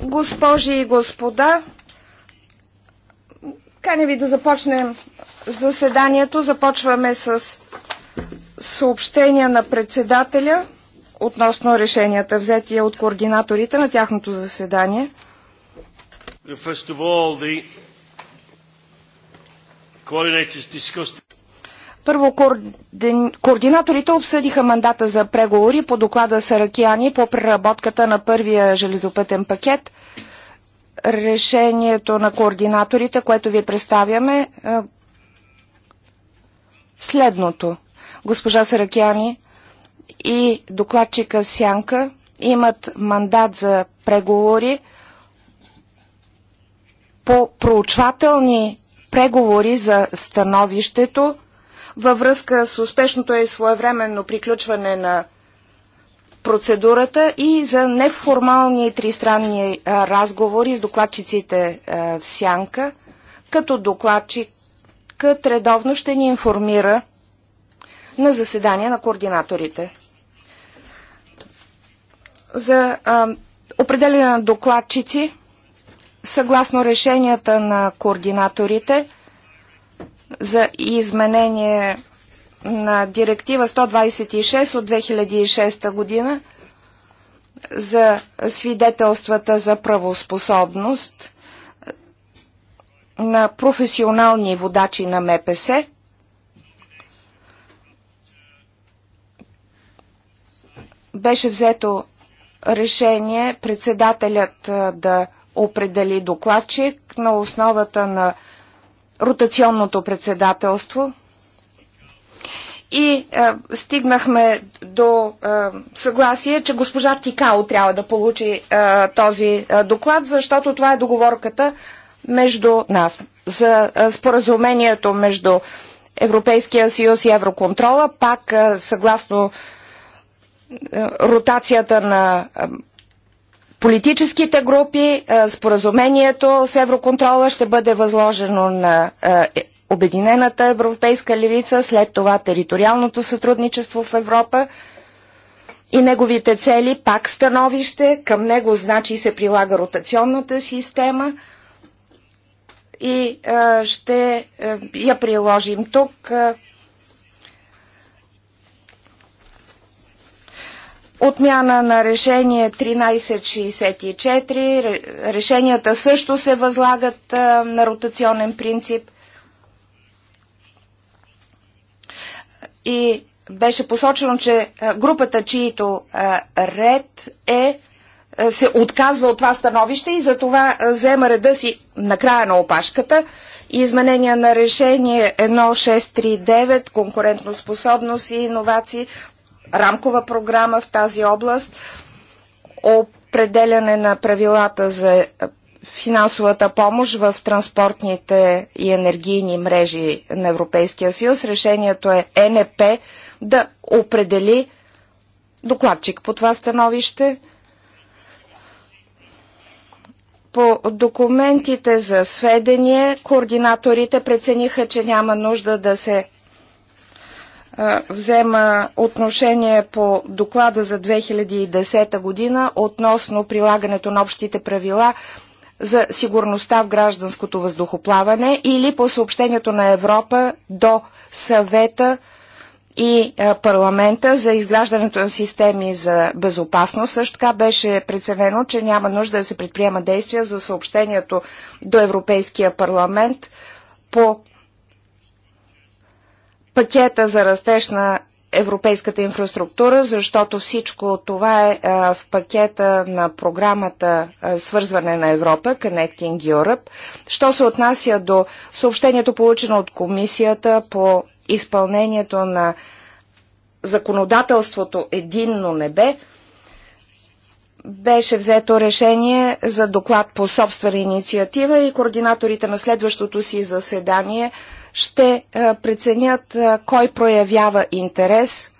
Госпожи и господа, каня ви да започнем заседанието. Започваме с съобщения на председателя относно решенията, взети от координаторите на тяхното заседание. All, the... Първо, координаторите обсъдиха мандата за преговори по доклада Саракияни по преработката на първия железопътен пакет. Решението на координаторите, което ви представяме, е, следното. Госпожа Саракияни и докладчика Сянка имат мандат за преговори по проучвателни преговори за становището във връзка с успешното и своевременно приключване на процедурата и за неформални тристранни разговори с докладчиците в Сянка, като докладчикът редовно ще ни информира на заседание на координаторите. За а, определяне на докладчици, съгласно решенията на координаторите, за изменение на директива 126 от 2006 година за свидетелствата за правоспособност на професионални водачи на МПС. Беше взето решение председателят да определи докладчик на основата на ротационното председателство и а, е, стигнахме до а, е, съгласие, че госпожа Тикао трябва да получи а, е, този а, е, доклад, защото това е договорката между нас за а, е, споразумението между Европейския съюз и Евроконтрола, пак а, е, съгласно а, ротацията на политическите групи е, споразумението с евроконтрола ще бъде възложено на е, е, Обединената европейска левица, след това териториалното сътрудничество в Европа и неговите цели, пак становище, към него значи се прилага ротационната система и ще я приложим тук. Отмяна на решение 1364. Решенията също се възлагат на ротационен принцип. И беше посочено, че групата, чието ред е се отказва от това становище и затова взема реда си на края на опашката. Изменения на решение 1639, способност и иновации рамкова програма в тази област, определяне на правилата за финансовата помощ в транспортните и енергийни мрежи на Европейския съюз. Решението е НП да определи докладчик по това становище. По документите за сведение координаторите прецениха, че няма нужда да се взема отношение по доклада за 2010 година относно прилагането на общите правила за сигурността в гражданското въздухоплаване или по съобщението на Европа до съвета и парламента за изграждането на системи за безопасност. Също така беше преценено, че няма нужда да се предприема действия за съобщението до Европейския парламент по пакета за растеж на европейската инфраструктура, защото всичко това е в пакета на програмата Свързване на Европа, Connecting Europe. Що се отнася до съобщението получено от комисията по изпълнението на законодателството Единно небе, беше взето решение за доклад по собствена инициатива и координаторите на следващото си заседание – ще е, преценят е, кой проявява интерес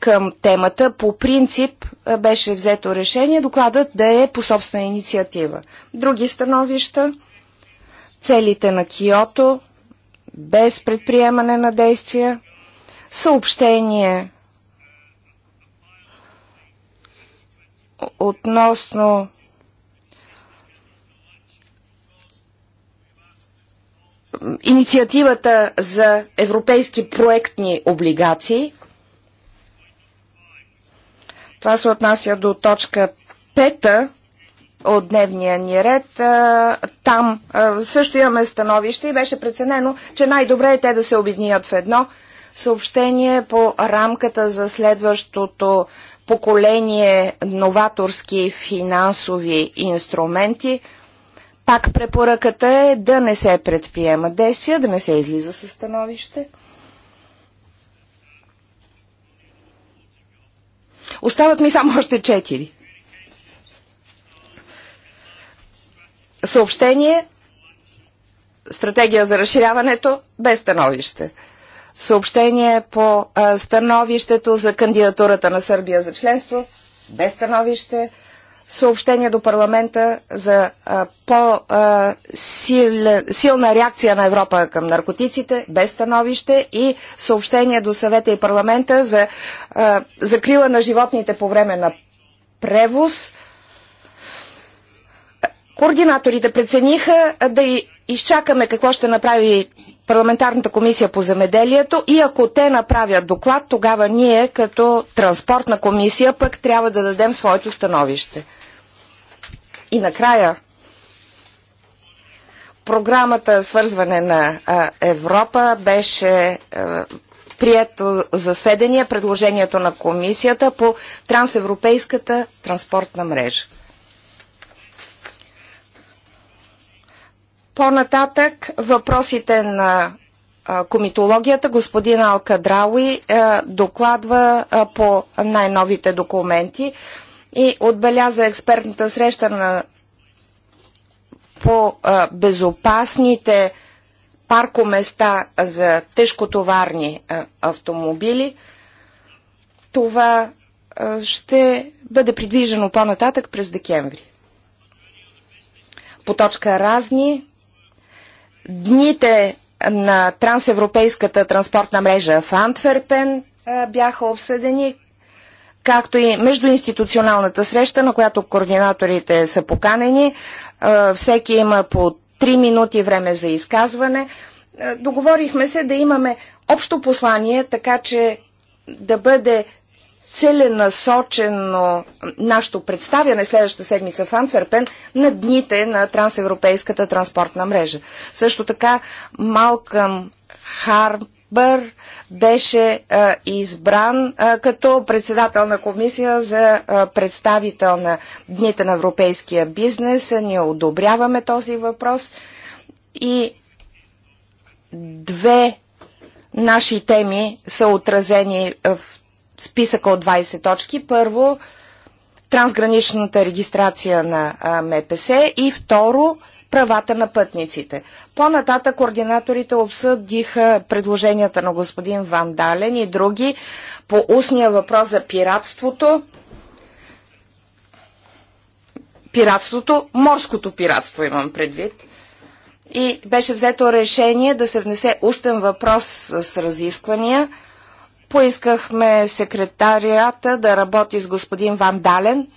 към темата. По принцип е, беше взето решение докладът да е по собствена инициатива. Други становища, целите на Киото, без предприемане на действия, съобщение относно инициативата за европейски проектни облигации. Това се отнася до точка 5 от дневния ни ред. Там също имаме становище и беше преценено, че най-добре е те да се обединят в едно съобщение по рамката за следващото поколение новаторски финансови инструменти – пак препоръката е да не се предприема действия, да не се излиза със становище. Остават ми само още четири. Съобщение, стратегия за разширяването, без становище. Съобщение по а, становището за кандидатурата на Сърбия за членство, без становище съобщение до парламента за по-силна реакция на Европа към наркотиците, без становище и съобщение до съвета и парламента за закрила на животните по време на превоз. Координаторите прецениха да и изчакаме какво ще направи парламентарната комисия по земеделието и ако те направят доклад, тогава ние като транспортна комисия пък трябва да дадем своето становище. И накрая, програмата Свързване на Европа беше прието за сведение предложението на комисията по трансевропейската транспортна мрежа. По-нататък въпросите на комитологията, господин Алкадрауи е, докладва по най-новите документи и отбеляза експертната среща на по безопасните паркоместа за тежкотоварни автомобили. Това ще бъде придвижено по-нататък през декември. По точка разни Дните на трансевропейската транспортна мрежа в Антверпен бяха обсъдени, както и междуинституционалната среща, на която координаторите са поканени. Всеки има по 3 минути време за изказване. Договорихме се да имаме общо послание, така че да бъде целенасочено нашето представяне следващата седмица в Антверпен на дните на трансевропейската транспортна мрежа. Също така Малкъм Харбър беше а, е, избран а, е, като председател на комисия за а, е, представител на дните на европейския бизнес. Ние одобряваме този въпрос и две наши теми са отразени в списъка от 20 точки. Първо, трансграничната регистрация на МПС и второ, правата на пътниците. По-нататък координаторите обсъдиха предложенията на господин Ван Дален и други по устния въпрос за пиратството, пиратството, морското пиратство имам предвид. И беше взето решение да се внесе устен въпрос с разисквания – Поискахме секретарията да работи с господин Ван Дален,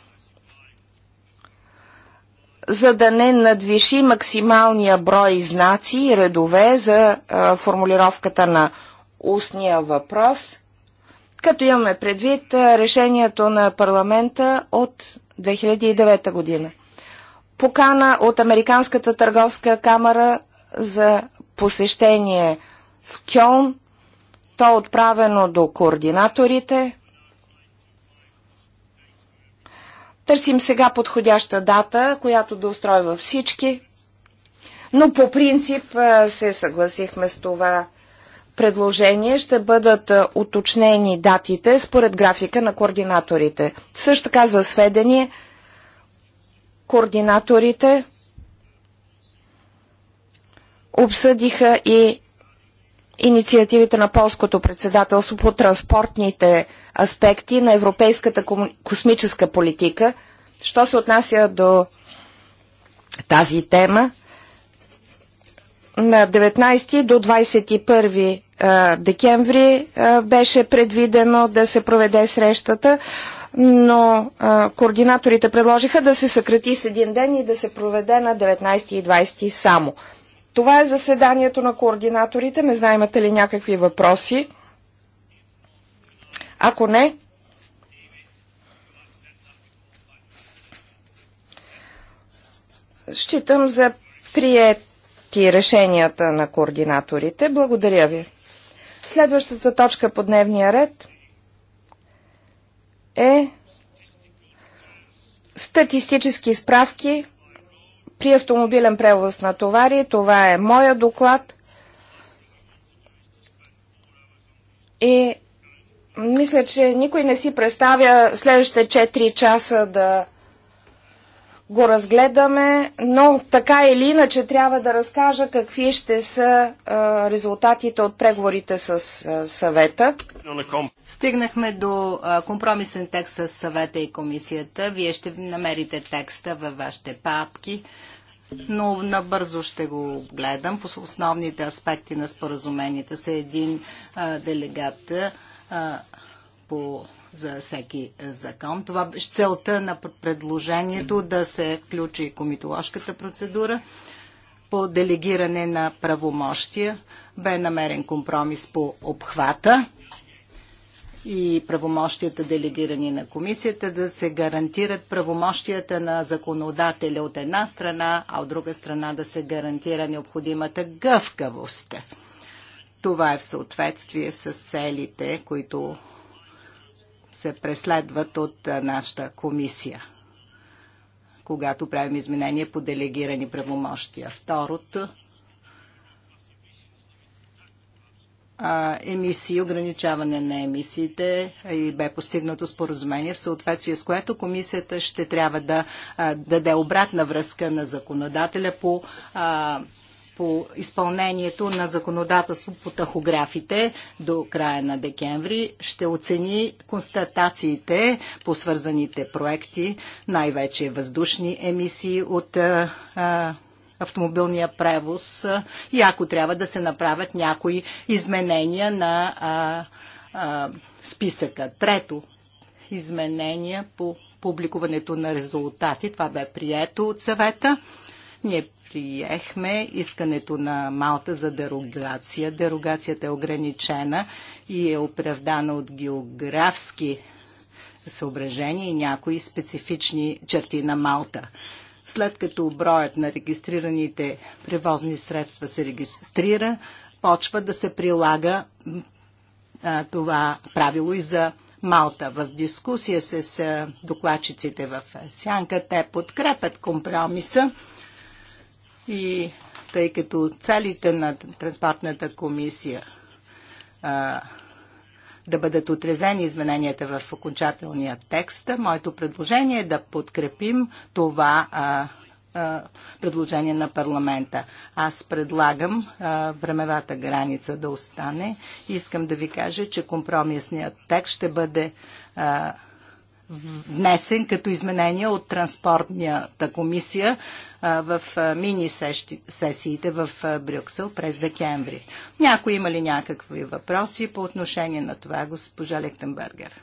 за да не надвиши максималния брой знаци и редове за а, формулировката на устния въпрос, като имаме предвид решението на парламента от 2009 година. Покана от Американската търговска камера за посещение в Кьолн то е отправено до координаторите. Търсим сега подходяща дата, която да устройва всички. Но по принцип се съгласихме с това предложение. Ще бъдат уточнени датите според графика на координаторите. Също така за сведение координаторите обсъдиха и инициативите на полското председателство по транспортните аспекти на европейската космическа политика. Що се отнася до тази тема, на 19 до 21 декември беше предвидено да се проведе срещата, но координаторите предложиха да се съкрати с един ден и да се проведе на 19 и 20 само. Това е заседанието на координаторите. Не знае имате ли някакви въпроси. Ако не, считам за приети решенията на координаторите. Благодаря ви. Следващата точка по дневния ред е статистически справки при автомобилен превоз на товари. Това е моя доклад. И мисля, че никой не си представя следващите 4 часа да го разгледаме, но така или иначе трябва да разкажа какви ще са а, резултатите от преговорите с а, съвета. Стигнахме до а, компромисен текст с съвета и комисията. Вие ще намерите текста във вашите папки но набързо ще го гледам. По основните аспекти на споразуменията са един а, делегат а, по, за всеки закон. Това беше целта на предложението да се включи комитоложката процедура по делегиране на правомощия. Бе намерен компромис по обхвата и правомощията делегирани на комисията, да се гарантират правомощията на законодателя от една страна, а от друга страна да се гарантира необходимата гъвкавост. Това е в съответствие с целите, които се преследват от нашата комисия, когато правим изменения по делегирани правомощия. Второто емисии, ограничаване на емисиите и бе постигнато споразумение, в съответствие с което комисията ще трябва да, даде обратна връзка на законодателя по, по изпълнението на законодателство по тахографите до края на декември. Ще оцени констатациите по свързаните проекти, най-вече въздушни емисии от а, а, автомобилния превоз и ако трябва да се направят някои изменения на а, а, списъка. Трето, изменения по публикуването на резултати. Това бе прието от съвета. Ние приехме искането на Малта за дерогация. Дерогацията е ограничена и е оправдана от географски съображения и някои специфични черти на Малта. След като броят на регистрираните превозни средства се регистрира, почва да се прилага а, това правило и за Малта. В дискусия с докладчиците в Сянка те подкрепят компромиса и тъй като целите на Транспортната комисия а, да бъдат отрезени измененията в окончателния текст. Моето предложение е да подкрепим това предложение на парламента. Аз предлагам времевата граница да остане. Искам да ви кажа, че компромисният текст ще бъде внесен като изменение от транспортната комисия в мини-сесиите в Брюксел през декември. Някой има ли някакви въпроси по отношение на това, госпожа Лектенбергер?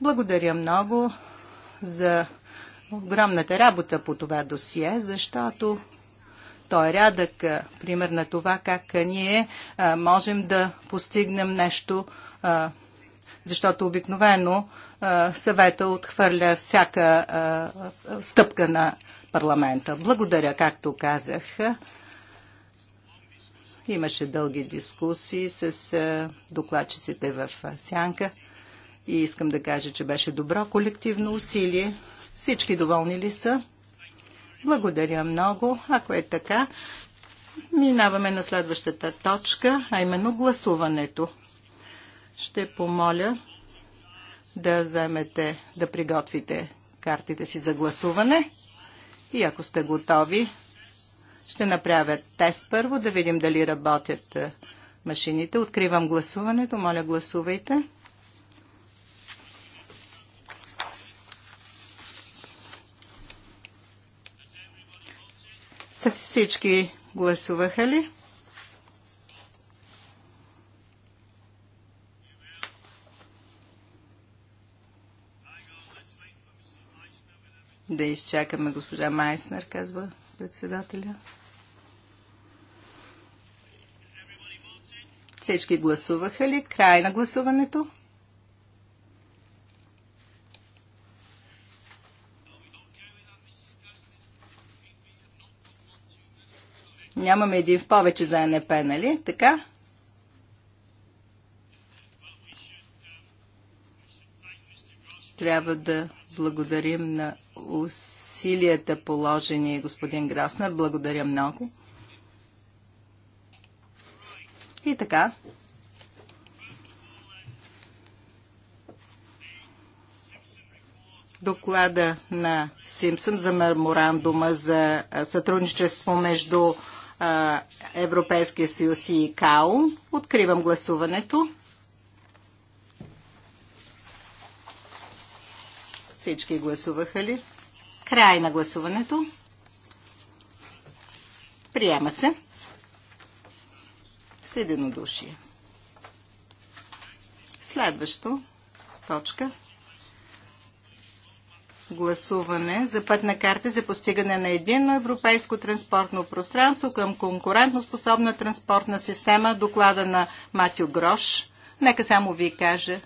Благодаря много за огромната работа по това досие, защото той е рядък пример на това как ние можем да постигнем нещо, защото обикновено съвета отхвърля всяка стъпка на парламента. Благодаря, както казах. Имаше дълги дискусии с докладчиците в Сянка и искам да кажа, че беше добро колективно усилие. Всички доволни ли са? Благодаря много. Ако е така, минаваме на следващата точка, а именно гласуването. Ще помоля да вземете, да приготвите картите си за гласуване. И ако сте готови, ще направя тест първо, да видим дали работят е, машините. Откривам гласуването. Моля, гласувайте. С всички гласуваха ли? Да изчакаме госпожа Майснер, казва председателя. Всички гласуваха ли? Край на гласуването? Нямаме един в повече за НП, нали? Така? Трябва да благодарим на усилията положени господин Граснер. Благодаря много. И така. Доклада на Симпсън за меморандума за сътрудничество между Европейския съюз и ИКАО. Откривам гласуването. Всички гласуваха ли? Край на гласуването. Приема се. С единодушие. Следващо. Точка. Гласуване за пътна карта за постигане на единно европейско транспортно пространство към конкурентноспособна транспортна система. Доклада на Матю Грош. Нека само ви кажа,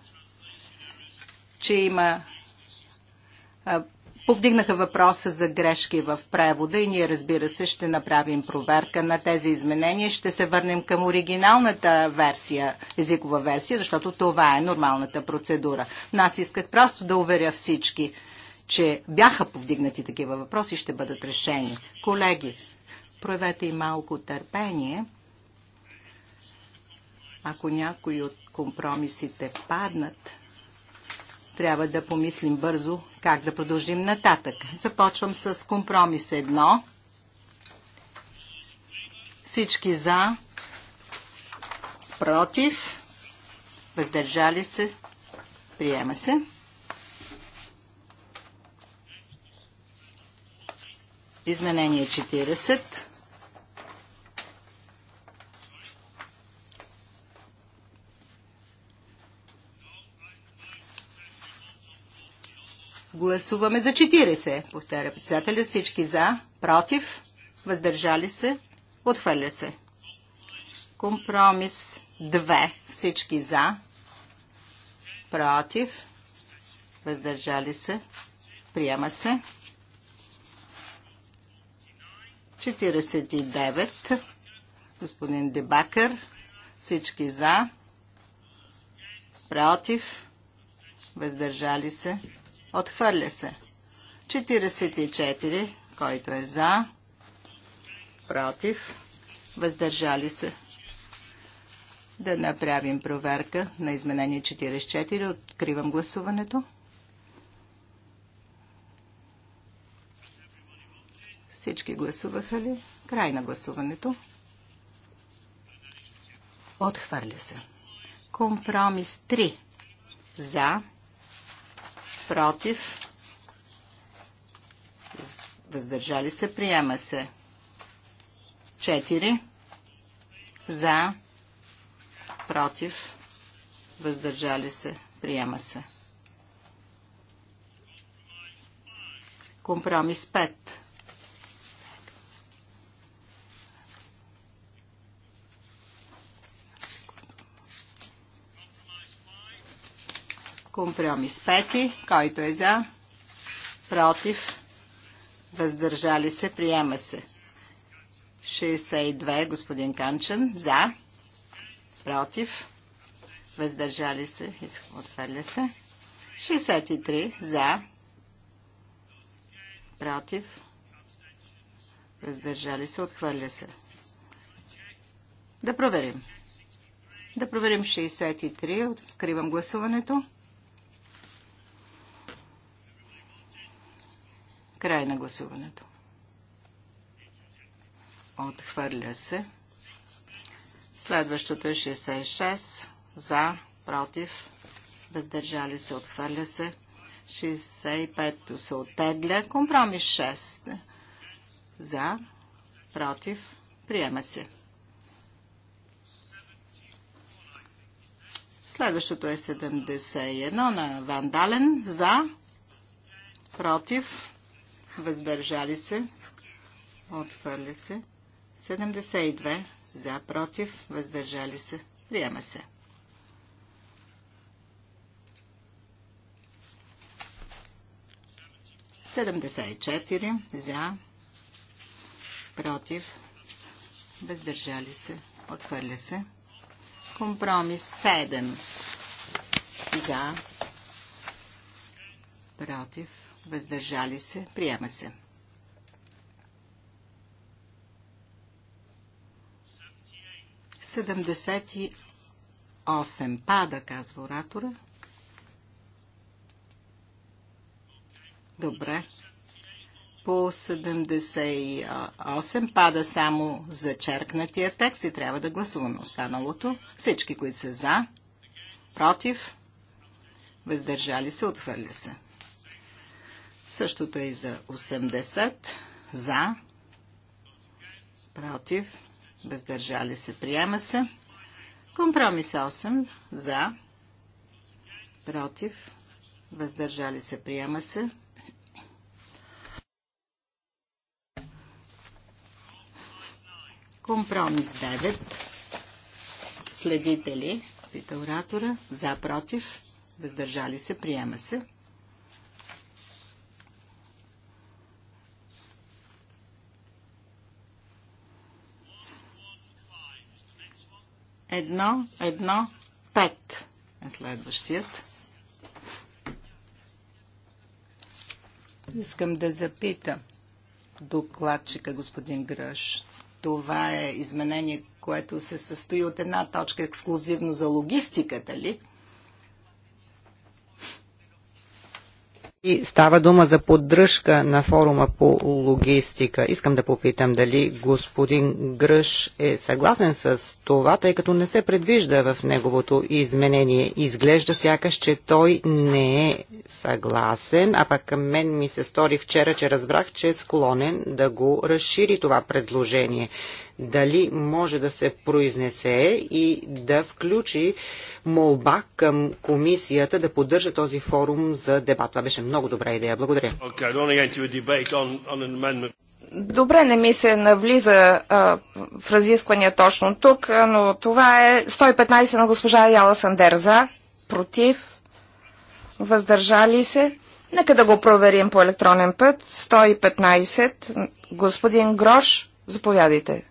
че има повдигнаха въпроса за грешки в превода и ние разбира се ще направим проверка на тези изменения. Ще се върнем към оригиналната версия, езикова версия, защото това е нормалната процедура. Но аз исках просто да уверя всички, че бяха повдигнати такива въпроси и ще бъдат решени. Колеги, проявете и малко търпение. Ако някои от компромисите паднат, трябва да помислим бързо как да продължим нататък. Започвам с компромис 1. Всички за, против, въздържали се, приема се. Изменение 40. Гласуваме за 40. Повтаря председателя. Всички за, против, въздържали се, отхвърля се. Компромис 2. Всички за, против, въздържали се, приема се. 49. Господин Дебакър. Всички за. Против. Въздържали се. Отхвърля се. 44, който е за, против, въздържали се. Да направим проверка на изменение 44. Откривам гласуването. Всички гласуваха ли? Край на гласуването. Отхвърля се. Компромис 3. За против, въздържали се, приема се. 4 за, против, въздържали се, приема се. Компромис 5 Компромис 5. Който е за? Против? Въздържали се? Приема се. 62. Господин Канчен. За? Против? Въздържали се? Отхвърля се. 63. За? Против? Въздържали се? Отхвърля се. Да проверим. Да проверим 63. Откривам гласуването. Край на гласуването. Отхвърля се. Следващото е 66. За, против, въздържали се, отхвърля се. 65 се оттегля. Компромис 6. За, против, приема се. Следващото е 71 на Вандален. За, против, въздържали се, отхвърля се. 72 за, против, въздържали се, приема се. Седемдесет четири за, против, въздържали се, отвърли се. Компромис 7 за, против, въздържали се, приема се. 78 пада, казва оратора. Добре. По 78 пада само зачеркнатия текст и трябва да гласуваме останалото. Всички, които са за, против, въздържали се, отвърля се. Същото е и за 80. За. Против. Въздържали се. Приема се. Компромис 8. За. Против. Въздържали се. Приема се. Компромис 9. Следители, пита оратора, за, против, въздържали се, приема се. Едно, едно, пет е следващият. Искам да запитам докладчика, господин Гръш. Това е изменение, което се състои от една точка ексклюзивно за логистиката ли? И става дума за поддръжка на форума по логистика. Искам да попитам дали господин Гръш е съгласен с това, тъй като не се предвижда в неговото изменение. Изглежда сякаш, че той не е съгласен, а пък към мен ми се стори вчера, че разбрах, че е склонен да го разшири това предложение дали може да се произнесе и да включи молба към комисията да поддържа този форум за дебат. Това беше много добра идея. Благодаря. Добре, не ми се навлиза а, в разисквания точно тук, но това е 115 на госпожа Яла Сандер за, против, въздържали се. Нека да го проверим по електронен път. 115. Господин Грош, заповядайте.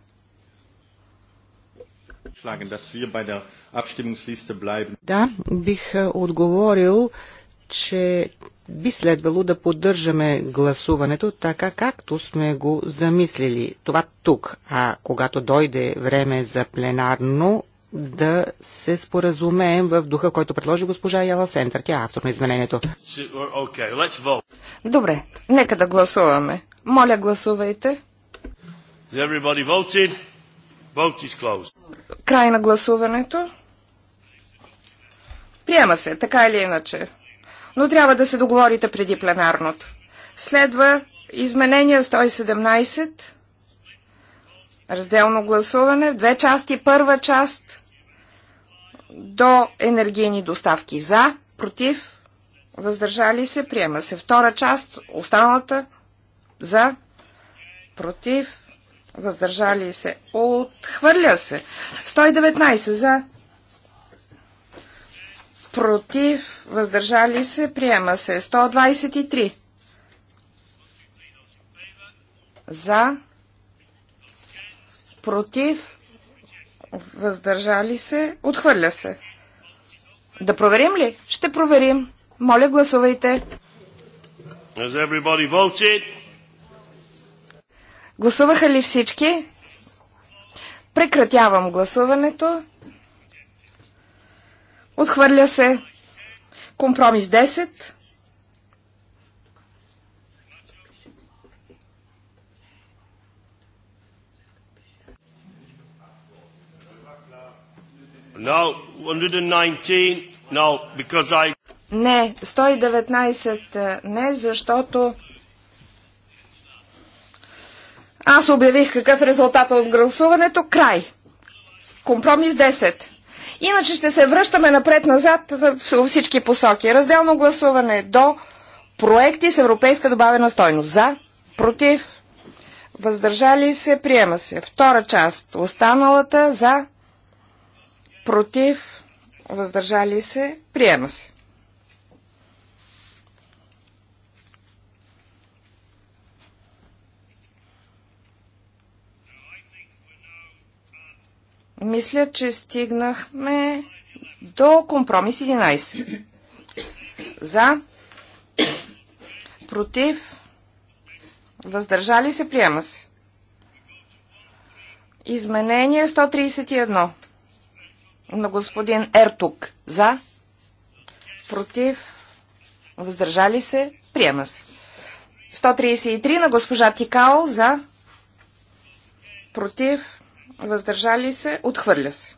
Да, бих е, отговорил, че би следвало да поддържаме гласуването така както сме го замислили. Това тук, а когато дойде време за пленарно, да се споразумеем в духа, който предложи госпожа Яла Сентър. Тя е автор на изменението. Okay, Добре, нека да гласуваме. Моля, гласувайте. Край на гласуването. Приема се, така или иначе. Но трябва да се договорите преди пленарното. Следва изменение 117. Разделно гласуване. Две части. Първа част до енергийни доставки. За, против, въздържали се, приема се. Втора част, останалата за, против, въздържали се, отхвърля се. 119 за, против, въздържали се, приема се. 123 за, против, въздържали се, отхвърля се. Да проверим ли? Ще проверим. Моля, гласувайте. Has everybody voted? Гласуваха ли всички? Прекратявам гласуването. Отхвърля се. Компромис 10. No, 119, no, because I... Не, 119 е, не, защото аз обявих какъв е резултатът от гласуването. Край. Компромис 10. Иначе ще се връщаме напред-назад във всички посоки. Разделно гласуване до проекти с европейска добавена стойност. За, против, въздържали се, приема се. Втора част, останалата за, против, въздържали се, приема се. Мисля, че стигнахме до компромис 11. За, против, въздържали се, приема се. Изменение 131 на господин Ертук. За, против, въздържали се, приема се. 133 на госпожа Тикао за, против, въздържали се, отхвърля се.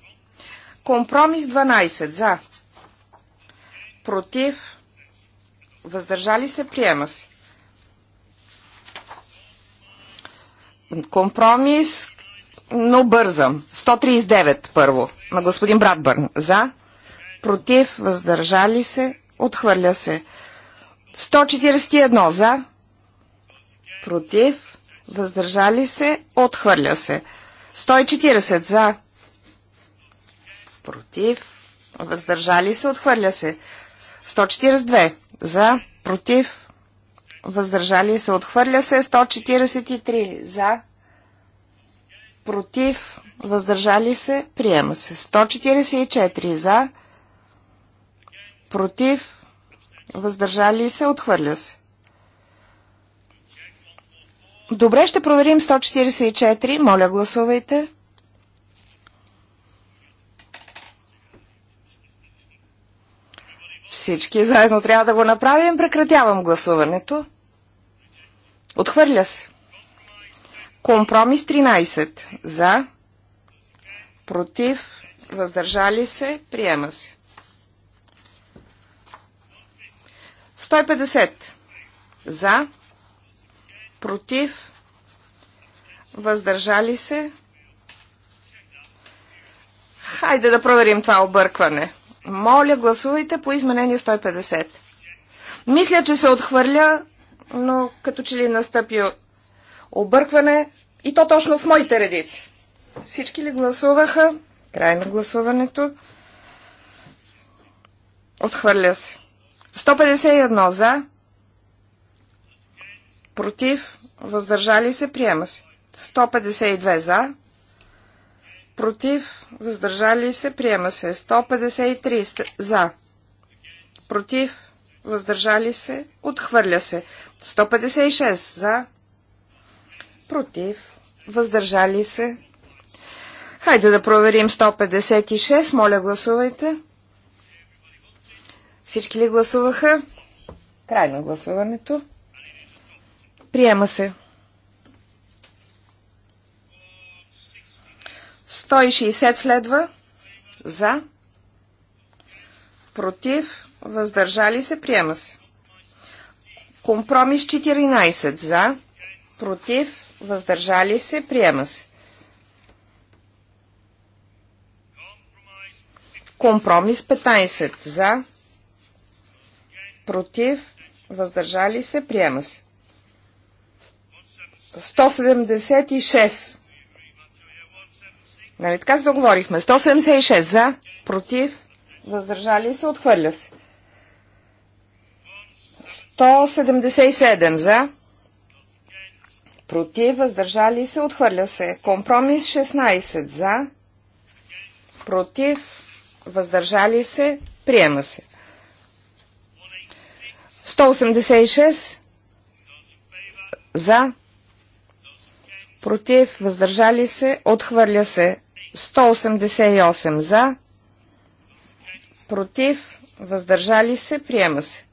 Компромис 12 за, против, въздържали се, приема се. Компромис, но бързам. 139 първо на господин Братбърн. За, против, въздържали се, отхвърля се. 141 за, против, въздържали се, отхвърля се. 140 за. Против. Въздържали се. Отхвърля се. 142 за. Против. Въздържали се. Отхвърля се. 143 за. Против. Въздържали се. Приема се. 144 за. Против. Въздържали се. Отхвърля се. Добре, ще проверим 144. Моля, гласувайте. Всички заедно трябва да го направим. Прекратявам гласуването. Отхвърля се. Компромис 13. За. Против. Въздържали се. Приема се. 150. За против, въздържали се. Хайде да проверим това объркване. Моля, гласувайте по изменение 150. Мисля, че се отхвърля, но като че ли настъпи объркване и то точно в моите редици. Всички ли гласуваха? Край на гласуването. Отхвърля се. 151 за, против, въздържали се, приема се. 152 за, против, въздържали се, приема се. 153 за, против, въздържали се, отхвърля се. 156 за, против, въздържали се. Хайде да проверим 156, моля гласувайте. Всички ли гласуваха? Край на гласуването. Приема се. 160 следва. За. Против. Въздържали се. Приема се. Компромис 14. За. Против. Въздържали се. Приема се. Компромис 15. За. Против. Въздържали се. Приема се. 176. Нали така се договорихме? 176 за, против, въздържали се, отхвърля се. 177 за, против, въздържали се, отхвърля се. Компромис 16 за, против, въздържали се, приема се. 186 за, против, въздържали се, отхвърля се 188 за, против, въздържали се, приема се.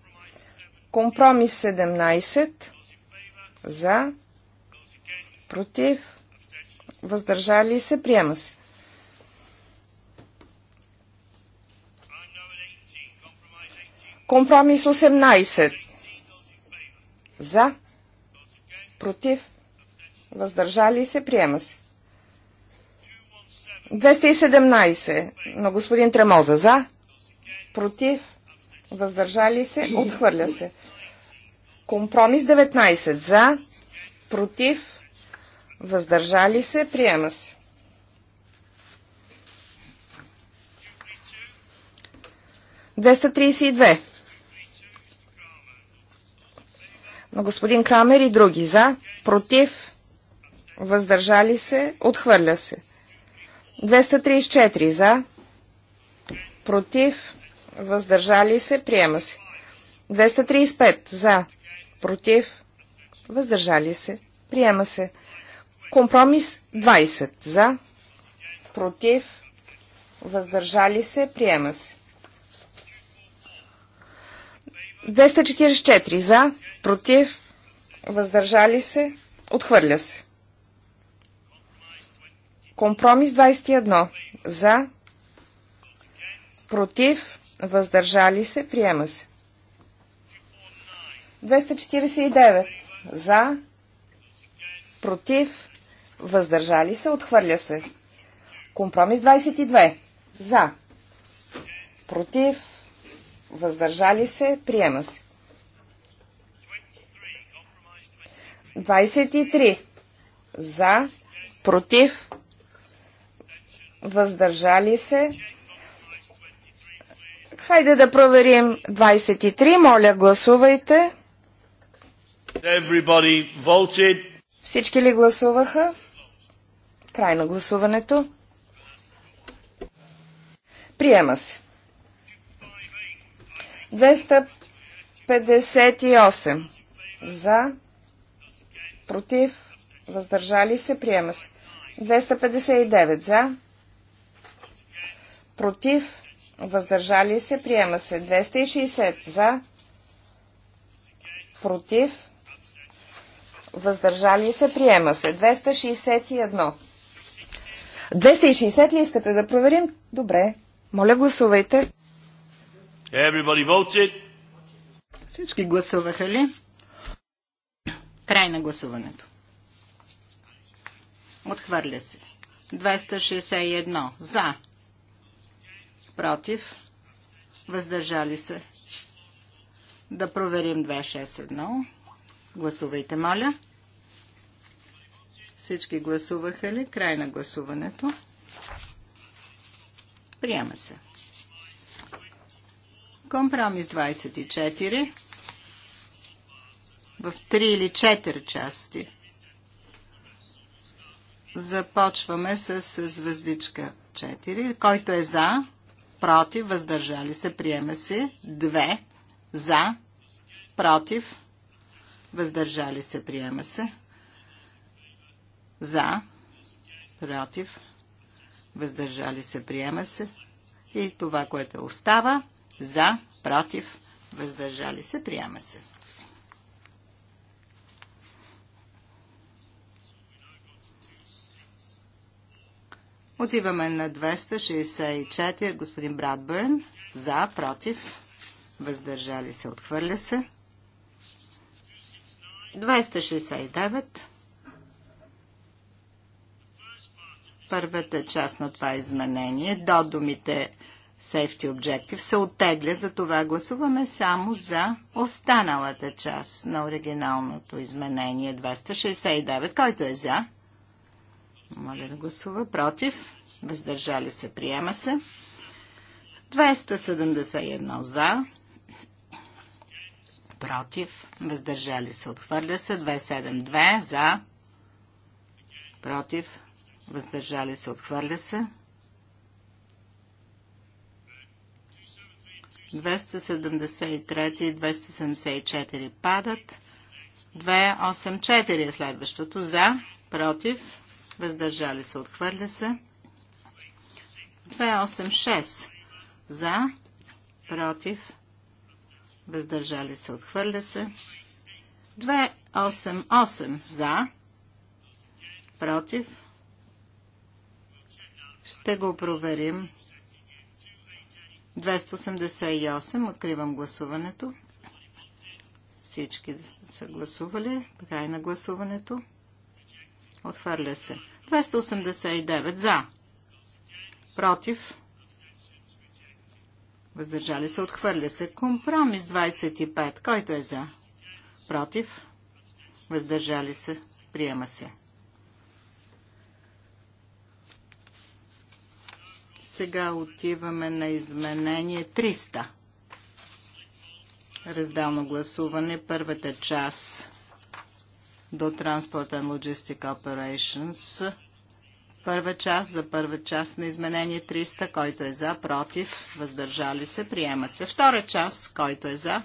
Компромис 17 за, против, въздържали се, приема се. Компромис 18 за, против, Въздържали се, приема се. 217 на господин Тремоза. За? Против? Въздържали се? Отхвърля се. Компромис 19. За? Против? Въздържали се? Приема се. 232. На господин Крамер и други. За? Против? въздържали се, отхвърля се. 234 за, против, въздържали се, приема се. 235 за, против, въздържали се, приема се. Компромис 20 за, против, въздържали се, приема се. 244 за, против, въздържали се, отхвърля се. Компромис 21. За. Против. Въздържали се. Приема се. 249. За. Против. Въздържали се. Отхвърля се. Компромис 22. За. Против. Въздържали се. Приема се. 23. За. Против въздържали се. Хайде да проверим 23. Моля, гласувайте. Всички ли гласуваха? Край на гласуването. Приема се. 258 за, против, въздържали се, приема се. 259 за, против, въздържали се, приема се. 260 за, против, въздържали се, приема се. 261. 260 ли искате да проверим? Добре. Моля, гласувайте. Everybody voted. Всички гласуваха ли? Край на гласуването. Отхвърля се. 261 за против, въздържали се. Да проверим 261. Гласувайте, моля. Всички гласуваха ли? Край на гласуването. Приема се. Компромис 24 в 3 или 4 части. Започваме с звездичка 4. Който е за, против, въздържали се, приема се. две, за, против, въздържали се, приема се. За, против, въздържали се, приема се. И това, което остава, за, против, въздържали се, приема се. Отиваме на 264. Господин Брадбърн. За, против. Въздържали се, отхвърля се. 269. Първата част на това изменение до думите Safety Objective се оттегля, за това гласуваме само за останалата част на оригиналното изменение 269. Който е за? Моля да гласува. Против. Въздържали се. Приема се. 271 за. Против. Въздържали се. Отхвърля се. 272 за. Против. Въздържали се. Отхвърля се. 273 и 274 падат. 284 е следващото за, против, въздържали се, отхвърля се. 286 за, против, въздържали се, отхвърля се. 288 за, против. Ще го проверим. 288. Откривам гласуването. Всички са гласували. Край на гласуването. Отхвърля се. 289 за. Против. Въздържали се. Отхвърля се. Компромис 25. Който е за? Против. Въздържали се. Приема се. Сега отиваме на изменение 300. Разделно гласуване. Първата част до Transport and Logistic Operations. Първа част за първа част на изменение 300, който е за, против, въздържали се, приема се. Втора част, който е за,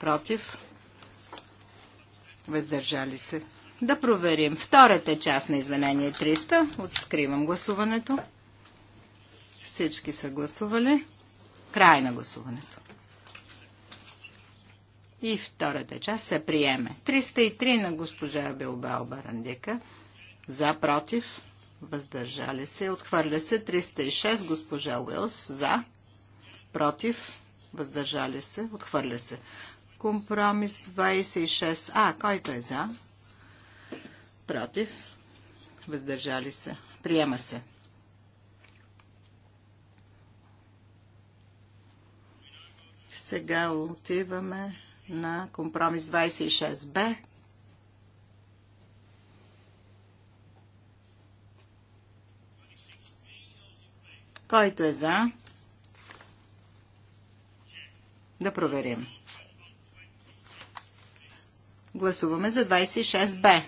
против, въздържали се. Да проверим втората част на изменение 300. Откривам гласуването. Всички са гласували. Край на гласуването. И втората част се приеме. 303 на госпожа Белбао Барандика. За, против, въздържали се. Отхвърля се 306 госпожа Уилс. За, против, въздържали се. Отхвърля се. Компромис 26А. Който е за? Против, въздържали се. Приема се. Сега отиваме на компромис 26Б. Който е за? Да проверим. Гласуваме за 26Б.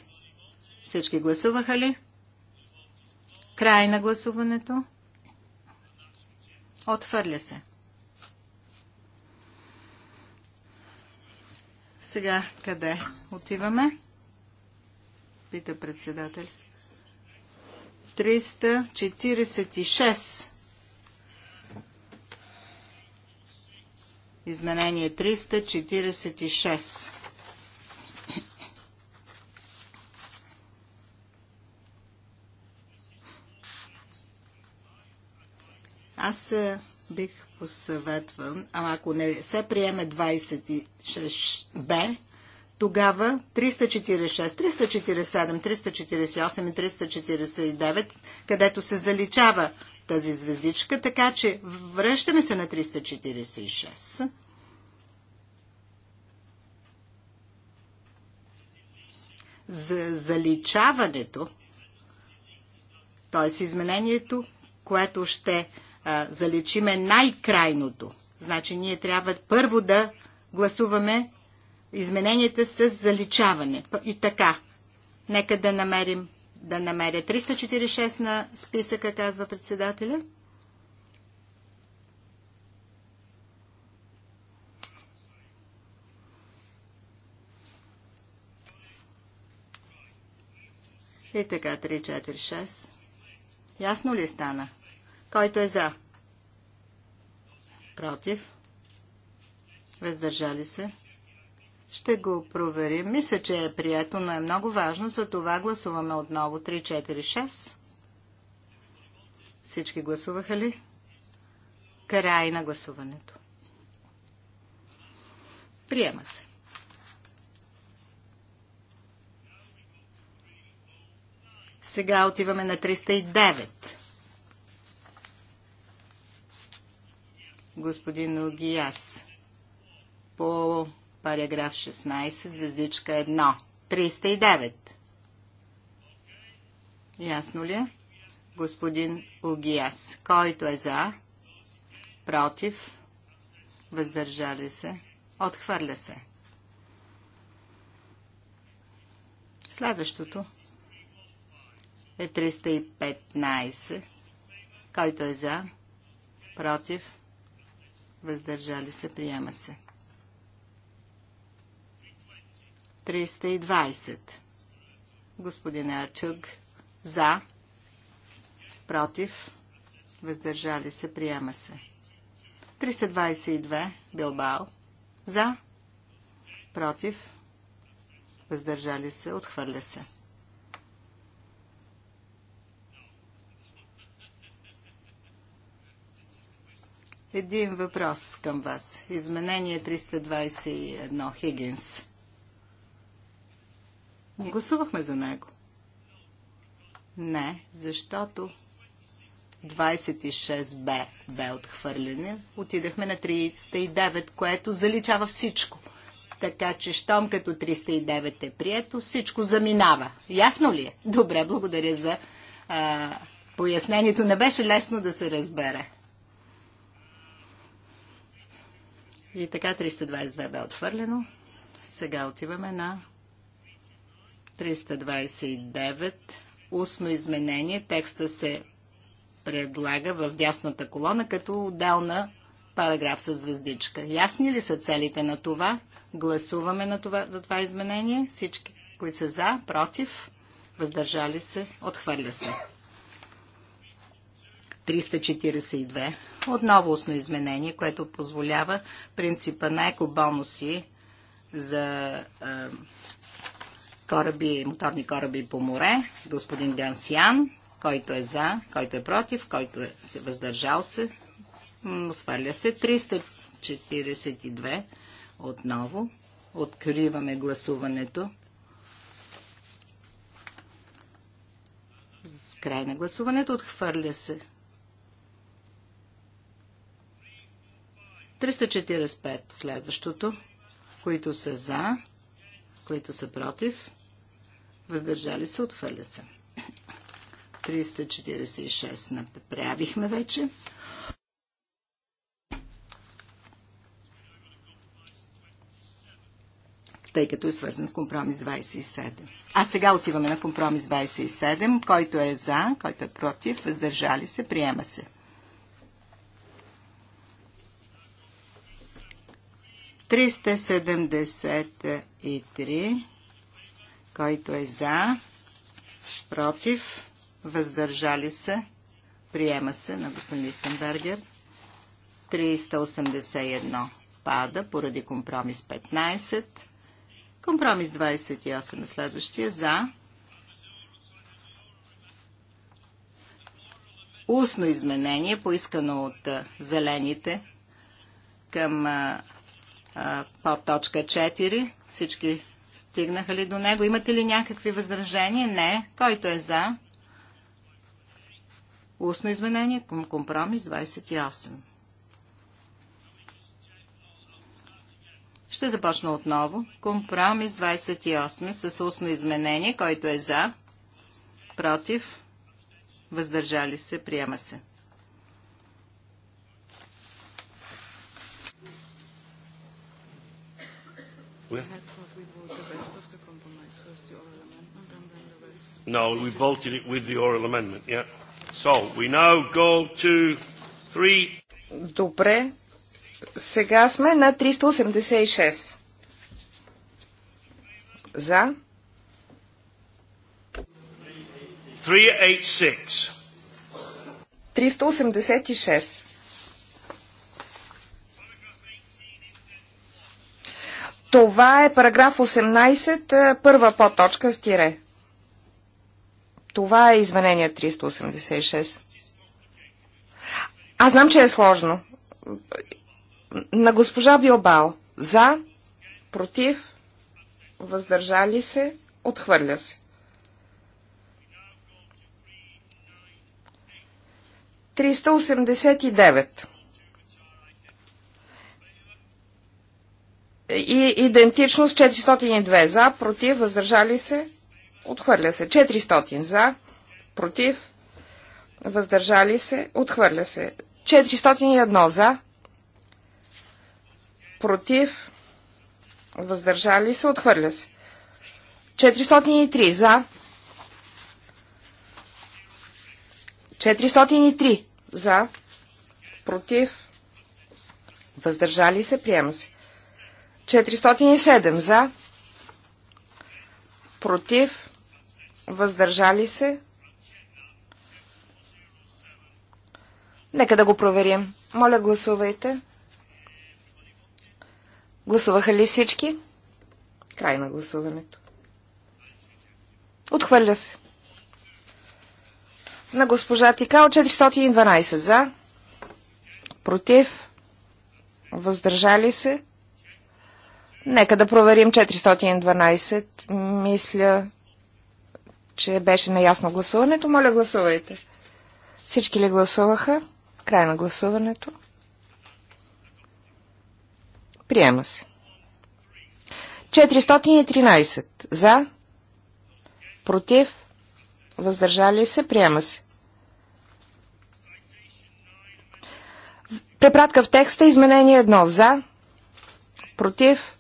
Всички гласуваха ли? Край на гласуването. Отвърля се. Сега къде отиваме? Пита председател. 346. Изменение 346. Аз бих посъветвам, а ако не се приеме 26б, тогава 346, 347, 348 и 349, където се заличава тази звездичка, така че връщаме се на 346. За заличаването, т.е. изменението, което ще а, залечиме най-крайното. Значи ние трябва първо да гласуваме измененията с заличаване. И така, нека да намерим, да намеря 346 на списъка, казва председателя. И така, 3, 4, 6. Ясно ли стана? Който е за? Против? Въздържали се? Ще го проверим. Мисля, че е прието, но е много важно. За това гласуваме отново 3-4-6. Всички гласуваха ли? Край на гласуването. Приема се. Сега отиваме на 309. господин Огияс по параграф 16, звездичка 1. 309. Ясно ли? Е? Господин Огияс. Който е за? Против? Въздържали се? Отхвърля се. Следващото е 315. Който е за? Против? въздържали се, приема се. 320. Господин Арчуг, за, против, въздържали се, приема се. 322. Билбао, за, против, въздържали се, отхвърля се. Един въпрос към вас. Изменение 321 Хигинс. Гласувахме за него. Не, защото 26 бе, бе отхвърлене. Отидахме на 309, което заличава всичко. Така че, щом като 309 е прието, всичко заминава. Ясно ли е? Добре, благодаря за а, пояснението. Не беше лесно да се разбере. И така 322 бе отхвърлено. Сега отиваме на 329. Устно изменение. Текста се предлага в дясната колона като отделна параграф с звездичка. Ясни ли са целите на това? Гласуваме на това, за това изменение. Всички, които са за, против, въздържали се, отхвърля се. 342. Отново устно изменение, което позволява принципа на екобонуси за е, кораби, моторни кораби по море. Господин Гансиан, който е за, който е против, който е се въздържал се, сваля се. 342 отново. Откриваме гласуването. С край на гласуването отхвърля се. 345 следващото, които са за, които са против, въздържали се, отхвърля се. 346 направихме вече. тъй като е свързан с компромис 27. А сега отиваме на компромис 27, който е за, който е против, въздържали се, приема се. 373, който е за, против, въздържали се, приема се на господин Лихтенбергер. 381 пада поради компромис 15. Компромис 28 е следващия за. Устно изменение, поискано от зелените към по точка 4. Всички стигнаха ли до него? Имате ли някакви възражения? Не. Който е за? Устно изменение компромис 28. Ще започна отново. Компромис 28 с устно изменение, който е за, против, въздържали се, приема се. We no, we voted it with the oral amendment, yeah. So, we now go to three... Добре. Сега сме на 386. За. 386. 386. Това е параграф 18, е, първа подточка с тире. Това е изменение 386. Аз знам, че е сложно. На госпожа Билбао. За, против, въздържали се, отхвърля се. 389. и идентично с 402 за, против, въздържали се, отхвърля се. 400 за, против, въздържали се, отхвърля се. 401 за, против, въздържали се, отхвърля се. 403 за, 403 за, против, въздържали се, приема се. 407 за, против, въздържали се. Нека да го проверим. Моля, гласувайте. Гласуваха ли всички? Край на гласуването. Отхвърля се. На госпожа Тикал 412 за, против, въздържали се. Нека да проверим 412. Мисля, че беше наясно гласуването. Моля, гласувайте. Всички ли гласуваха? Край на гласуването. Приема се. 413. За. Против. Въздържали се. Приема се. Препратка в текста. Изменение 1. За. Против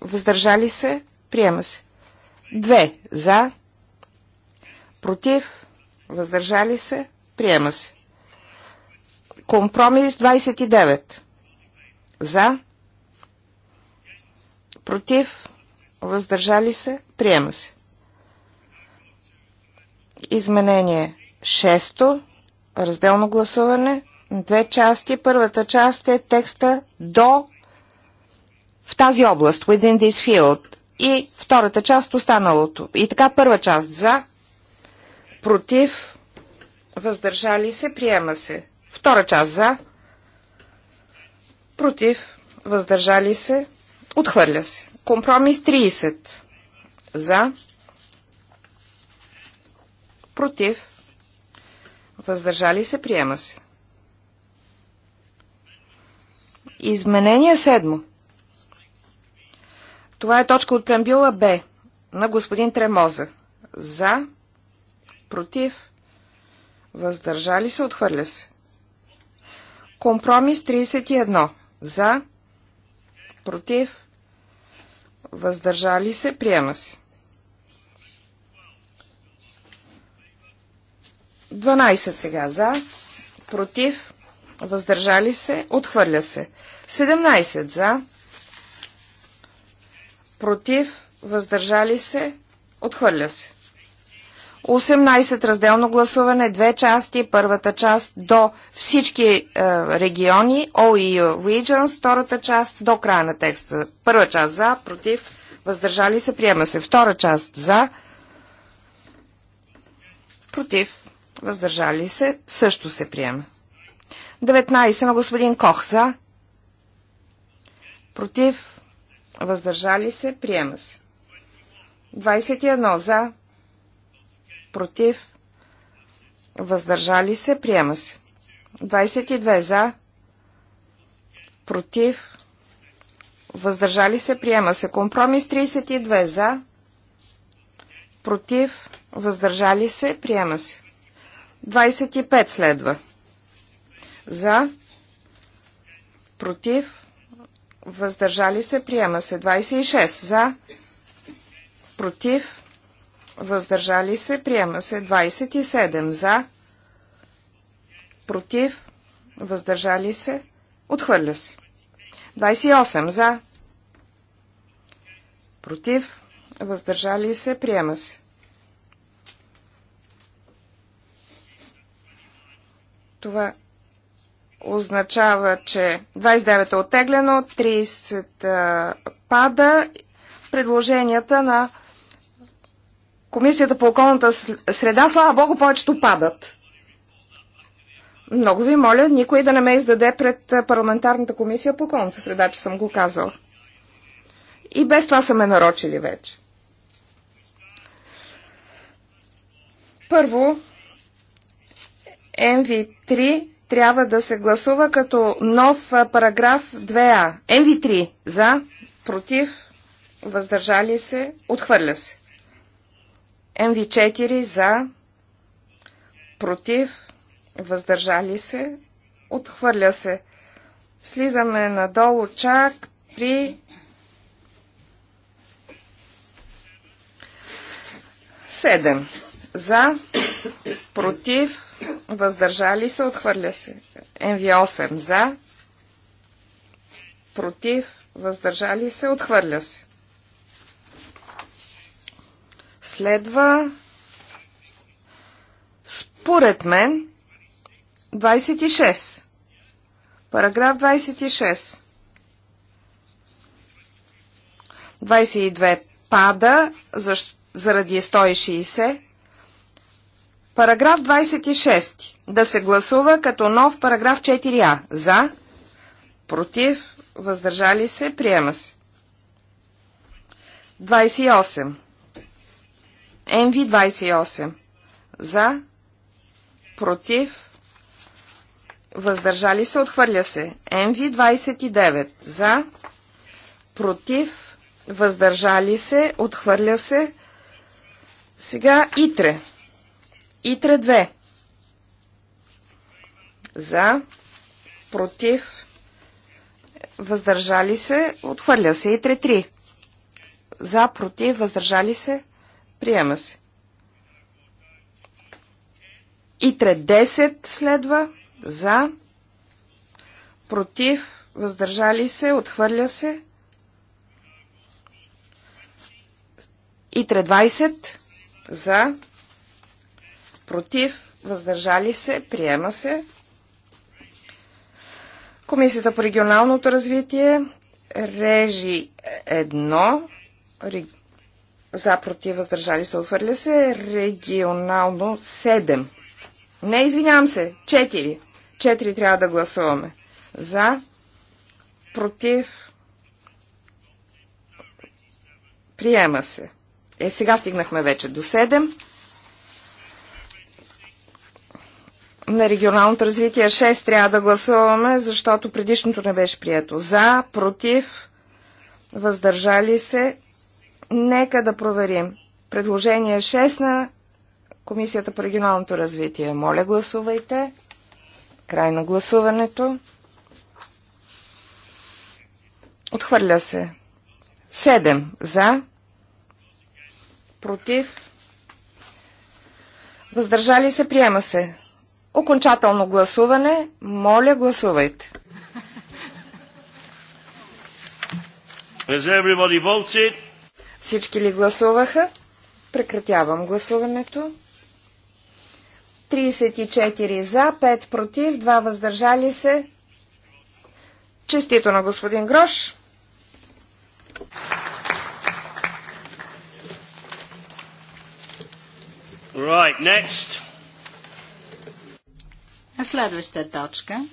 въздържали се, приема се. Две, за, против, въздържали се, приема се. Компромис 29 за, против, въздържали се, приема се. Изменение 6, разделно гласуване, две части. Първата част е текста до в тази област, within this field, и втората част останалото. И така първа част за, против, въздържали се, приема се. Втора част за, против, въздържали се, отхвърля се. Компромис 30 за, против, въздържали се, приема се. Изменение седмо. Това е точка от преамбюла Б на господин Тремоза. За, против, въздържали се, отхвърля се. Компромис 31. За, против, въздържали се, приема се. 12 сега за, против, въздържали се, отхвърля се. 17 за, против, въздържали се, отхвърля се. 18 разделно гласуване, две части, първата част до всички е, региони, OEU Regions, втората част до края на текста. Първа част за, против, въздържали се, приема се. Втора част за, против, въздържали се, също се приема. 19 на господин Кох за, против, въздържали се, приема се. 21 за, против, въздържали се, приема се. 22 за, против, въздържали се, приема се. Компромис 32 за, против, въздържали се, приема се. 25 следва. За, против, въздържали се, приема се. 26 за, против, въздържали се, приема се. 27 за, против, въздържали се, отхвърля се. 28 за, против, въздържали се, приема се. Това означава, че 29 е оттеглено, 30 пада. Предложенията на Комисията по околната среда, слава Богу, повечето падат. Много ви моля, никой да не ме издаде пред парламентарната комисия по околната среда, че съм го казал. И без това са ме нарочили вече. Първо, MV3 трябва да се гласува като нов параграф 2а. МВ3 за, против, въздържали се, отхвърля се. МВ4 за, против, въздържали се, отхвърля се. Слизаме надолу чак при Седем. За, против, въздържали се, отхвърля се. МВ8 за, против, въздържали се, отхвърля се. Следва, според мен, 26. Параграф 26. 22 пада заради 160. Параграф 26. Да се гласува като нов параграф 4а. За, против, въздържали се, приема се. 28. МВ 28. За, против, въздържали се, отхвърля се. МВ 29. За, против, въздържали се, отхвърля се. Сега ИТРЕ. Итре 2. За, против, въздържали се, отхвърля се. Итре 3. За, против, въздържали се, приема се. Итре 10 следва. За, против, въздържали се, отхвърля се. Итре 20 за, против, въздържали се, приема се. Комисията по регионалното развитие, режи 1, за против, въздържали се, отхвърля се, регионално 7. Не, извинявам се, 4. 4 трябва да гласуваме. За, против, приема се. Е, сега стигнахме вече до 7. на регионалното развитие 6 трябва да гласуваме, защото предишното не беше прието. За, против, въздържали се. Нека да проверим. Предложение 6 на Комисията по регионалното развитие. Моля, гласувайте. Край на гласуването. Отхвърля се. 7 за, против, въздържали се, приема се. Окончателно гласуване. Моля, гласувайте. Всички ли гласуваха? Прекратявам гласуването. 34 за, 5 против, 2 въздържали се. Честито на господин Грош. Right, next. Следваща точка.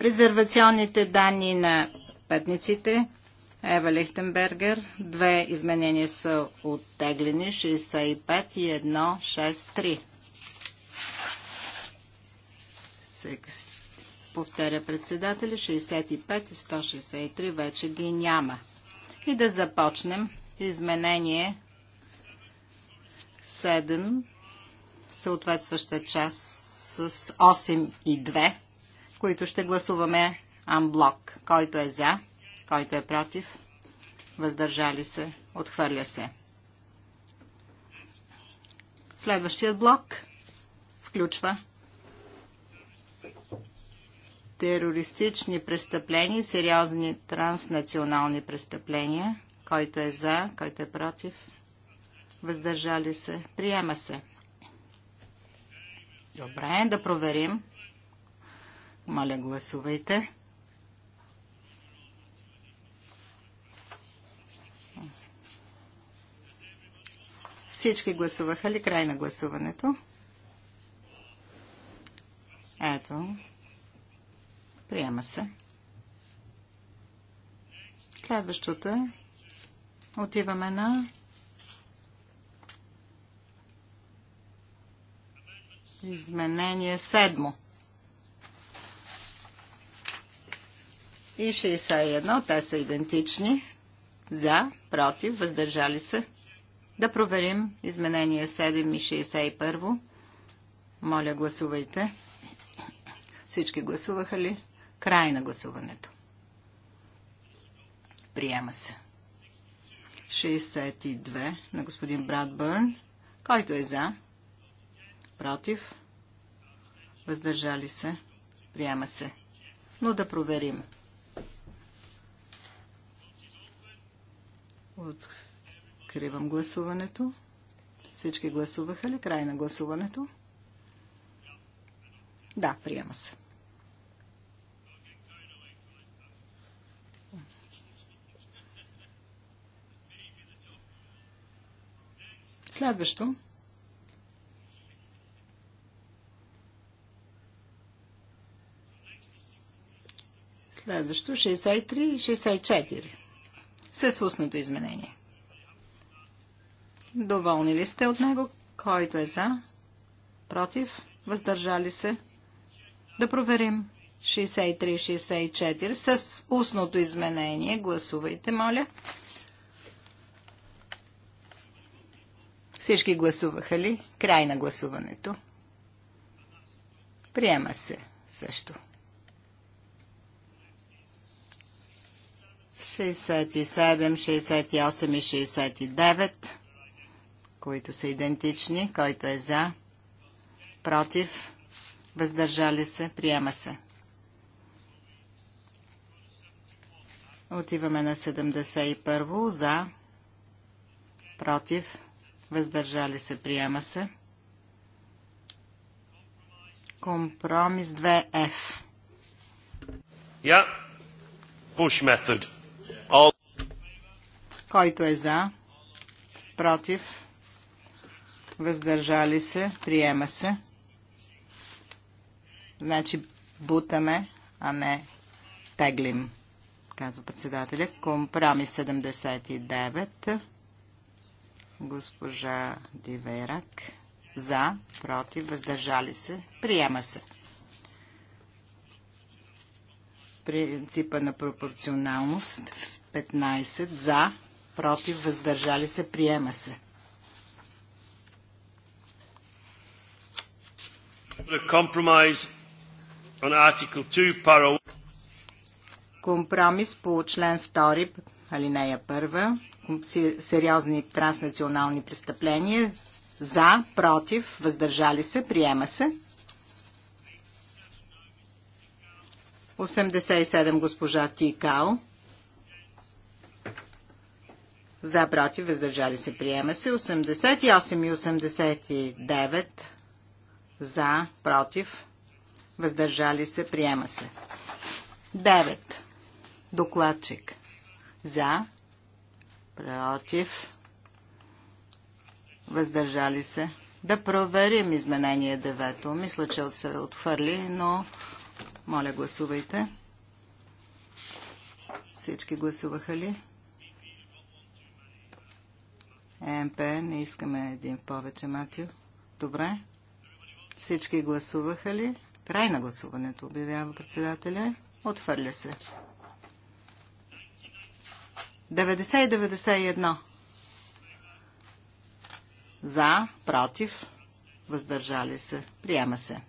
Резервационните данни на пътниците. Ева Лихтенбергер. Две изменения са оттеглени. 65 и 163 повтаря председателя, 65 и 163 вече ги няма. И да започнем изменение 7, съответстваща част с 8 и 2, които ще гласуваме амблок. Който е за, който е против, въздържали се, отхвърля се. Следващият блок включва терористични престъпления и сериозни транснационални престъпления. Който е за, който е против, въздържали се, приема се. Добре, да проверим. Моля, гласувайте. Всички гласуваха ли край на гласуването? Ето, Приема се. Следващото е. Отиваме на изменение седмо. И 61, те са идентични. За, против, въздържали се. Да проверим изменение 7 и 61. Моля, гласувайте. Всички гласуваха ли? Край на гласуването. Приема се. 62 на господин Брадбърн. Който е за? Против? Въздържали се? Приема се. Но да проверим. Откривам гласуването. Всички гласуваха ли? Край на гласуването? Да, приема се. Следващо. Следващо 63 и 64. С устното изменение. Доволни ли сте от него? Който е за? Против? Въздържали се? Да проверим. 63-64 с устното изменение. Гласувайте, моля. Всички гласуваха ли? Край на гласуването. Приема се също. 67, 68 и 69, които са идентични. Който е за, против, въздържали се, приема се. Отиваме на 71 за, против, въздържали се, приема се. Компромис 2F. Yeah. method. All... Който е за, против, въздържали се, приема се. Значи бутаме, а не теглим, казва председателя. Компромис 79. Госпожа Диверак. За, против, въздържали се. Приема се. Принципа на пропорционалност. 15. За, против, въздържали се. Приема се. Компромис по член 2, алинея 1 сериозни транснационални престъпления. За, против, въздържали се, приема се. 87 госпожа Тикао. За, против, въздържали се, приема се. 88 и 89 за, против, въздържали се, приема се. 9. Докладчик. За, против, въздържали се. Да проверим изменение девето. Мисля, че се отхвърли, но моля гласувайте. Всички гласуваха ли? ЕМП, не искаме един повече, Матио. Добре. Всички гласуваха ли? Край на гласуването, обявява председателя. Отвърля се. 90 и 91. За, против, въздържали се. Приема се.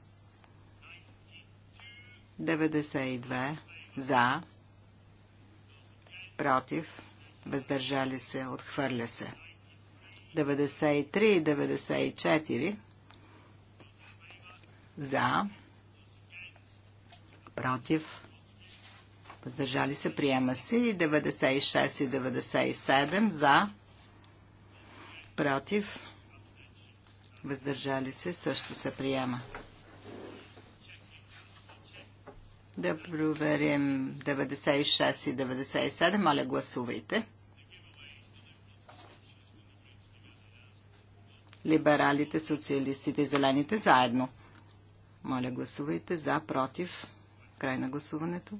92. За, против, въздържали се, отхвърля се. 93 и 94. За, против, въздържали се, приема се. 96 и 97 за, против, въздържали се, също се приема. Да проверим 96 и 97. Моля, гласувайте. Либералите, социалистите и зелените заедно. Моля, гласувайте за, против. Край на гласуването.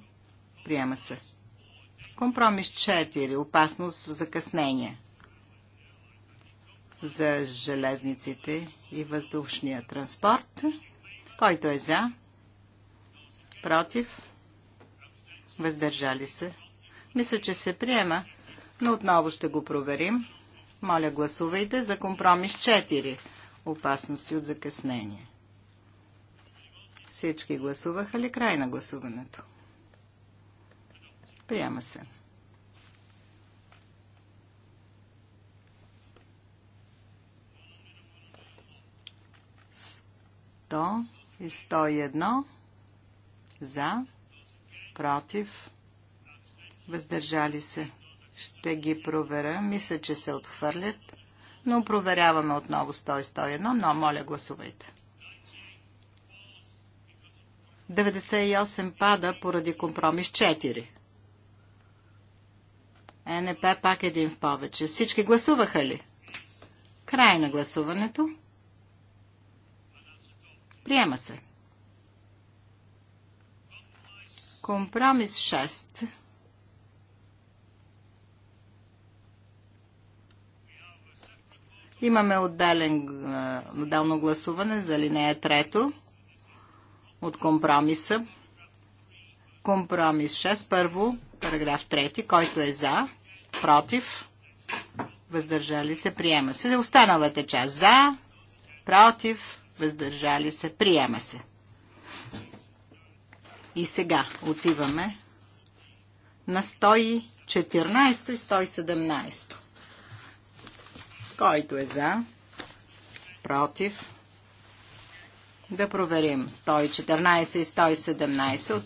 Приема се. Компромис 4. Опасност в закъснение за железниците и въздушния транспорт. Който е за? Против? Въздържали се? Мисля, че се приема, но отново ще го проверим. Моля, гласувайте за компромис 4. Опасности от закъснение. Всички гласуваха ли край на гласуването? Приема се. Сто и сто и едно. За. Против. Въздържали се. Ще ги проверя. Мисля, че се отхвърлят. Но проверяваме отново 100 и 101, но моля гласувайте. 98 пада поради компромис 4. НП пак един в повече. Всички гласуваха ли? Край на гласуването. Приема се. Компромис 6. Имаме отделен, отделно гласуване за линия 3 от компромиса. Компромис 6. Първо, параграф 3, който е за, против, въздържали се, приема се. Останалата част за, против, въздържали се, приема се. И сега отиваме на 114 и 117. Който е за, против, да проверим 114 и 117 от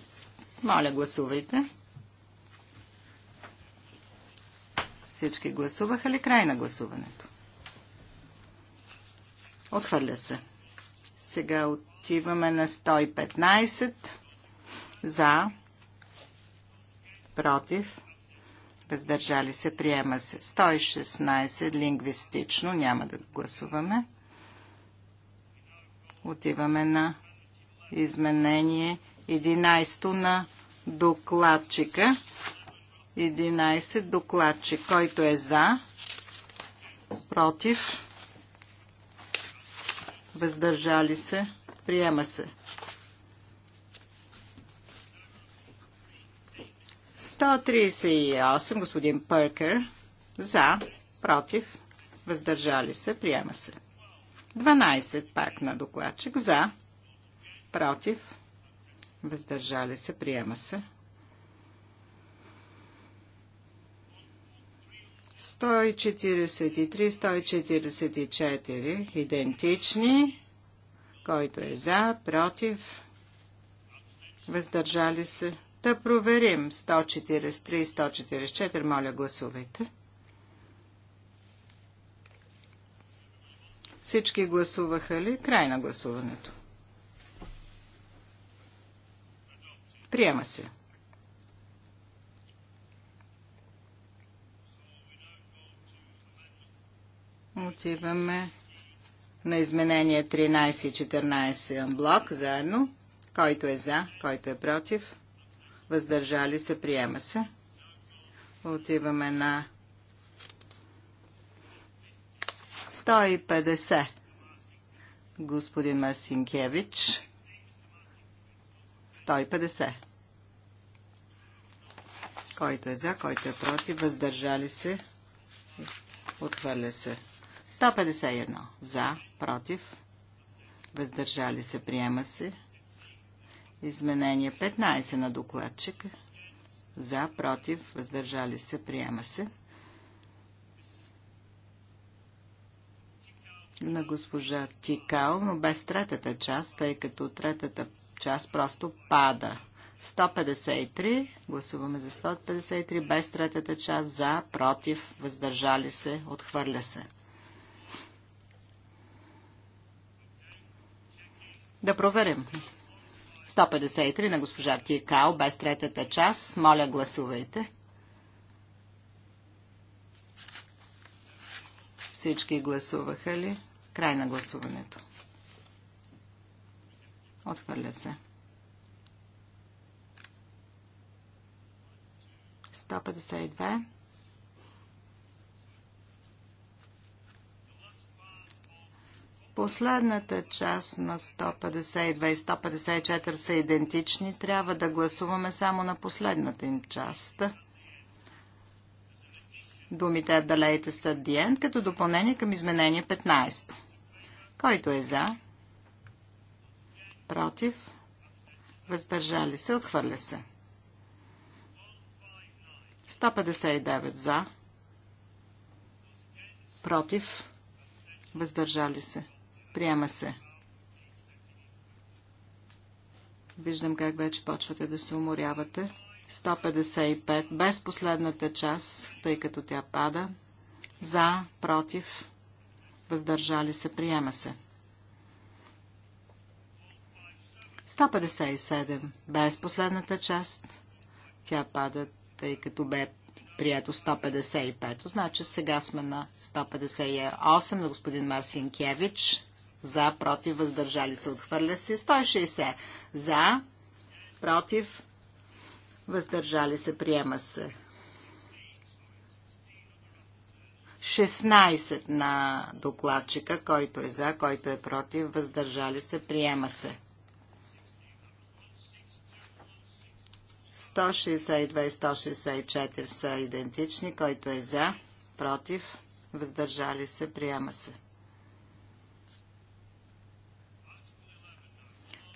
моля, гласувайте. Всички гласуваха ли край на гласуването? Отхвърля се. Сега отиваме на 115. За. Против. Въздържали се. Приема се. 116. Лингвистично. Няма да гласуваме. Отиваме на изменение 117. 11 на докладчика. 11 докладчик, който е за, против, въздържали се, приема се. 138, господин Пъркър, за, против, въздържали се, приема се. 12 пак на докладчик, за, против, въздържали се, приема се. 143, 144 идентични. Който е за, против, въздържали се. Да проверим 143, 144. Моля, гласувайте. Всички гласуваха ли? Край на гласуването. Приема се. Отиваме на изменение 13 и 14 блок заедно. Който е за, който е против, въздържали се, приема се. Отиваме на 150. Господин Масинкевич. 150. Който е за, който е против, въздържали се, отхвърля се. 151. За, против, въздържали се, приема се. Изменение 15 на докладчик. За, против, въздържали се, приема се. на госпожа Тикал, но без третата част, тъй като третата Час просто пада. 153, гласуваме за 153, без третата част за, против, въздържали се, отхвърля се. Да проверим. 153 на госпожа Тикао, без третата част. Моля, гласувайте. Всички гласуваха ли? Край на гласуването. Отхвърля се. 152. Последната част на 152 и 154 са идентични. Трябва да гласуваме само на последната им част. Думите at далейте стадиент като допълнение към изменение 15. Който е за? против, въздържали се, отхвърля се. 159 за, против, въздържали се, приема се. Виждам как вече почвате да се уморявате. 155, без последната част, тъй като тя пада. За, против, въздържали се, приема се. 157. Без последната част. Тя пада, тъй като бе прието 155. Значи сега сме на 158 на господин Марсинкевич. За, против, въздържали се, отхвърля се. 160. За, против, въздържали се, приема се. 16 на докладчика, който е за, който е против, въздържали се, приема се. 162 и 164 са идентични. Който е за, против, въздържали се, приема се.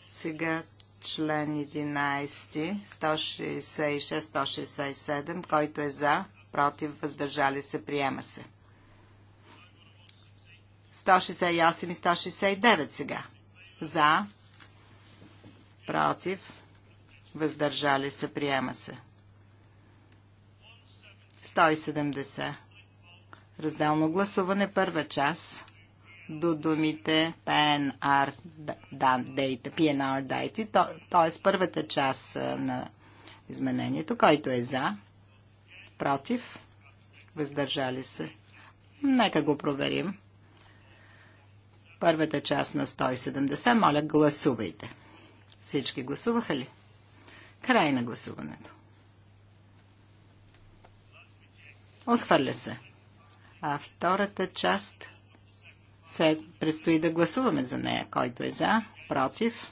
Сега член 11, 166, 167, който е за, против, въздържали се, приема се. 168 и 169 сега. За, против, въздържали се, приема се. 170. Разделно гласуване, първа част до думите PNR data, PNR data, т.е. първата част на изменението, който е за, против, въздържали се. Нека го проверим. Първата част на 170, моля гласувайте. Всички гласуваха ли? Край на гласуването. Отхвърля се. А втората част се предстои да гласуваме за нея. Който е за, против,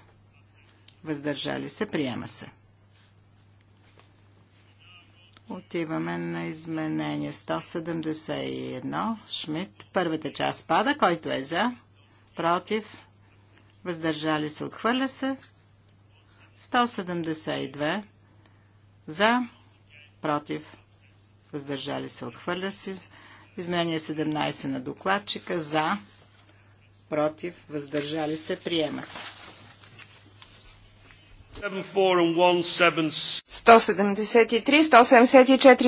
въздържали се, приема се. Отиваме на изменение 171. Шмидт. Първата част пада. Който е за? Против? Въздържали се? Отхвърля се. 172 за, против, въздържали се, отхвърля се. Изменение 17 на докладчика за, против, въздържали се, приема се. 173, 174,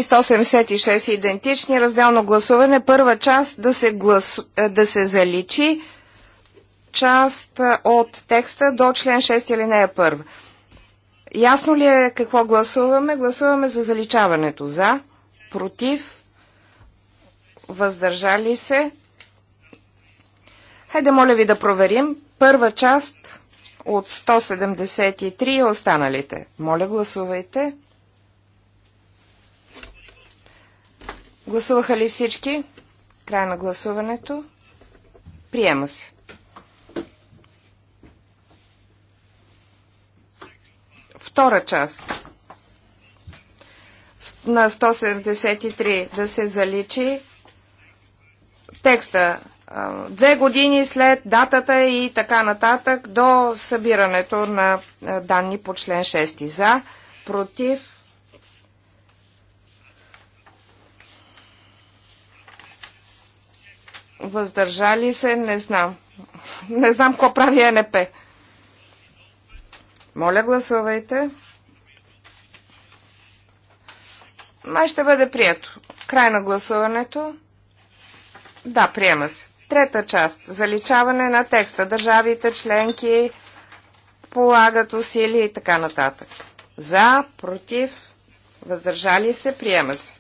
176 идентични. Разделно гласуване. Първа част да се, глас... Е, да се заличи част от текста до член 6 или не е първа. Ясно ли е какво гласуваме? Гласуваме за заличаването. За, против, въздържали се. Хайде, моля ви да проверим. Първа част от 173 и останалите. Моля, гласувайте. Гласуваха ли всички? Край на гласуването. Приема се. Втора част на 173 да се заличи текста две години след датата и така нататък до събирането на данни по член 6 за, против въздържали се, не знам. Не знам какво прави е НП. Моля, гласувайте. Май ще бъде прието. Край на гласуването. Да, приема се. Трета част. Заличаване на текста. Държавите, членки полагат усилия и така нататък. За, против, въздържали се, приема се.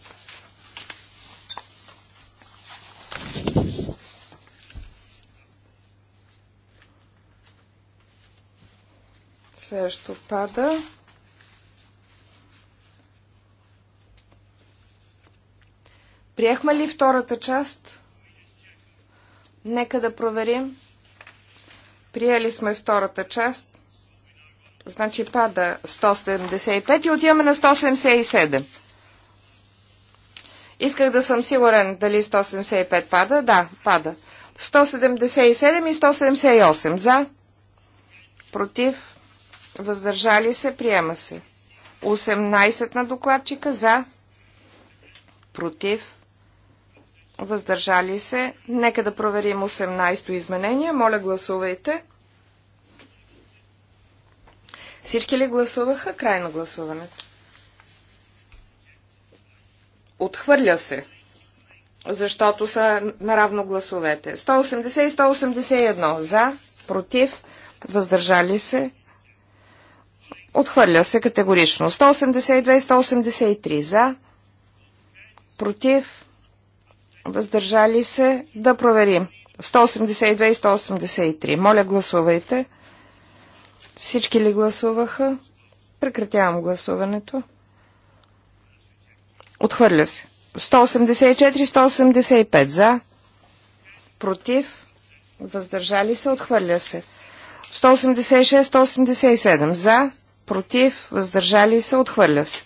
Следващото пада. Приехме ли втората част? Нека да проверим. Приели сме втората част. Значи пада 175 и отиваме на 177. Исках да съм сигурен дали 175 пада. Да, пада. 177 и 178 за. Против въздържали се, приема се. 18 на докладчика за, против, въздържали се. Нека да проверим 18-то изменение. Моля, гласувайте. Всички ли гласуваха? Край на гласуването. Отхвърля се, защото са наравно гласовете. 180 и 181 за, против, въздържали се, Отхвърля се категорично. 182 183 за. Против. Въздържали се. Да проверим. 182 183. Моля, гласувайте. Всички ли гласуваха? Прекратявам гласуването. Отхвърля се. 184, 185 за. Против. Въздържали се. Отхвърля се. 186, 187 за против, въздържали се, отхвърля се.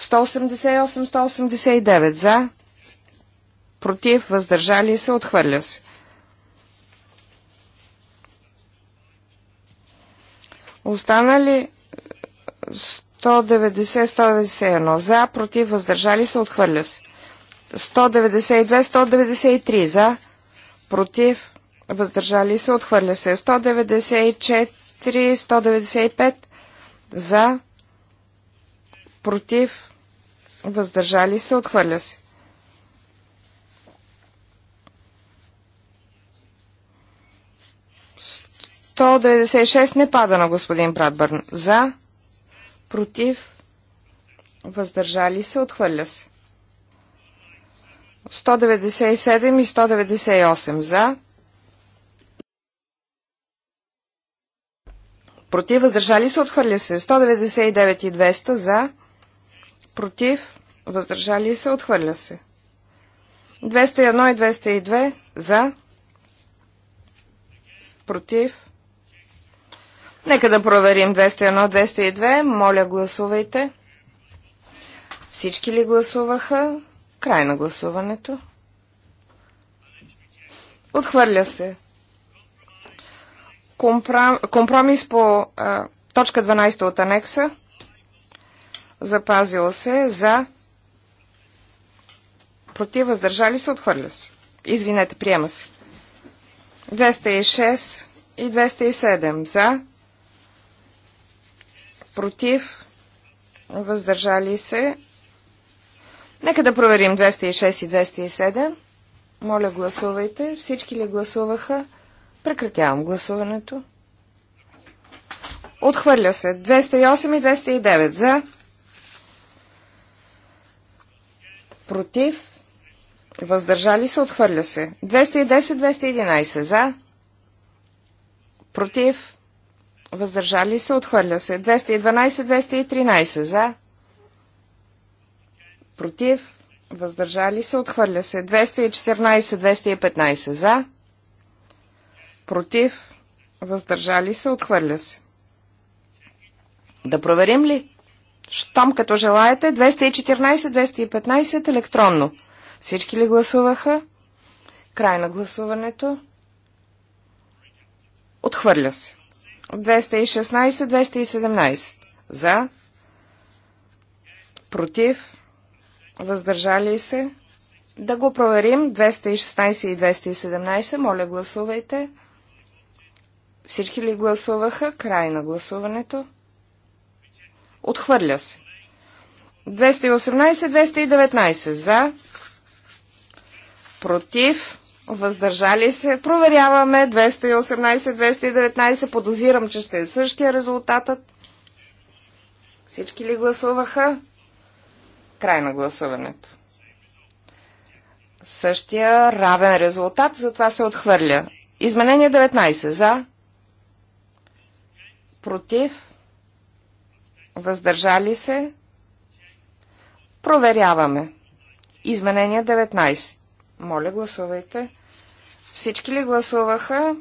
188-189 за, против, въздържали се, отхвърля се. Останали 190-191 за, против, въздържали се, отхвърля се. 192-193 за, против, въздържали се, отхвърля се. 194-195 за, против, въздържали се, отхвърля се. 96 не пада на господин Брадбърн. За, против, въздържали се, отхвърля се. 197 и 198 за, против, въздържали се, отхвърля се. 199 и 200 за, против, въздържали се, отхвърля се. 201 и 202 за, против. Нека да проверим 201, 202. Моля, гласувайте. Всички ли гласуваха? Край на гласуването. Отхвърля се. Компромис по а, точка 12 от анекса. Запазил се за. Против, въздържали се, отхвърля се. Извинете, приема се. 206 и 207 за. Против, въздържали се. Нека да проверим 206 и 207. Моля, гласувайте. Всички ли гласуваха? Прекратявам гласуването. Отхвърля се. 208 и 209 за. Против. Въздържали се. Отхвърля се. 210-211 за. Против. Въздържали се. Отхвърля се. 212-213 за. Против. Въздържали се. Отхвърля се. 214-215 за против, въздържали се, отхвърля се. Да проверим ли? Щом като желаете, 214-215 електронно. Всички ли гласуваха? Край на гласуването. Отхвърля се. 216-217. За. Против. Въздържали се. Да го проверим. 216 и 217. Моля, гласувайте. Всички ли гласуваха? Край на гласуването. Отхвърля се. 218-219 за. Против. Въздържали се. Проверяваме. 218-219. Подозирам, че ще е същия резултатът. Всички ли гласуваха? Край на гласуването. Същия равен резултат, затова се отхвърля. Изменение 19 за против, въздържали се, проверяваме. Изменение 19. Моля, гласувайте. Всички ли гласуваха?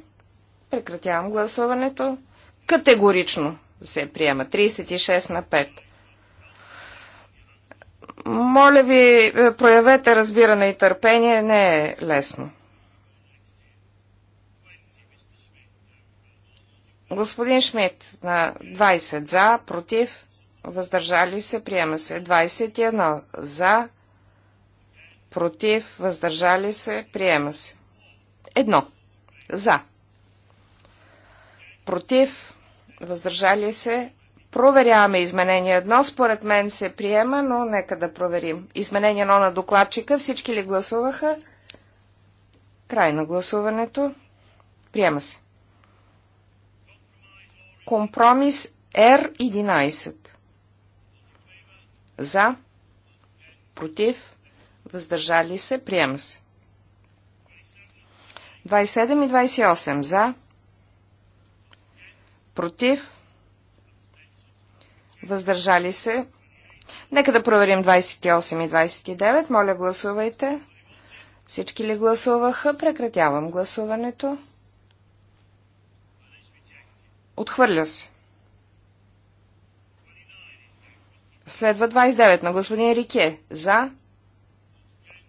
Прекратявам гласуването. Категорично се приема. 36 на 5. Моля ви, проявете разбиране и търпение. Не е лесно. Господин Шмидт на 20 за, против, въздържали се, приема се. 21 за, против, въздържали се, приема се. Едно. За. Против, въздържали се, проверяваме изменение едно. Според мен се приема, но нека да проверим. Изменение едно на докладчика. Всички ли гласуваха? Край на гласуването. Приема се компромис R11. За, против, въздържали се, приема се. 27 и 28 за, против, въздържали се. Нека да проверим 28 и 29. Моля, гласувайте. Всички ли гласуваха? Прекратявам гласуването. Отхвърля се. Следва 29 на господин Рике. За.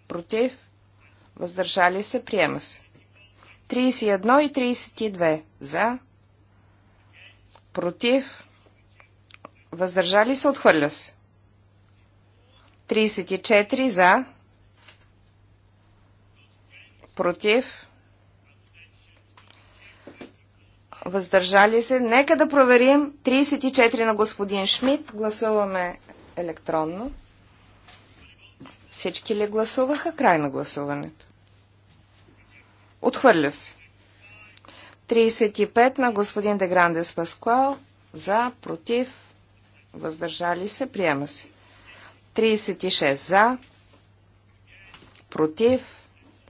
Против. Въздържали се. Приема се. 31 и 32. За. Против. Въздържали се. Отхвърля се. 34 за. Против. въздържали се. Нека да проверим 34 на господин Шмидт. Гласуваме електронно. Всички ли гласуваха? Край на гласуването. Отхвърля се. 35 на господин Деграндес Паскуал. За, против, въздържали се, приема се. 36 за, против,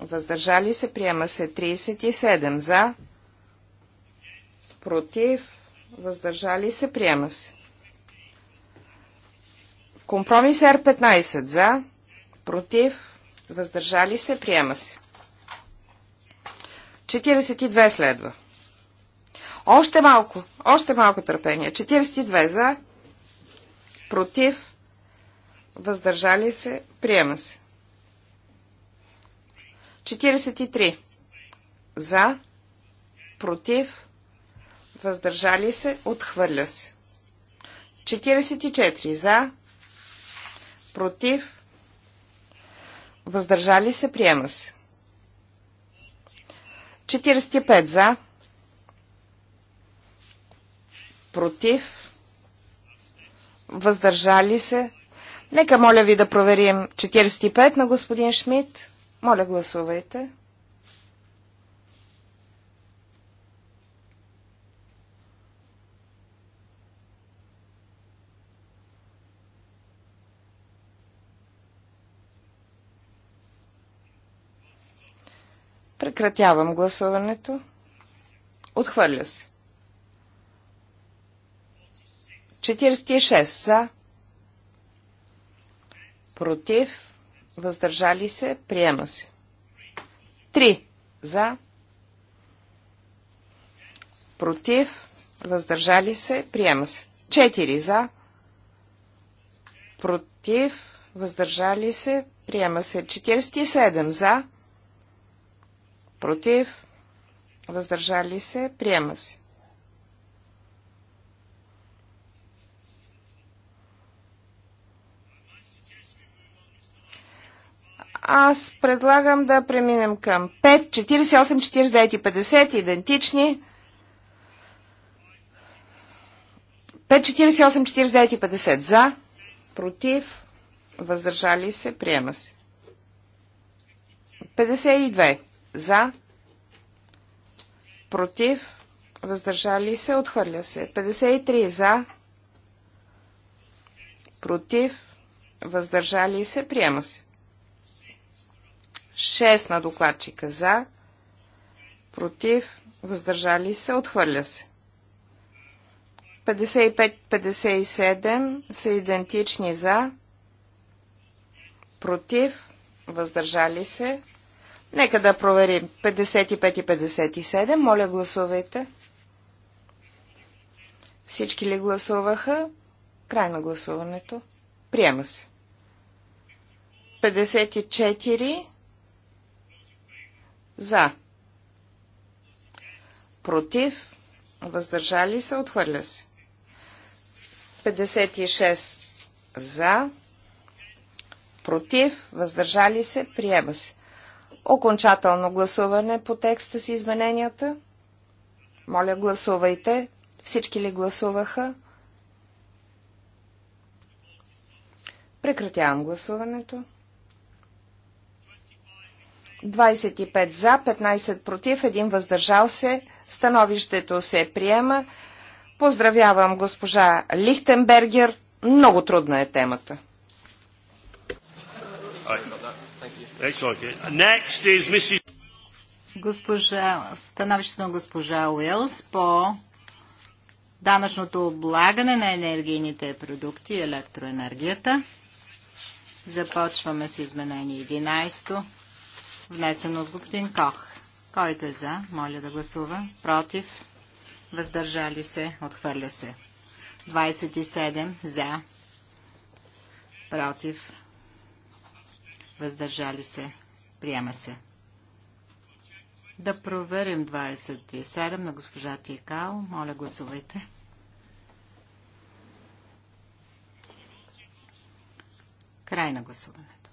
въздържали се, приема се. 37 за, против, въздържали се, приема се. Компромис Р15 за, против, въздържали се, приема се. 42 следва. Още малко, още малко търпение. 42 за, против, въздържали се, приема се. 43 за, против, въздържали се, отхвърля се. 44 за, против, въздържали се, приема се. 45 за, против, въздържали се. Нека моля ви да проверим 45 на господин Шмидт. Моля гласувайте. Прекратявам гласуването. Отхвърля се. 46 за. Против. Въздържали се. Приема се. 3 за. Против. Въздържали се. Приема се. 4 за. Против. Въздържали се. Приема се. 47 за против, въздържали се, приема се. Аз предлагам да преминем към 5, 48, 49 и 50 идентични. 5, 48, 49 50 за, против, въздържали се, приема се. 52 за. Против. Въздържали се. Отхвърля се. 53. За. Против. Въздържали се. Приема се. 6 на докладчика. За. Против. Въздържали се. Отхвърля се. 55-57 са идентични за, против, въздържали се, Нека да проверим. 55 и 57. Моля, гласувайте. Всички ли гласуваха? Край на гласуването. Приема се. 54 за. Против. Въздържали се. Отхвърля се. 56 за. Против. Въздържали се. Приема се. Окончателно гласуване по текста с измененията. Моля, гласувайте. Всички ли гласуваха? Прекратявам гласуването. 25 за, 15 против, 1 въздържал се. Становището се приема. Поздравявам госпожа Лихтенбергер. Много трудна е темата. становището на госпожа Уилс по данъчното облагане на енергийните продукти и електроенергията. Започваме с изменение 11, внесено от господин Кох. Който е за, моля да гласува. Против, въздържали се, отхвърля се. 27 за, против, въздържали се, приема се. Да проверим 27 на госпожа Тикао. Моля, гласувайте. Край на гласуването.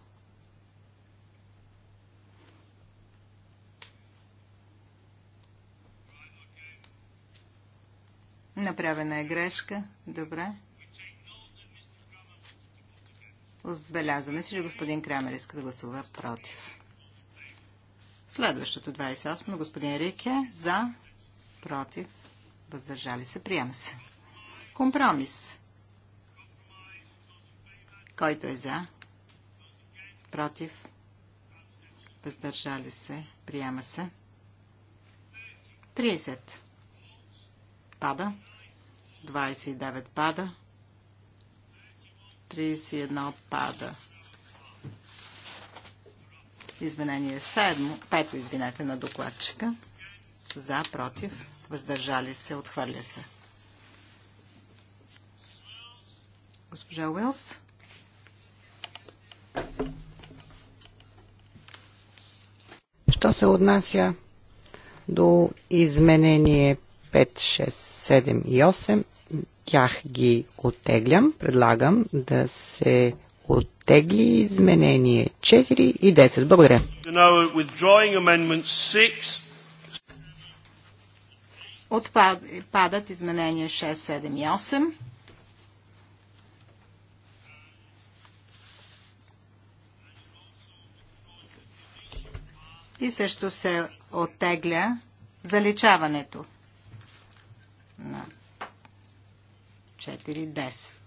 Направена е грешка. Добре. Отбелязваме си, че господин Крамер иска да гласува против. Следващото 28 но господин Рике за, против, въздържали се, приема се. Компромис. Който е за, против, въздържали се, приема се. 30. Пада. 29 пада. 31 пада. Изменение 7, пето извинете на докладчика. За, против, въздържали се, отхвърля се. Госпожа Уилс. Що се отнася до изменение 5, 6, 7 и тях ги оттеглям. Предлагам да се оттегли изменение 4 и 10. Благодаря. Отпадат изменения 6, 7 и 8. И също се оттегля заличаването на 4.10.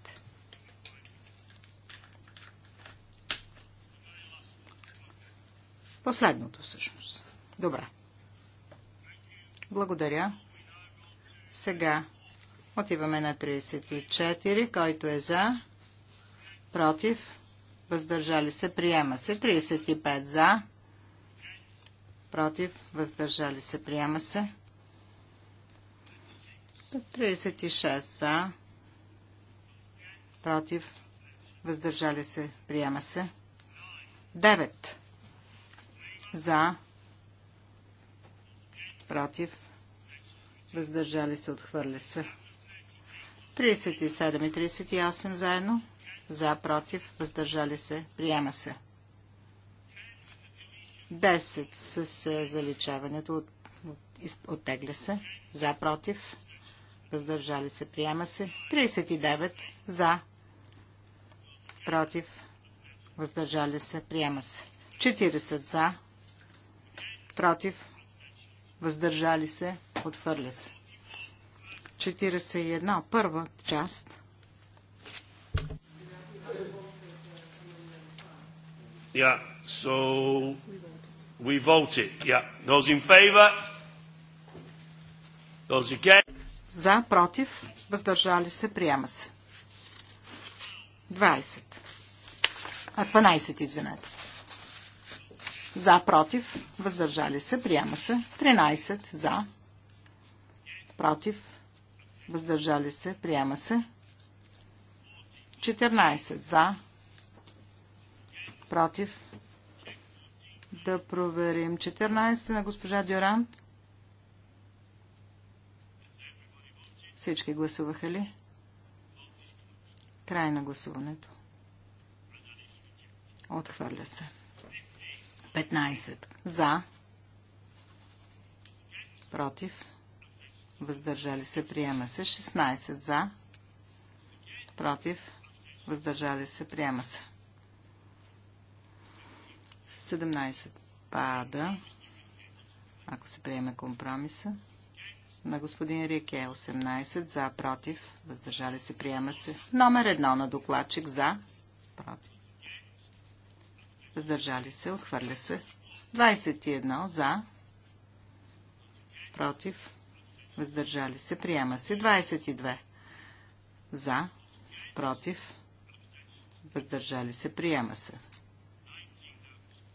Последното всъщност. Добре. Благодаря. Сега отиваме на 34, който е за, против, въздържали се, приема се. 35 за, против, въздържали се, приема се. 36 за, против, въздържали се, приема се. 9 за, против, въздържали се, отхвърля се. 37 и 38 заедно, за, против, въздържали се, приема се. 10 с е, заличаването от, оттегля се, за, против, въздържали се, приема се. 39 за, против, въздържали се, приема се. 40 за, против, въздържали се, отхвърля се. 41. Първа част. Yeah, so we voted. Yeah. Those in favor? Those against? За, против, въздържали се, приема се. 20 а 12, извинете. За, против, въздържали се, приема се. 13 за, против, въздържали се, приема се. 14 за, против. Да проверим. 14 на госпожа Дюрант. Всички гласуваха ли? Край на гласуването. Отхвърля се. 15. За. Против. Въздържали се. Приема се. 16. За. Против. Въздържали се. Приема се. 17. Пада. Ако се приеме компромиса. На господин Рике. 18. За. Против. Въздържали се. Приема се. Номер 1 на докладчик. За. Против въздържали се, отхвърля се. 21 за, против, въздържали се, приема се. 22 за, против, въздържали се, приема се.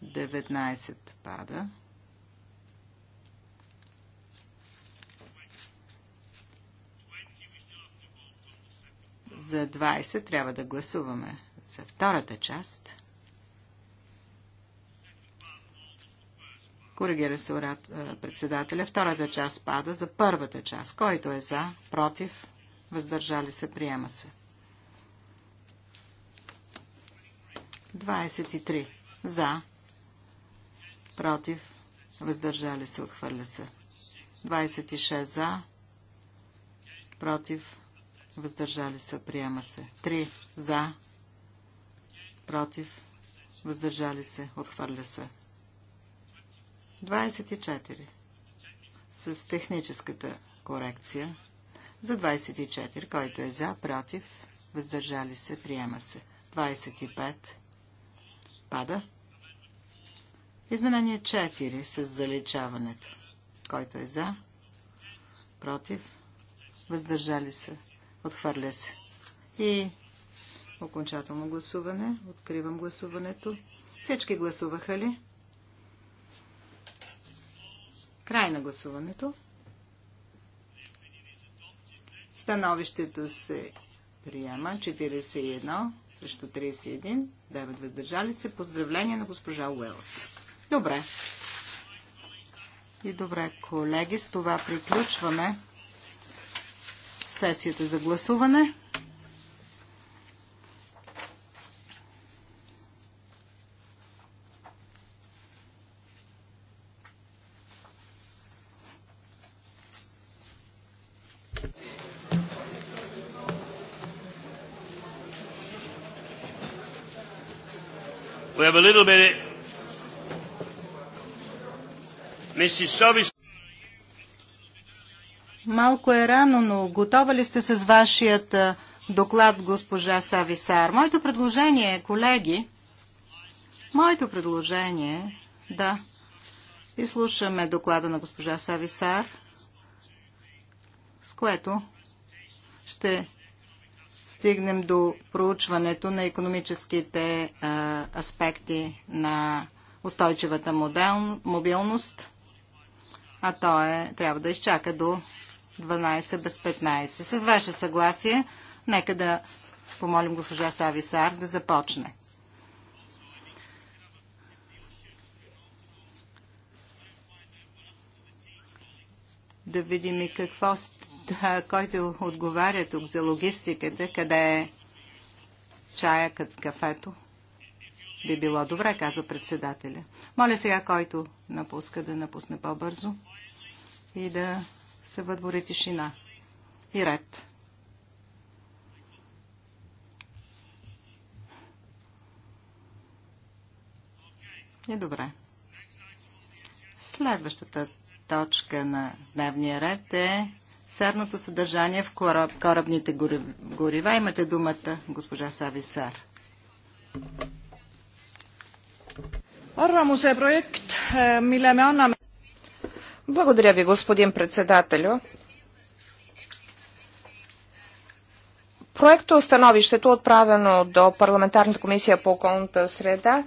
19 пада. За 20 трябва да гласуваме за втората част. Коригира се урат, председателя. Втората част пада за първата част. Който е за, против, въздържали се, приема се. 23. За, против, въздържали се, отхвърля се. 26 за, против, въздържали се, приема се. 3 за, против, въздържали се, отхвърля се. 24. С техническата корекция. За 24. Който е за, против, въздържали се, приема се. 25. Пада. Изменение 4 с заличаването. Който е за, против, въздържали се, отхвърля се. И окончателно гласуване. Откривам гласуването. Всички гласуваха ли? Край на гласуването. Становището се приема 41 срещу 31, 9 въздържали се. Поздравление на госпожа Уелс. Добре. И добре, колеги, с това приключваме сесията за гласуване. We have a little bit. Mrs. Малко е рано, но готова ли сте с вашият доклад, госпожа Сависар? Моето предложение, е, колеги, моето предложение, е да, изслушаме доклада на госпожа Сависар, с което ще стигнем до проучването на економическите а, аспекти на устойчивата модел, мобилност, а то е, трябва да изчака до 12 без 15. С ваше съгласие, нека да помолим госпожа Сависар да започне. Да видим и какво сте който отговаря тук за логистиката, къде е чая, кафето. Би било добре, казва председателя. Моля сега, който напуска, да напусне по-бързо и да се въдвори тишина и ред. И добре. Следващата точка на дневния ред е сарното съдържание в кораб, корабните горива. Имате думата, госпожа Сависар. Арвамусе проект, Благодаря ви, господин председателю. Проекто становището, отправено до Парламентарната комисия по околната среда,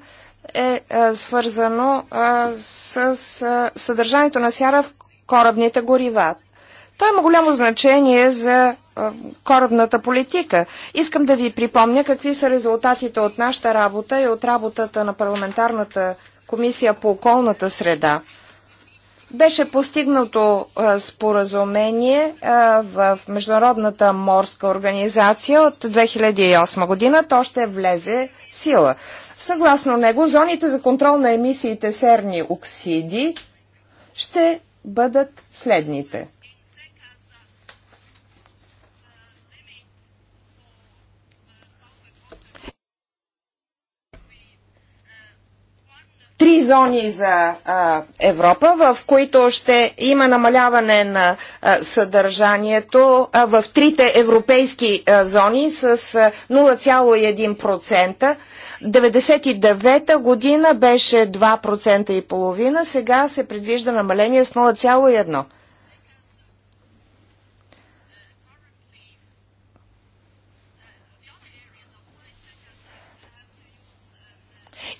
е, е свързано с съдържанието на сяра в корабните горива. Той има голямо значение за корабната политика. Искам да ви припомня какви са резултатите от нашата работа и от работата на парламентарната комисия по околната среда. Беше постигнато споразумение в Международната морска организация от 2008 година. То ще влезе в сила. Съгласно него, зоните за контрол на емисиите серни оксиди ще бъдат следните – три зони за а, Европа, в които ще има намаляване на а, съдържанието а, в трите европейски а, зони с 0,1%. 99-та година беше 2% и половина, сега се предвижда намаление с 0,1%.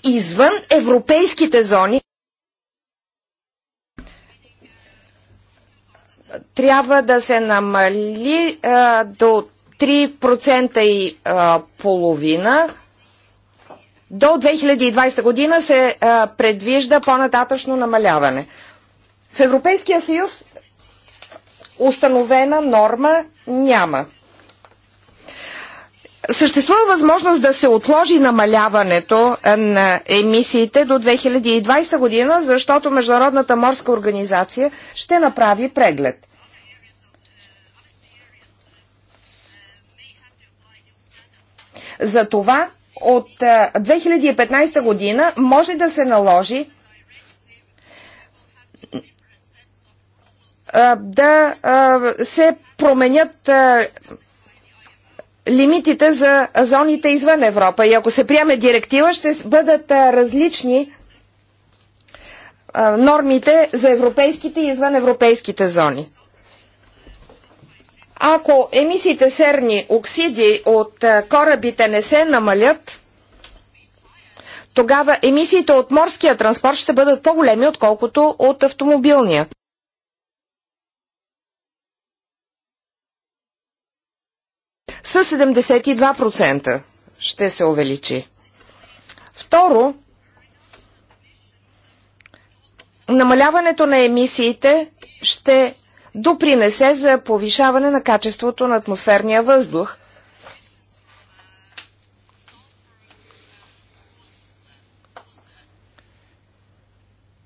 извън европейските зони, трябва да се намали а, до 3% и а, половина. До 2020 година се а, предвижда по-нататъчно намаляване. В Европейския съюз установена норма няма. Съществува възможност да се отложи намаляването е, на емисиите до 2020 година, защото Международната морска организация ще направи преглед. За това от 2015 е, година може да се наложи е, да се променят лимитите за зоните извън Европа. И ако се приеме директива, ще бъдат различни нормите за европейските и извън европейските зони. Ако емисиите серни оксиди от корабите не се намалят, тогава емисиите от морския транспорт ще бъдат по-големи, отколкото от автомобилния. с 72% ще се увеличи. Второ, намаляването на емисиите ще допринесе за повишаване на качеството на атмосферния въздух.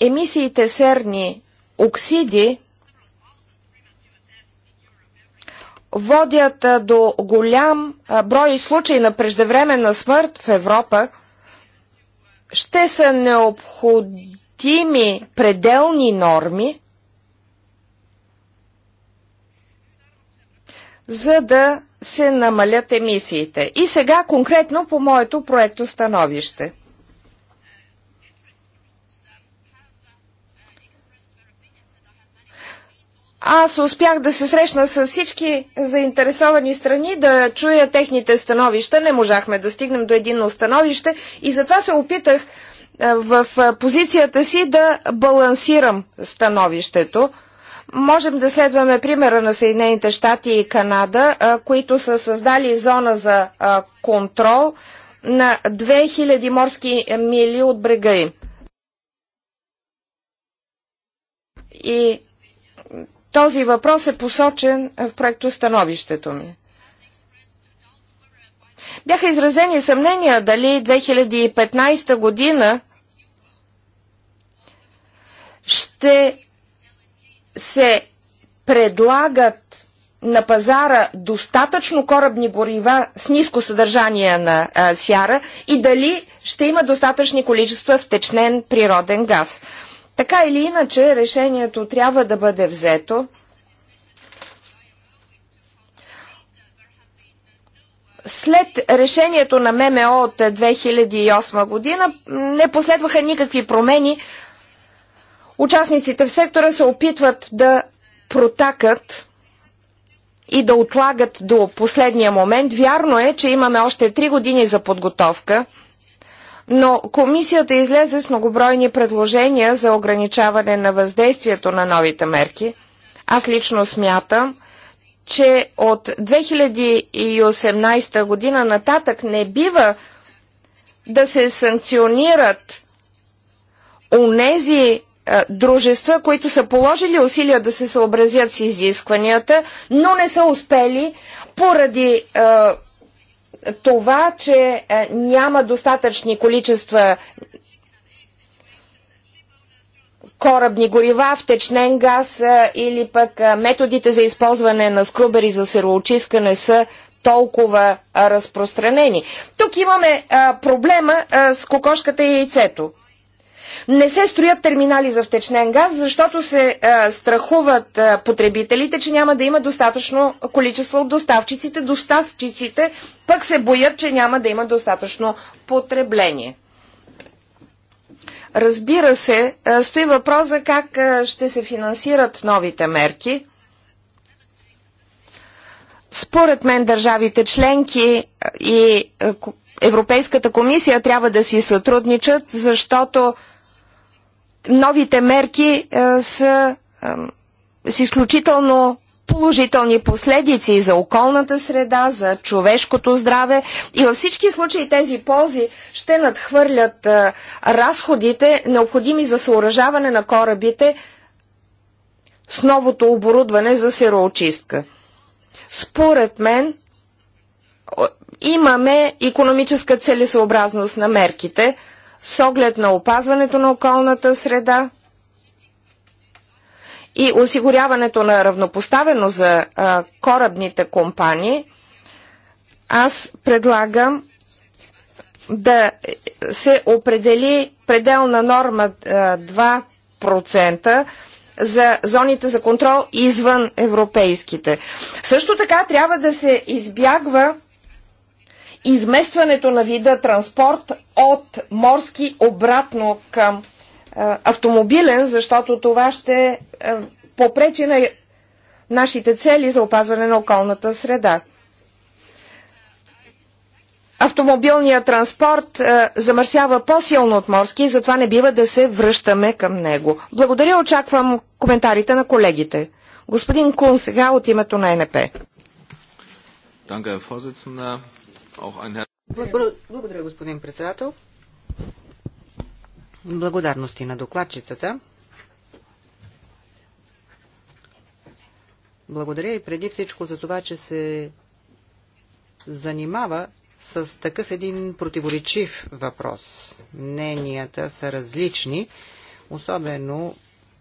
Емисиите серни оксиди – водят до голям брой случаи на преждевременна смърт в Европа, ще са необходими пределни норми, за да се намалят емисиите. И сега конкретно по моето проекто становище. Аз успях да се срещна с всички заинтересовани страни, да чуя техните становища. Не можахме да стигнем до единно становище и затова се опитах в позицията си да балансирам становището. Можем да следваме примера на Съединените щати и Канада, които са създали зона за контрол на 2000 морски мили от брега им. И този въпрос е посочен е, в проекто становището ми. Бяха изразени съмнения дали 2015 година ще се предлагат на пазара достатъчно корабни горива с ниско съдържание на а, сяра и дали ще има достатъчни количества втечнен природен газ. Така или иначе, решението трябва да бъде взето. След решението на ММО от 2008 година не последваха никакви промени. Участниците в сектора се опитват да протакат и да отлагат до последния момент. Вярно е, че имаме още 3 години за подготовка – но комисията излезе с многобройни предложения за ограничаване на въздействието на новите мерки. Аз лично смятам, че от 2018 година нататък не бива да се санкционират унези дружества, които са положили усилия да се съобразят с изискванията, но не са успели поради а, това, че е, няма достатъчни количества корабни горива, втечнен газ е, или пък е, методите за използване на скрубери за сероочистка не са толкова разпространени. Тук имаме проблема с кокошката и яйцето. Не се строят терминали за втечнен газ, защото се а, е, страхуват а, е, потребителите, че няма да има достатъчно количество от доставчиците. Доставчиците пък се боят, че няма да има достатъчно потребление. Разбира се, а, е, стои въпроса как а, ще се финансират новите мерки. Според мен държавите членки и Европейската комисия трябва да си сътрудничат, защото новите мерки е, са е, с изключително положителни последици за околната среда, за човешкото здраве и във всички случаи тези ползи ще надхвърлят а, е, разходите, необходими за съоръжаване на корабите с новото оборудване за сероочистка. Според мен имаме економическа целесообразност на мерките – с оглед на опазването на околната среда и осигуряването на равнопоставено за а, корабните компании, аз предлагам да се определи пределна норма а, 2% за зоните за контрол извън европейските. Също така трябва да се избягва изместването на вида транспорт от морски обратно към а, автомобилен, защото това ще а, попречи на нашите цели за опазване на околната среда. Автомобилният транспорт а, замърсява по-силно от морски и затова не бива да се връщаме към него. Благодаря, очаквам коментарите на колегите. Господин Кун сега от името на НП. Благодаря, господин председател. Благодарности на докладчицата. Благодаря и преди всичко за това, че се занимава с такъв един противоречив въпрос. Мненията са различни, особено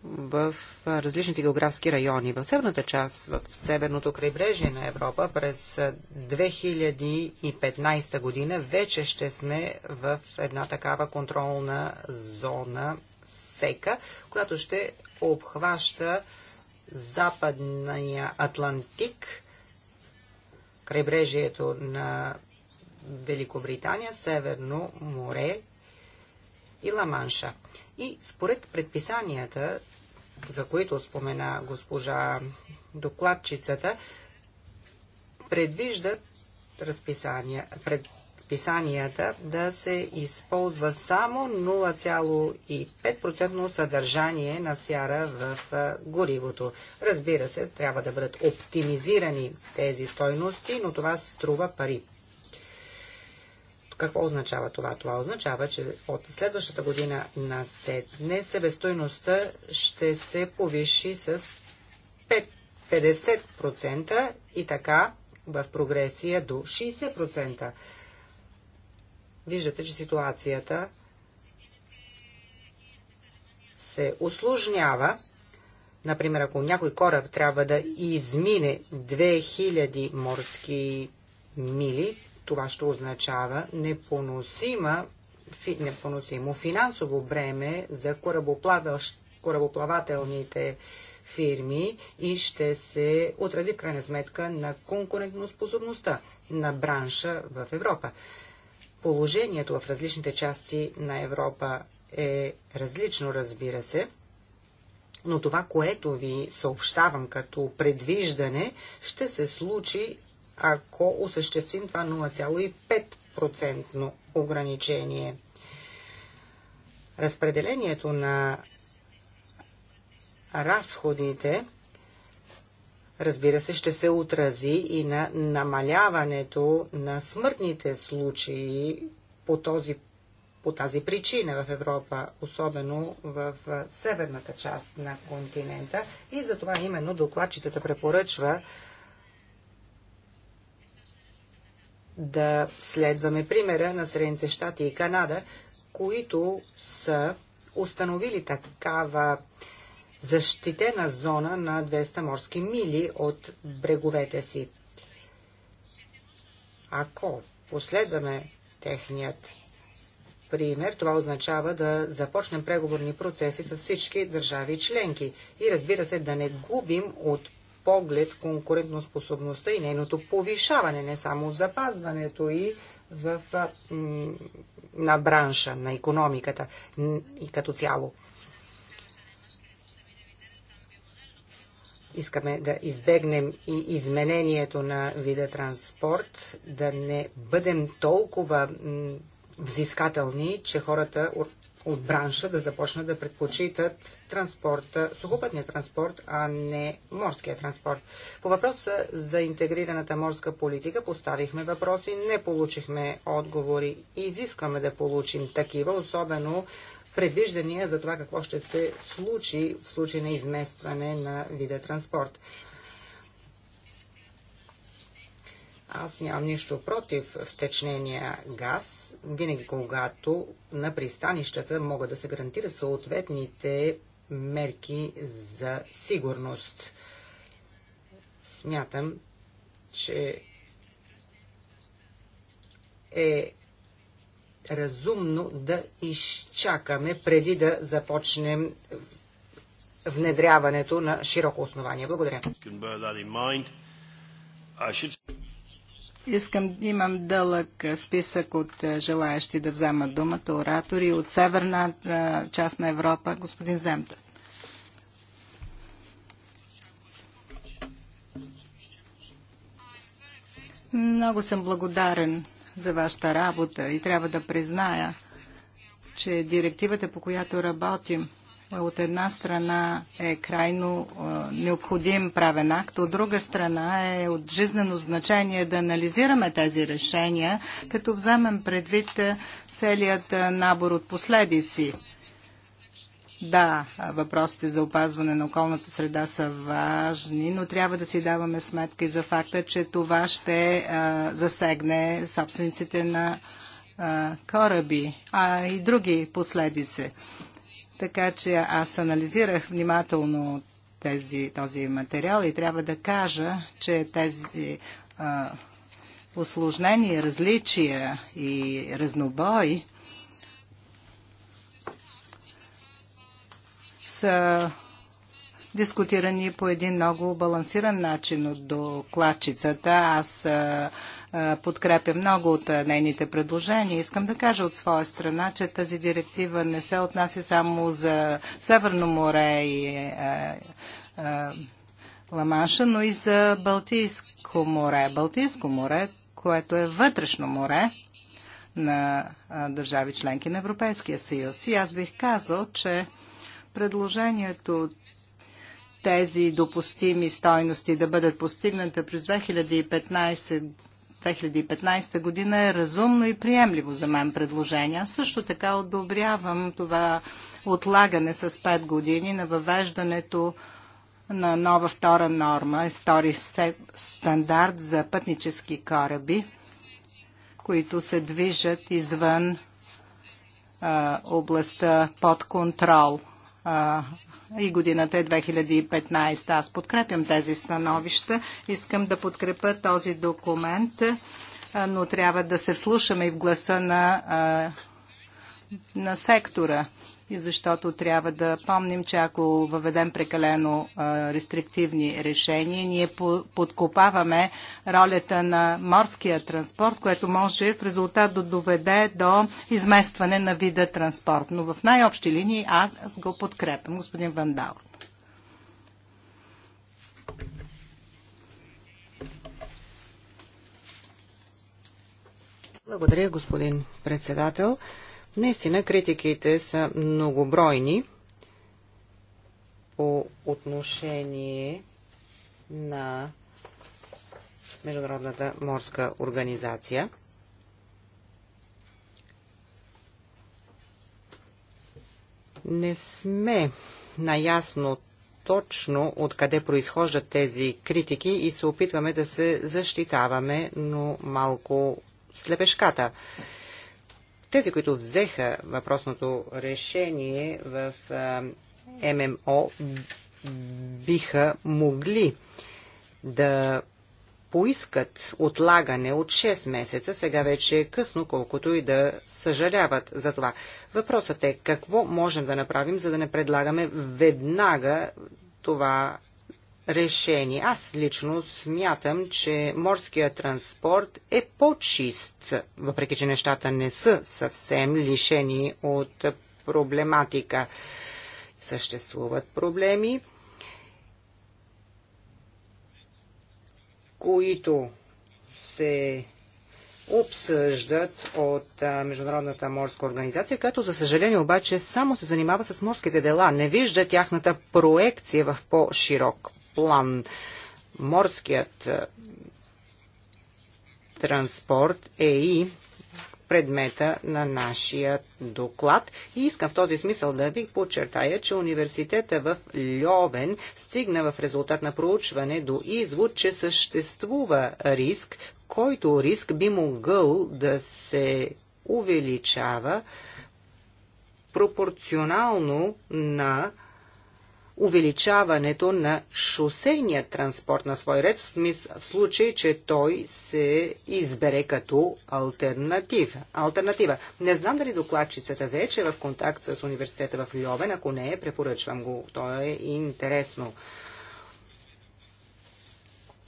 в различните географски райони. В северната част, в северното крайбрежие на Европа, през 2015 година вече ще сме в една такава контролна зона сека, която ще обхваща западния Атлантик, крайбрежието на Великобритания, Северно море и Ла-Манша. И според предписанията, за които спомена госпожа докладчицата, предвиждат разписания, предписанията да се използва само 0,5% съдържание на сяра в горивото. Разбира се, трябва да бъдат оптимизирани тези стойности, но това струва пари. Какво означава това? Това означава, че от следващата година на седне себестойността ще се повиши с 5, 50% и така в прогресия до 60%. Виждате, че ситуацията се усложнява. Например, ако някой кораб трябва да измине 2000 морски мили, това ще означава непоносима, непоносимо финансово бреме за корабоплавателните фирми и ще се отрази в крайна сметка на конкурентоспособността на бранша в Европа. Положението в различните части на Европа е различно, разбира се, но това, което ви съобщавам като предвиждане, ще се случи ако осъществим това 0,5% ограничение. Разпределението на разходите разбира се, ще се отрази и на намаляването на смъртните случаи по, този, по тази причина в Европа, особено в северната част на континента. И за това именно докладчицата препоръчва да следваме примера на Средните щати и Канада, които са установили такава защитена зона на 200 морски мили от бреговете си. Ако последваме техният пример, това означава да започнем преговорни процеси с всички държави членки и разбира се да не губим от поглед конкурентоспособността и нейното повишаване, не само запазването и в, на бранша, на економиката и като цяло. Искаме да избегнем и изменението на вида транспорт, да не бъдем толкова взискателни, че хората от бранша да започнат да предпочитат транспорта, сухопътния транспорт, а не морския транспорт. По въпроса за интегрираната морска политика поставихме въпроси, не получихме отговори и изискваме да получим такива, особено предвиждания за това какво ще се случи в случай на изместване на вида транспорт. Аз нямам нищо против втечнения газ, винаги когато на пристанищата могат да се гарантират съответните мерки за сигурност. Смятам, че е разумно да изчакаме преди да започнем внедряването на широко основание. Благодаря. Искам, имам дълъг списък от желаящи да вземат думата оратори от северна част на Европа. Господин Земта. Много съм благодарен за вашата работа и трябва да призная, че директивата, по която работим – е, от една страна е крайно е, необходим правен акт, от друга страна е от жизнено значение да анализираме тези решения, като вземем предвид е, целият набор от последици. Да, въпросите за опазване на околната среда са важни, но трябва да си даваме сметка и за факта, че това ще е, засегне собствениците на е, кораби, а и други последици. Така че аз анализирах внимателно тези, този материал и трябва да кажа, че тези а, осложнения, различия и разнобой са дискутирани по един много балансиран начин от докладчицата. Аз а, подкрепя много от нейните предложения. Искам да кажа от своя страна, че тази директива не се отнася само за Северно море и е, е, е, Ламанша, но и за Балтийско море. Балтийско море, което е вътрешно море на държави членки на Европейския съюз. И аз бих казал, че предложението тези допустими стойности да бъдат постигната през 2015 2015 година е разумно и приемливо за мен предложение. Също така одобрявам това отлагане с 5 години на въвеждането на нова втора норма, втори стандарт за пътнически кораби, които се движат извън а, областта под контрол а, и годината е 2015. Аз подкрепям тези становища. Искам да подкрепя този документ, но трябва да се вслушаме и в гласа на, на сектора и защото трябва да помним, че ако въведем прекалено а, рестриктивни решения, ние по подкопаваме ролята на морския транспорт, което може в резултат да доведе до изместване на вида транспорт. Но в най-общи линии аз го подкрепям, господин Вандал. Благодаря, господин председател. Наистина критиките са многобройни по отношение на Международната морска организация. Не сме наясно точно откъде произхождат тези критики и се опитваме да се защитаваме, но малко слепешката. Тези, които взеха въпросното решение в ММО, биха могли да поискат отлагане от 6 месеца, сега вече е късно, колкото и да съжаляват за това. Въпросът е какво можем да направим, за да не предлагаме веднага това решени. Аз лично смятам, че морският транспорт е по-чист, въпреки че нещата не са съвсем лишени от проблематика. Съществуват проблеми, които се обсъждат от Международната морска организация, която за съжаление обаче само се занимава с морските дела, не вижда тяхната проекция в по-широк план. Морският е, транспорт е и предмета на нашия доклад. И искам в този смисъл да ви подчертая, че университета в Льовен стигна в резултат на проучване до извод, че съществува риск, който риск би могъл да се увеличава пропорционално на увеличаването на шосейния транспорт на свой ред, в случай, че той се избере като альтернатива. альтернатива. Не знам дали докладчицата вече е в контакт с университета в Льовен, ако не е, препоръчвам го. То е интересно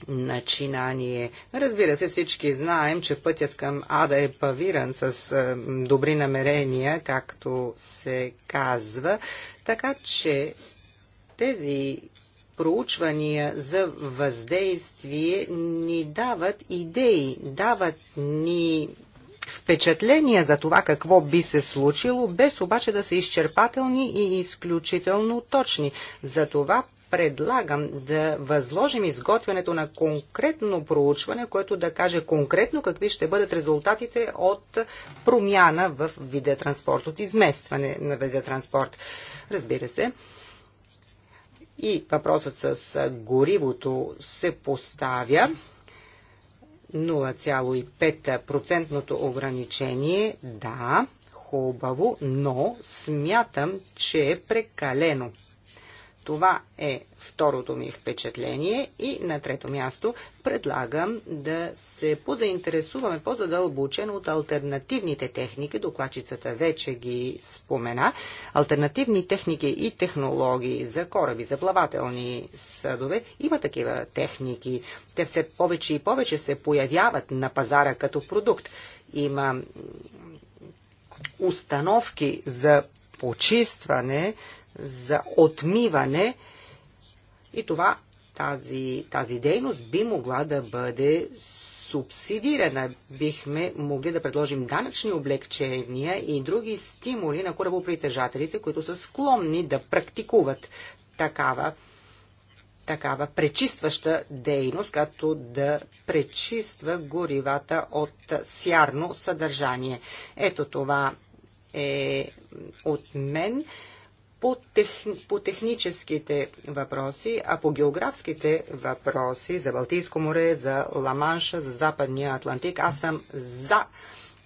начинание. Разбира се, всички знаем, че пътят към ада е павиран с е, добри намерения, както се казва, така че тези проучвания за въздействие ни дават идеи, дават ни впечатления за това какво би се случило, без обаче да са изчерпателни и изключително точни. За това предлагам да възложим изготвянето на конкретно проучване, което да каже конкретно какви ще бъдат резултатите от промяна в видеотранспорт, транспорт, от изместване на видеотранспорт. транспорт. Разбира се, и въпросът с горивото се поставя. 0,5% ограничение, да, хубаво, но смятам, че е прекалено това е второто ми впечатление и на трето място предлагам да се позаинтересуваме по-задълбочено от альтернативните техники. Докладчицата вече ги спомена. Альтернативни техники и технологии за кораби, за плавателни съдове. Има такива техники. Те все повече и повече се появяват на пазара като продукт. Има установки за почистване за отмиване и това тази, тази дейност би могла да бъде субсидирана. Бихме могли да предложим данъчни облегчения и други стимули на корабопритежателите, които са склонни да практикуват такава, такава пречистваща дейност, като да пречиства горивата от сярно съдържание. Ето това е от мен по, тех, по техническите въпроси, а по географските въпроси за Балтийско море, за Ламанша, за Западния Атлантик, аз съм за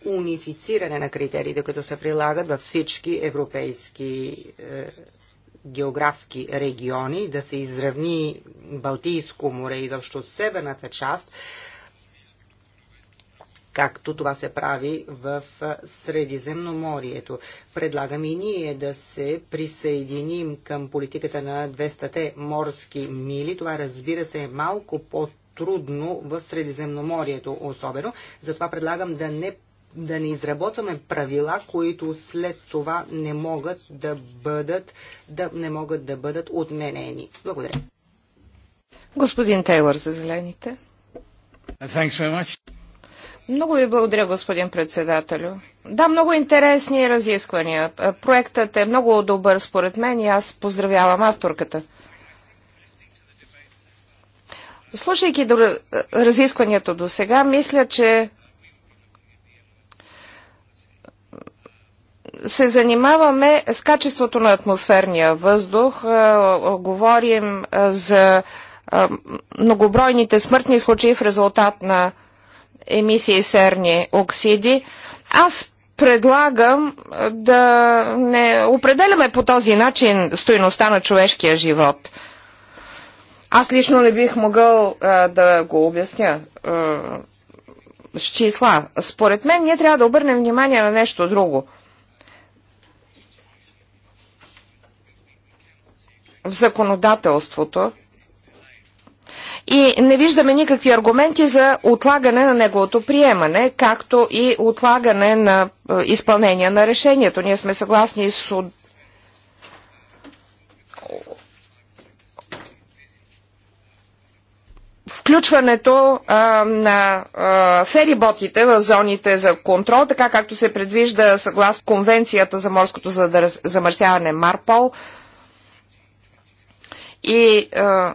унифициране на критериите, които се прилагат във всички европейски е, географски региони, да се изравни Балтийско море и заобщо северната част както това се прави в Средиземноморието. Предлагаме и ние да се присъединим към политиката на 200-те морски мили. Това разбира се е малко по-трудно в Средиземноморието особено. Затова предлагам да не да не изработваме правила, които след това не могат да бъдат, да, не могат да бъдат отменени. Благодаря. Господин Тейлор, за зелените. Много ви благодаря, господин председателю. Да, много интересни разисквания. Проектът е много добър според мен и аз поздравявам авторката. Слушайки до разискванията до сега, мисля, че се занимаваме с качеството на атмосферния въздух, е, говорим е, за е, многобройните смъртни случаи в резултат на емисии серни оксиди. Аз предлагам да не определяме по този начин стоиността на човешкия живот. Аз лично не бих могъл а, да го обясня а, с числа. Според мен ние трябва да обърнем внимание на нещо друго. В законодателството и не виждаме никакви аргументи за отлагане на неговото приемане, както и отлагане на е, изпълнение на решението. Ние сме съгласни с включването а, е, на а, е, фериботите в зоните за контрол, така както се предвижда съгласно Конвенцията за морското задър... замърсяване Марпол и а,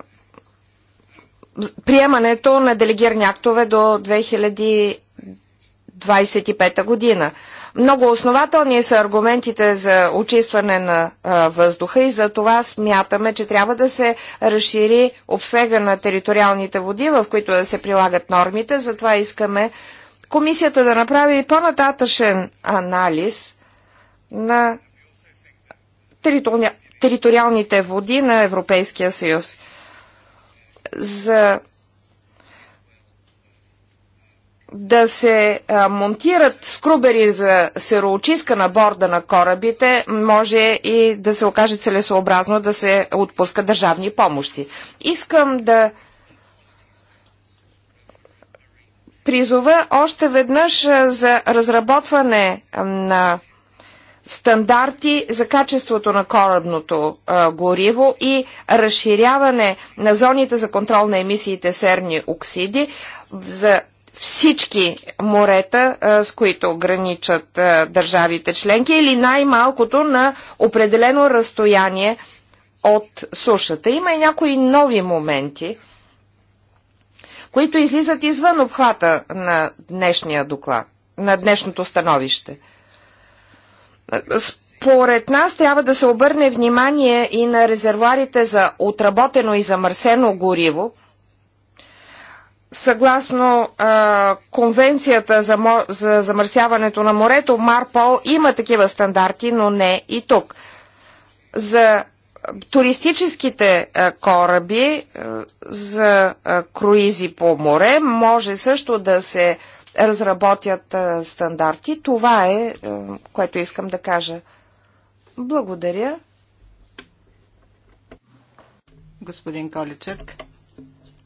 приемането на делегирани актове до 2025 година. Много основателни са аргументите за очистване на а, въздуха и за това смятаме, че трябва да се разшири обсега на териториалните води, в които да се прилагат нормите. Затова искаме комисията да направи по-нататъчен анализ на територи... териториалните води на Европейския съюз за да се монтират скрубери за сероочистка на борда на корабите, може и да се окаже целесообразно да се отпуска държавни помощи. Искам да призова още веднъж за разработване на стандарти за качеството на корабното а, гориво и разширяване на зоните за контрол на емисиите серни оксиди за всички морета, а, с които граничат а, държавите членки или най-малкото на определено разстояние от сушата. Има и някои нови моменти, които излизат извън обхвата на днешния доклад, на днешното становище – според нас трябва да се обърне внимание и на резервуарите за отработено и замърсено гориво. Съгласно а, конвенцията за, мо... за замърсяването на морето, Марпол има такива стандарти, но не и тук. За туристическите а, кораби а, за а, круизи по море може също да се а, разработят стандарти. Това е, което искам да кажа. Благодаря. Господин Количек.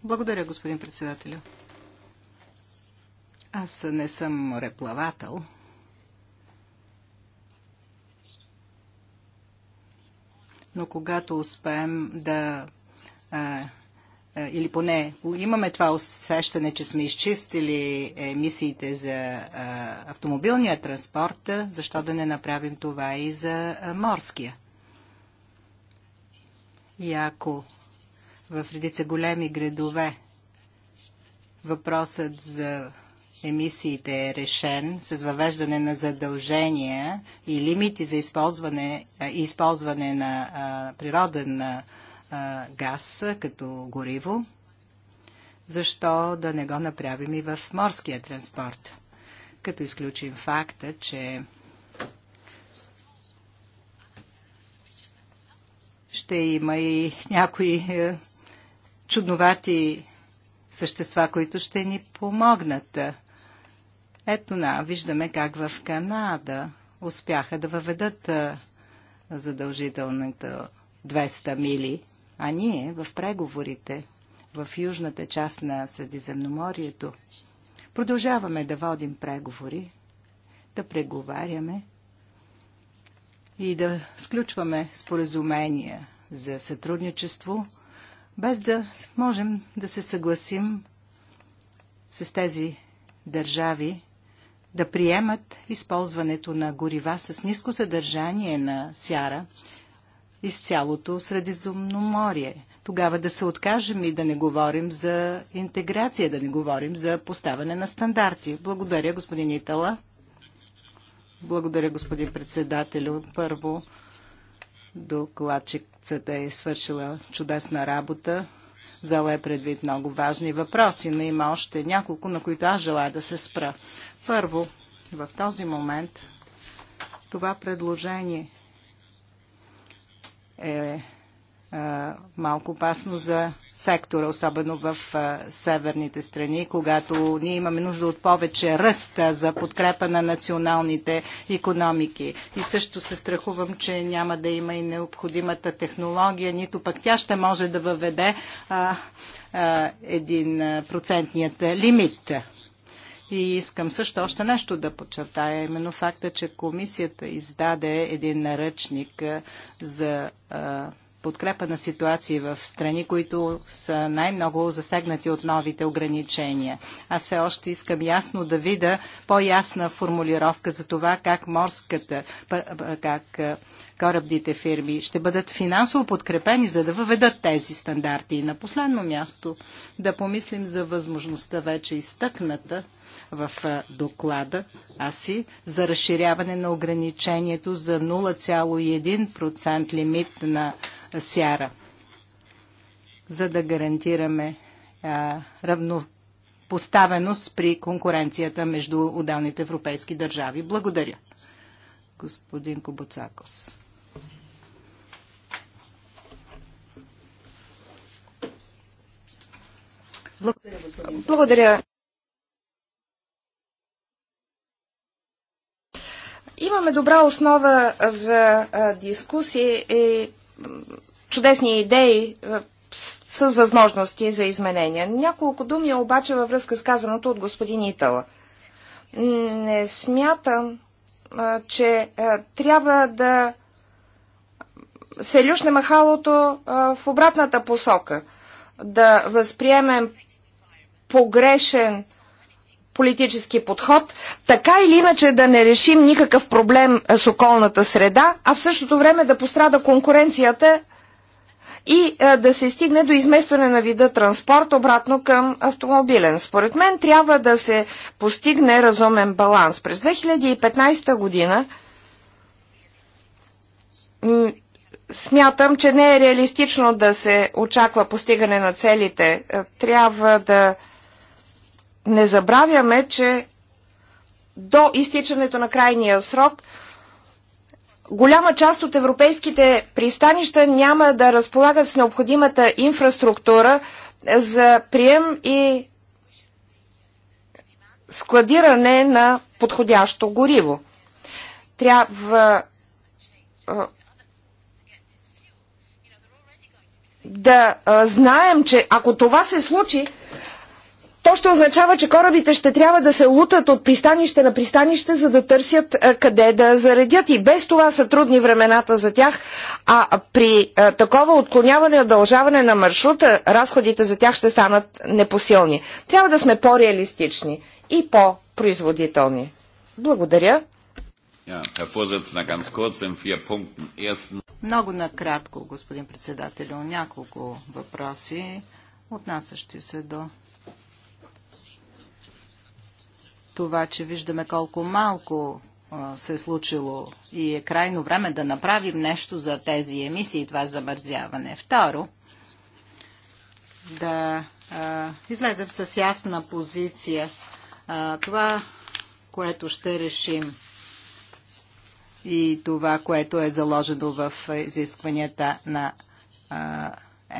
Благодаря, господин председателю. Аз не съм мореплавател. Но когато успеем да а, е, или поне имаме това усещане, че сме изчистили емисиите за е, автомобилния транспорт, защо да не направим това и за е, морския? И ако в редица големи градове въпросът за емисиите е решен с въвеждане на задължения и лимити за използване, използване на природен газ като гориво, защо да не го направим и в морския транспорт? Като изключим факта, че ще има и някои е, чудновати същества, които ще ни помогнат. Ето на, виждаме как в Канада успяха да въведат е, задължителната 200 мили а ние в преговорите в южната част на Средиземноморието продължаваме да водим преговори, да преговаряме и да сключваме споразумения за сътрудничество, без да можем да се съгласим с тези държави да приемат използването на горива с ниско съдържание на сяра из цялото Средиземноморие. Тогава да се откажем и да не говорим за интеграция, да не говорим за поставяне на стандарти. Благодаря, господин Итала. Благодаря, господин председателю. Първо, докладчицата е свършила чудесна работа. Зала е предвид много важни въпроси, но има още няколко, на които аз желая да се спра. Първо, в този момент това предложение е, е малко опасно за сектора, особено в е, северните страни, когато ние имаме нужда от повече ръста за подкрепа на националните економики. И също се страхувам, че няма да има и необходимата технология, нито пък тя ще може да въведе един процентният лимит. И искам също още нещо да подчертая, именно факта, че комисията издаде един наръчник за подкрепа на ситуации в страни, които са най-много засегнати от новите ограничения. Аз все още искам ясно да видя по-ясна формулировка за това как морската, как корабните фирми ще бъдат финансово подкрепени, за да въведат тези стандарти. И на последно място да помислим за възможността вече изтъкната в доклада АСИ за разширяване на ограничението за 0,1% лимит на сяра, за да гарантираме равнопоставеност при конкуренцията между отделните европейски държави. Благодаря. Господин Кобоцакос. Благодаря, господин. Благодаря, Имаме добра основа за дискусии и чудесни идеи с възможности за изменения. Няколко думи обаче във връзка с казаното от господин Итала. Не смятам, че трябва да се люшне махалото в обратната посока. Да възприемем погрешен политически подход, така или иначе да не решим никакъв проблем с околната среда, а в същото време да пострада конкуренцията и да се стигне до изместване на вида транспорт обратно към автомобилен. Според мен трябва да се постигне разумен баланс. През 2015 година смятам, че не е реалистично да се очаква постигане на целите. Трябва да не забравяме, че до изтичането на крайния срок голяма част от европейските пристанища няма да разполагат с необходимата инфраструктура за прием и складиране на подходящо гориво. Трябва да знаем, че ако това се случи, то ще означава, че корабите ще трябва да се лутат от пристанище на пристанище, за да търсят къде да заредят. И без това са трудни времената за тях, а при такова отклоняване и удължаване на маршрута, разходите за тях ще станат непосилни. Трябва да сме по-реалистични и по-производителни. Благодаря. Много накратко, господин председател, няколко въпроси, отнасящи се до това, че виждаме колко малко се е случило и е крайно време да направим нещо за тези емисии, това замързяване. Второ, да а, излезем с ясна позиция. А, това, което ще решим и това, което е заложено в изискванията на а,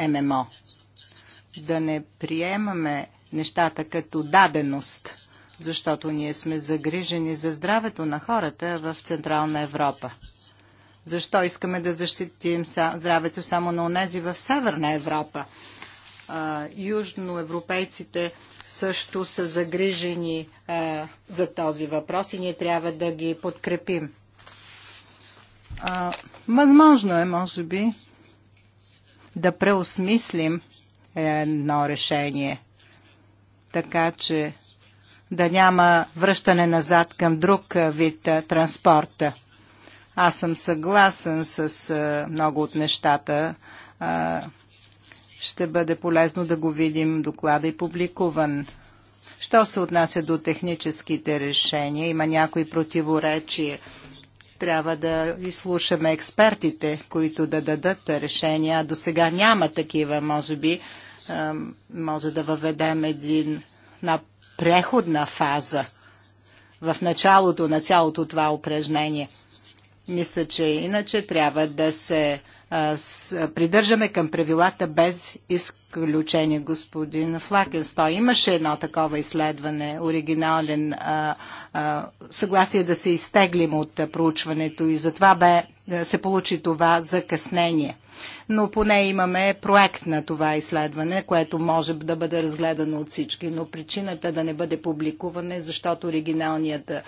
ММО. Да не приемаме нещата като даденост защото ние сме загрижени за здравето на хората в Централна Европа. Защо искаме да защитим здравето само на онези в Северна Европа? южноевропейците също са загрижени за този въпрос и ние трябва да ги подкрепим. възможно е, може би, да преосмислим е, едно решение, така че да няма връщане назад към друг вид транспорт. Аз съм съгласен с много от нещата. Ще бъде полезно да го видим доклада и публикуван. Що се отнася до техническите решения, има някои противоречия. Трябва да изслушаме експертите, които да дадат решения. До сега няма такива. Може би може да въведем един на преходна фаза в началото на цялото това упражнение. Мисля, че иначе трябва да се а, с, придържаме към правилата без изключение. Господин Флакенсто имаше едно такова изследване, оригинален а, а, съгласие да се изтеглим от проучването и затова бе е, се получи това закъснение. Но поне имаме проект на това изследване, което може да бъде разгледано от всички. Но причината да не бъде публикуване е, защото оригиналният е,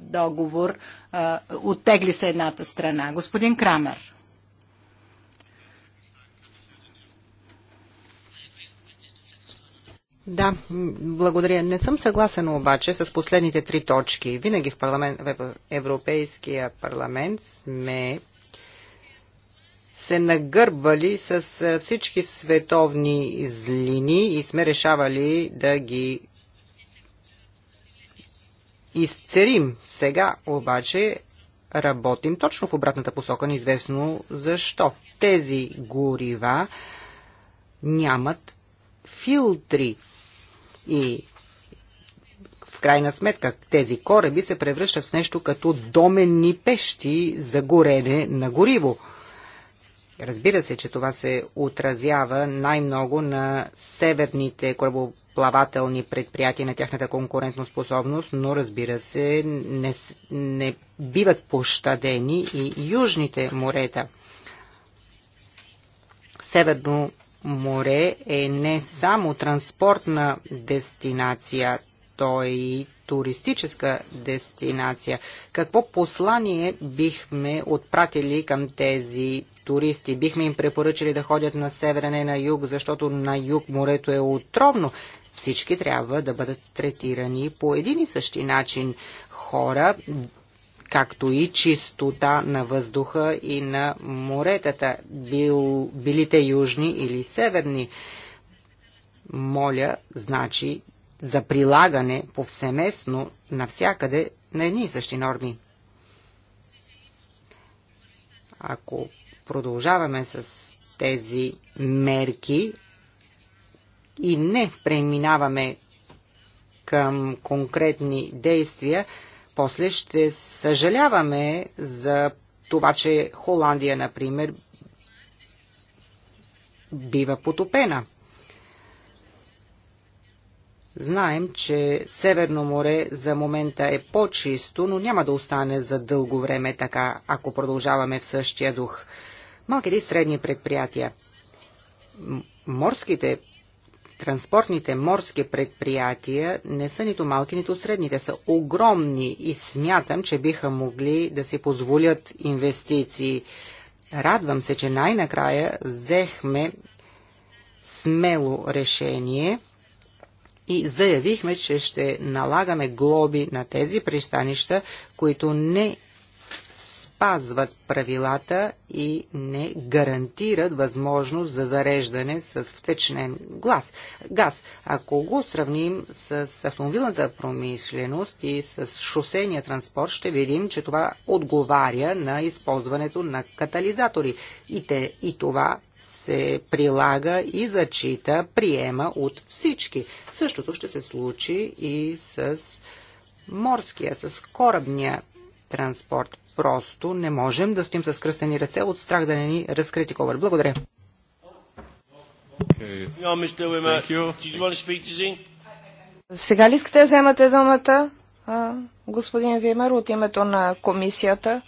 договор е, оттегли се едната страна. Господин Крамер. Да, благодаря. Не съм съгласен обаче с последните три точки. Винаги в, парламент, в Европейския парламент сме се нагърбвали с всички световни злини и сме решавали да ги изцерим. Сега обаче работим точно в обратната посока, неизвестно защо. Тези горива нямат филтри, и в крайна сметка тези кораби се превръщат в нещо като доменни пещи за горене на гориво. Разбира се, че това се отразява най-много на северните корабоплавателни предприятия, на тяхната конкурентоспособност, но разбира се, не, не биват пощадени и южните морета. Северно море е не само транспортна дестинация, то е и туристическа дестинация. Какво послание бихме отпратили към тези туристи? Бихме им препоръчали да ходят на север, не на юг, защото на юг морето е отровно. Всички трябва да бъдат третирани по един и същи начин. Хора, както и чистота на въздуха и на моретата, бил, билите южни или северни. Моля, значи, за прилагане повсеместно навсякъде на едни и същи норми. Ако продължаваме с тези мерки и не преминаваме към конкретни действия, после ще съжаляваме за това, че Холандия, например, бива потопена. Знаем, че Северно море за момента е по-чисто, но няма да остане за дълго време така, ако продължаваме в същия дух. Малките и средни предприятия. Морските транспортните морски предприятия не са нито малки, нито средни. Те са огромни и смятам, че биха могли да си позволят инвестиции. Радвам се, че най-накрая взехме смело решение и заявихме, че ще налагаме глоби на тези пристанища, които не спазват правилата и не гарантират възможност за зареждане с втечнен глас. газ. Ако го сравним с автомобилната промишленост и с шосения транспорт, ще видим, че това отговаря на използването на катализатори. И, те, и това се прилага и зачита, приема от всички. Същото ще се случи и с морския, с корабния транспорт. Просто не можем да стоим с кръстени ръце от страх да не ни разкритиковат. Благодаря. Сега ли искате да вземате думата, господин Вимер, от името на комисията?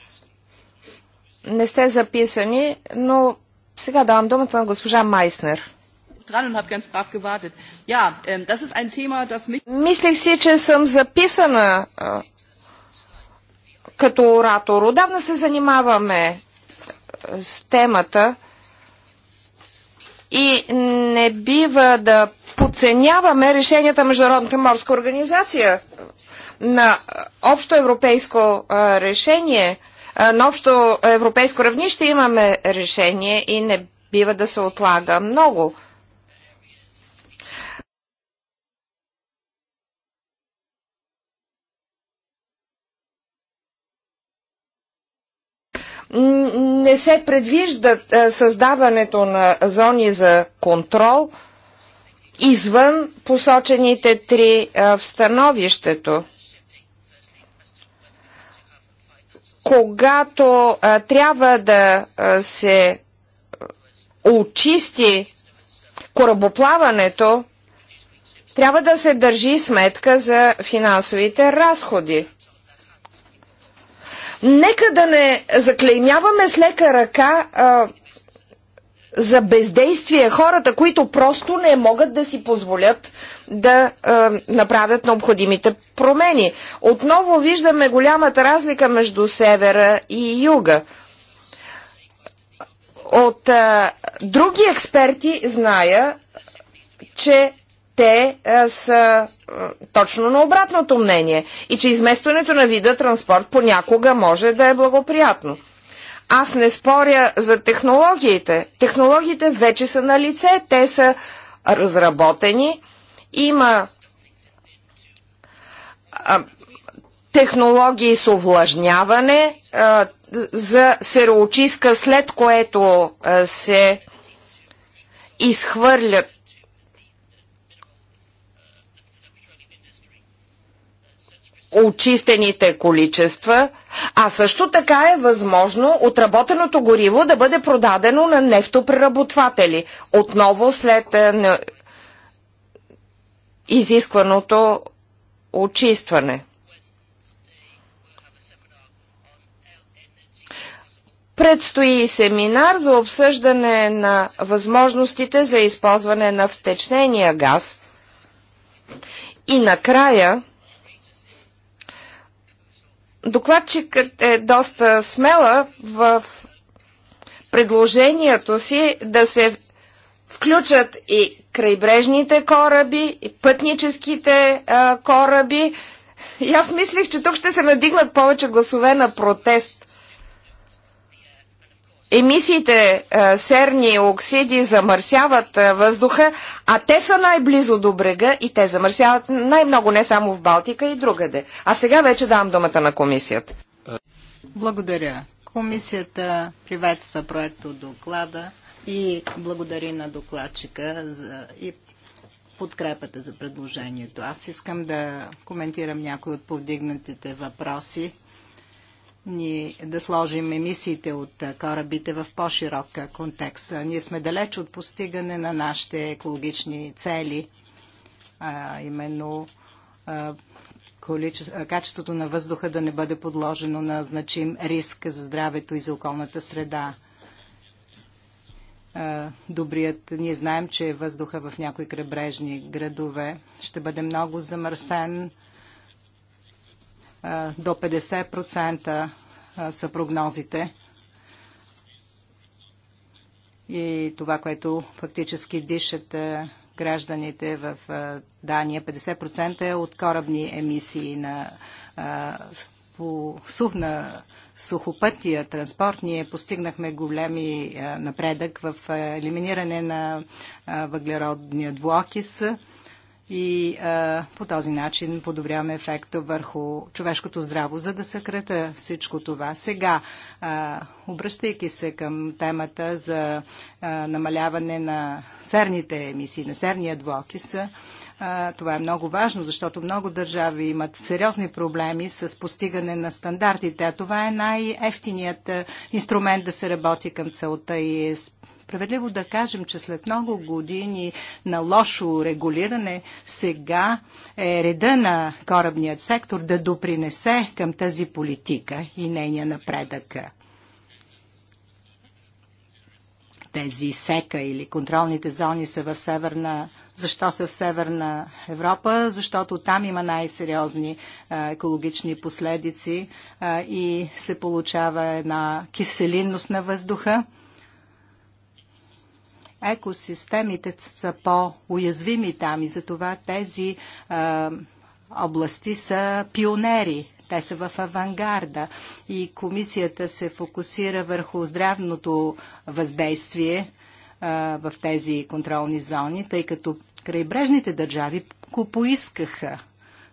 Не сте записани, но сега давам думата на госпожа Майснер. Ähm, Мислех си, че съм записана като оратор. Отдавна се занимаваме е, с темата и не бива да подценяваме решенията на Международната морска организация на общо европейско е, решение, е, на общо европейско равнище имаме решение и не бива да се отлага много. не се предвижда е, създаването на зони за контрол извън посочените три е, в становището. Когато е, трябва да се очисти корабоплаването, трябва да се държи сметка за финансовите разходи. Нека да не заклеймяваме с лека ръка а, за бездействие хората, които просто не могат да си позволят да а, направят необходимите промени. Отново виждаме голямата разлика между севера и юга. От а, други експерти зная, че те а, е, са а, е, точно на обратното мнение и че изместването на вида транспорт понякога може да е благоприятно. Аз не споря за технологиите. Технологиите вече са на лице, те са разработени. Има а, технологии с увлажняване а, за сероочистка, след което а, се изхвърлят очистените количества, а също така е възможно отработеното гориво да бъде продадено на нефтопреработватели, отново след е, изискваното очистване. Предстои семинар за обсъждане на възможностите за използване на втечнения газ. И накрая – Докладчикът е доста смела в предложението си да се включат и крайбрежните кораби, и пътническите а, кораби. И аз мислих, че тук ще се надигнат повече гласове на протест емисиите е, серни оксиди замърсяват е, въздуха, а те са най-близо до брега и те замърсяват най-много не само в Балтика и другаде. А сега вече давам думата на комисията. Благодаря. Комисията приветства проекто доклада и благодари на докладчика за и подкрепата за предложението. Аз искам да коментирам някои от повдигнатите въпроси ни да сложим емисиите от корабите в по-широк контекст. Ние сме далеч от постигане на нашите екологични цели, а, именно а, качеството на въздуха да не бъде подложено на значим риск за здравето и за околната среда. добрият, ние знаем, че въздуха в някои крайбрежни градове ще бъде много замърсен до 50% са прогнозите и това, което фактически дишат гражданите в Дания. 50% е от корабни емисии на, по сух, на сухопътия транспорт. Ние постигнахме големи напредък в елиминиране на въглеродния двуокис и а, по този начин подобряваме ефекта върху човешкото здраво, за да съкрата всичко това. Сега, а, обръщайки се към темата за а, намаляване на серните емисии, на серния двокис, а, това е много важно, защото много държави имат сериозни проблеми с постигане на стандартите, а това е най-ефтиният инструмент да се работи към целта и е справедливо да кажем, че след много години на лошо регулиране, сега е реда на корабният сектор да допринесе към тази политика и нейния напредък. Тези сека или контролните зони са в Северна защо са в Северна Европа? Защото там има най-сериозни екологични последици а, и се получава една киселинност на въздуха екосистемите са по-уязвими там и затова тези а, области са пионери. Те са в авангарда и комисията се фокусира върху здравното въздействие а, в тези контролни зони, тъй като крайбрежните държави го поискаха.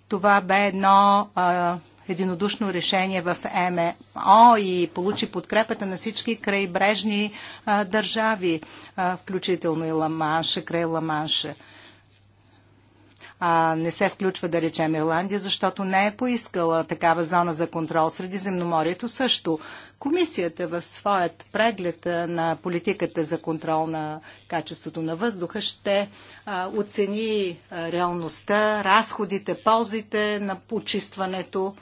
Това бе едно а, единодушно решение в МО и получи подкрепата на всички крайбрежни държави, включително и Ламанша, край Ламанша. не се включва, да речем, Ирландия, защото не е поискала такава зона за контрол. Средиземноморието също. Комисията в своят преглед на политиката за контрол на качеството на въздуха ще оцени реалността, разходите, ползите на почистването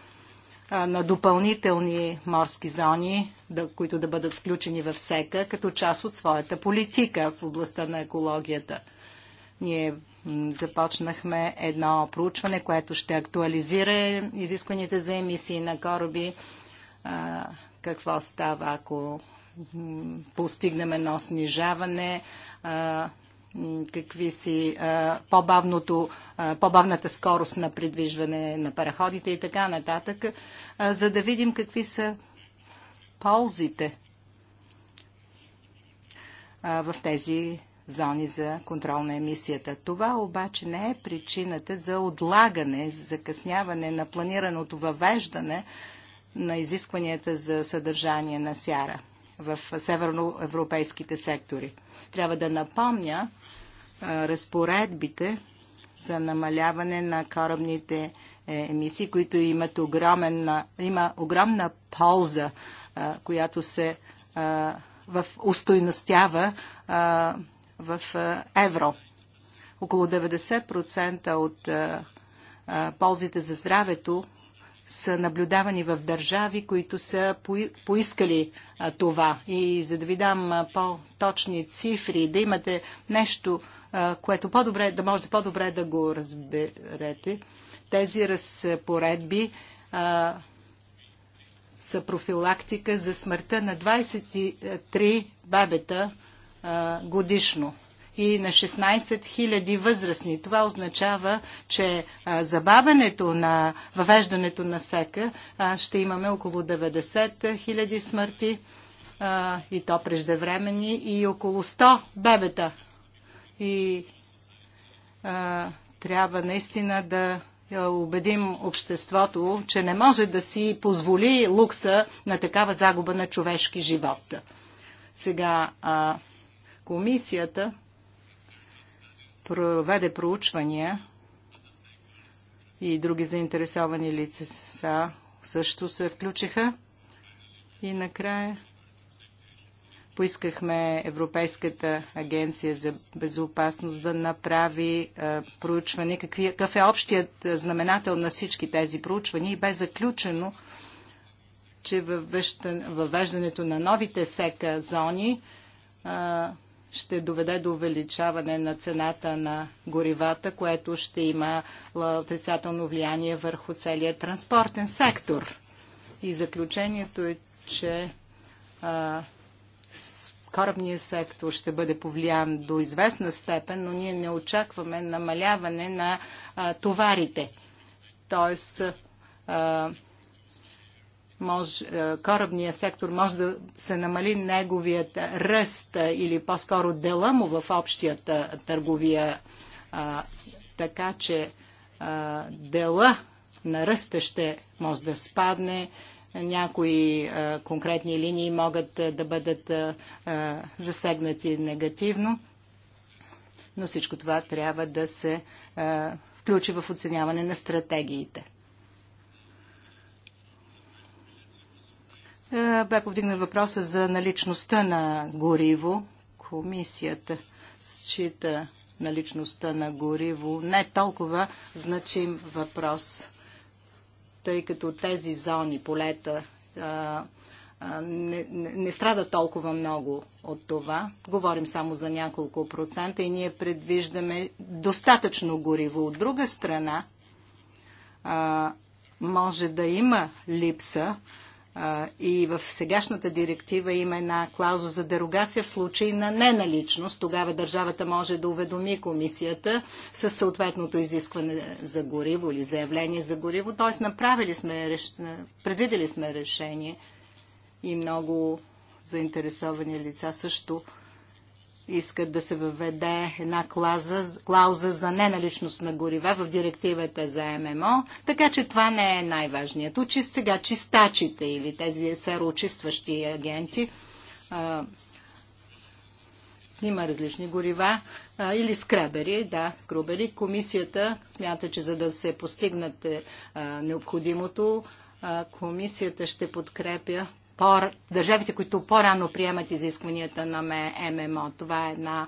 на допълнителни морски зони, да, които да бъдат включени в СЕКА, като част от своята политика в областта на екологията. Ние започнахме едно проучване, което ще актуализира изискваните за емисии на кораби. А, какво става, ако постигнем едно снижаване а, какви си по-бавното, по-бавната скорост на придвижване на параходите и така нататък, за да видим какви са ползите в тези зони за контрол на емисията. Това обаче не е причината за отлагане, за закъсняване на планираното въвеждане на изискванията за съдържание на сяра – в северноевропейските сектори. Трябва да напомня разпоредбите за намаляване на корабните е, емисии, които имат огромен, има огромна полза, която се в устойностява в евро. Около 90% от ползите за здравето са наблюдавани в държави, които са поискали това. И за да ви дам по-точни цифри, да имате нещо, което по-добре, да можете по-добре да го разберете, тези разпоредби са профилактика за смъртта на 23 бабета годишно и на 16 000 възрастни. Това означава, че забавянето на въвеждането на сека ще имаме около 90 000 смърти и то преждевременни и около 100 бебета. И трябва наистина да убедим обществото, че не може да си позволи лукса на такава загуба на човешки живот. Сега комисията проведе проучвания и други заинтересовани лица също се включиха. И накрая поискахме Европейската агенция за безопасност да направи проучване, какъв е общият знаменател на всички тези проучвания и бе заключено, че въвеждането на новите сека зони а, ще доведе до увеличаване на цената на горивата, което ще има отрицателно влияние върху целият транспортен сектор. И заключението е, че а, корабният сектор ще бъде повлиян до известна степен, но ние не очакваме намаляване на а, товарите. Тоест, а, може, корабния сектор може да се намали неговият ръст е, или по-скоро дела му в общията е, търговия, а, така че а, е, дела на ръста ще може да спадне. Някои а, конкретни линии могат да бъдат засегнати негативно, но всичко това трябва да се включи в оценяване на стратегиите. Е, бе повдигнат въпроса за наличността на гориво. Комисията счита наличността на гориво не толкова значим въпрос, тъй като тези зони, полета, а, е, а, е, не, не, не страда толкова много от това. Говорим само за няколко процента и ние предвиждаме достатъчно гориво. От друга страна, а, може да има липса, и в сегашната директива има една клауза за дерогация в случай на неналичност. Тогава държавата може да уведоми комисията с съответното изискване за гориво или заявление за гориво. Т.е. направили сме, предвидели сме решение и много заинтересовани лица също искат да се въведе една клауза, клауза за неналичност на горива в директивата за ММО, така че това не е най-важният. Учи сега чистачите или тези сероочистващи агенти. А, има различни горива а, или скрабери, да, скрубери, Комисията смята, че за да се постигнат е, а, необходимото, комисията ще подкрепя по, държавите, които по-рано приемат изискванията на ММО. Това е една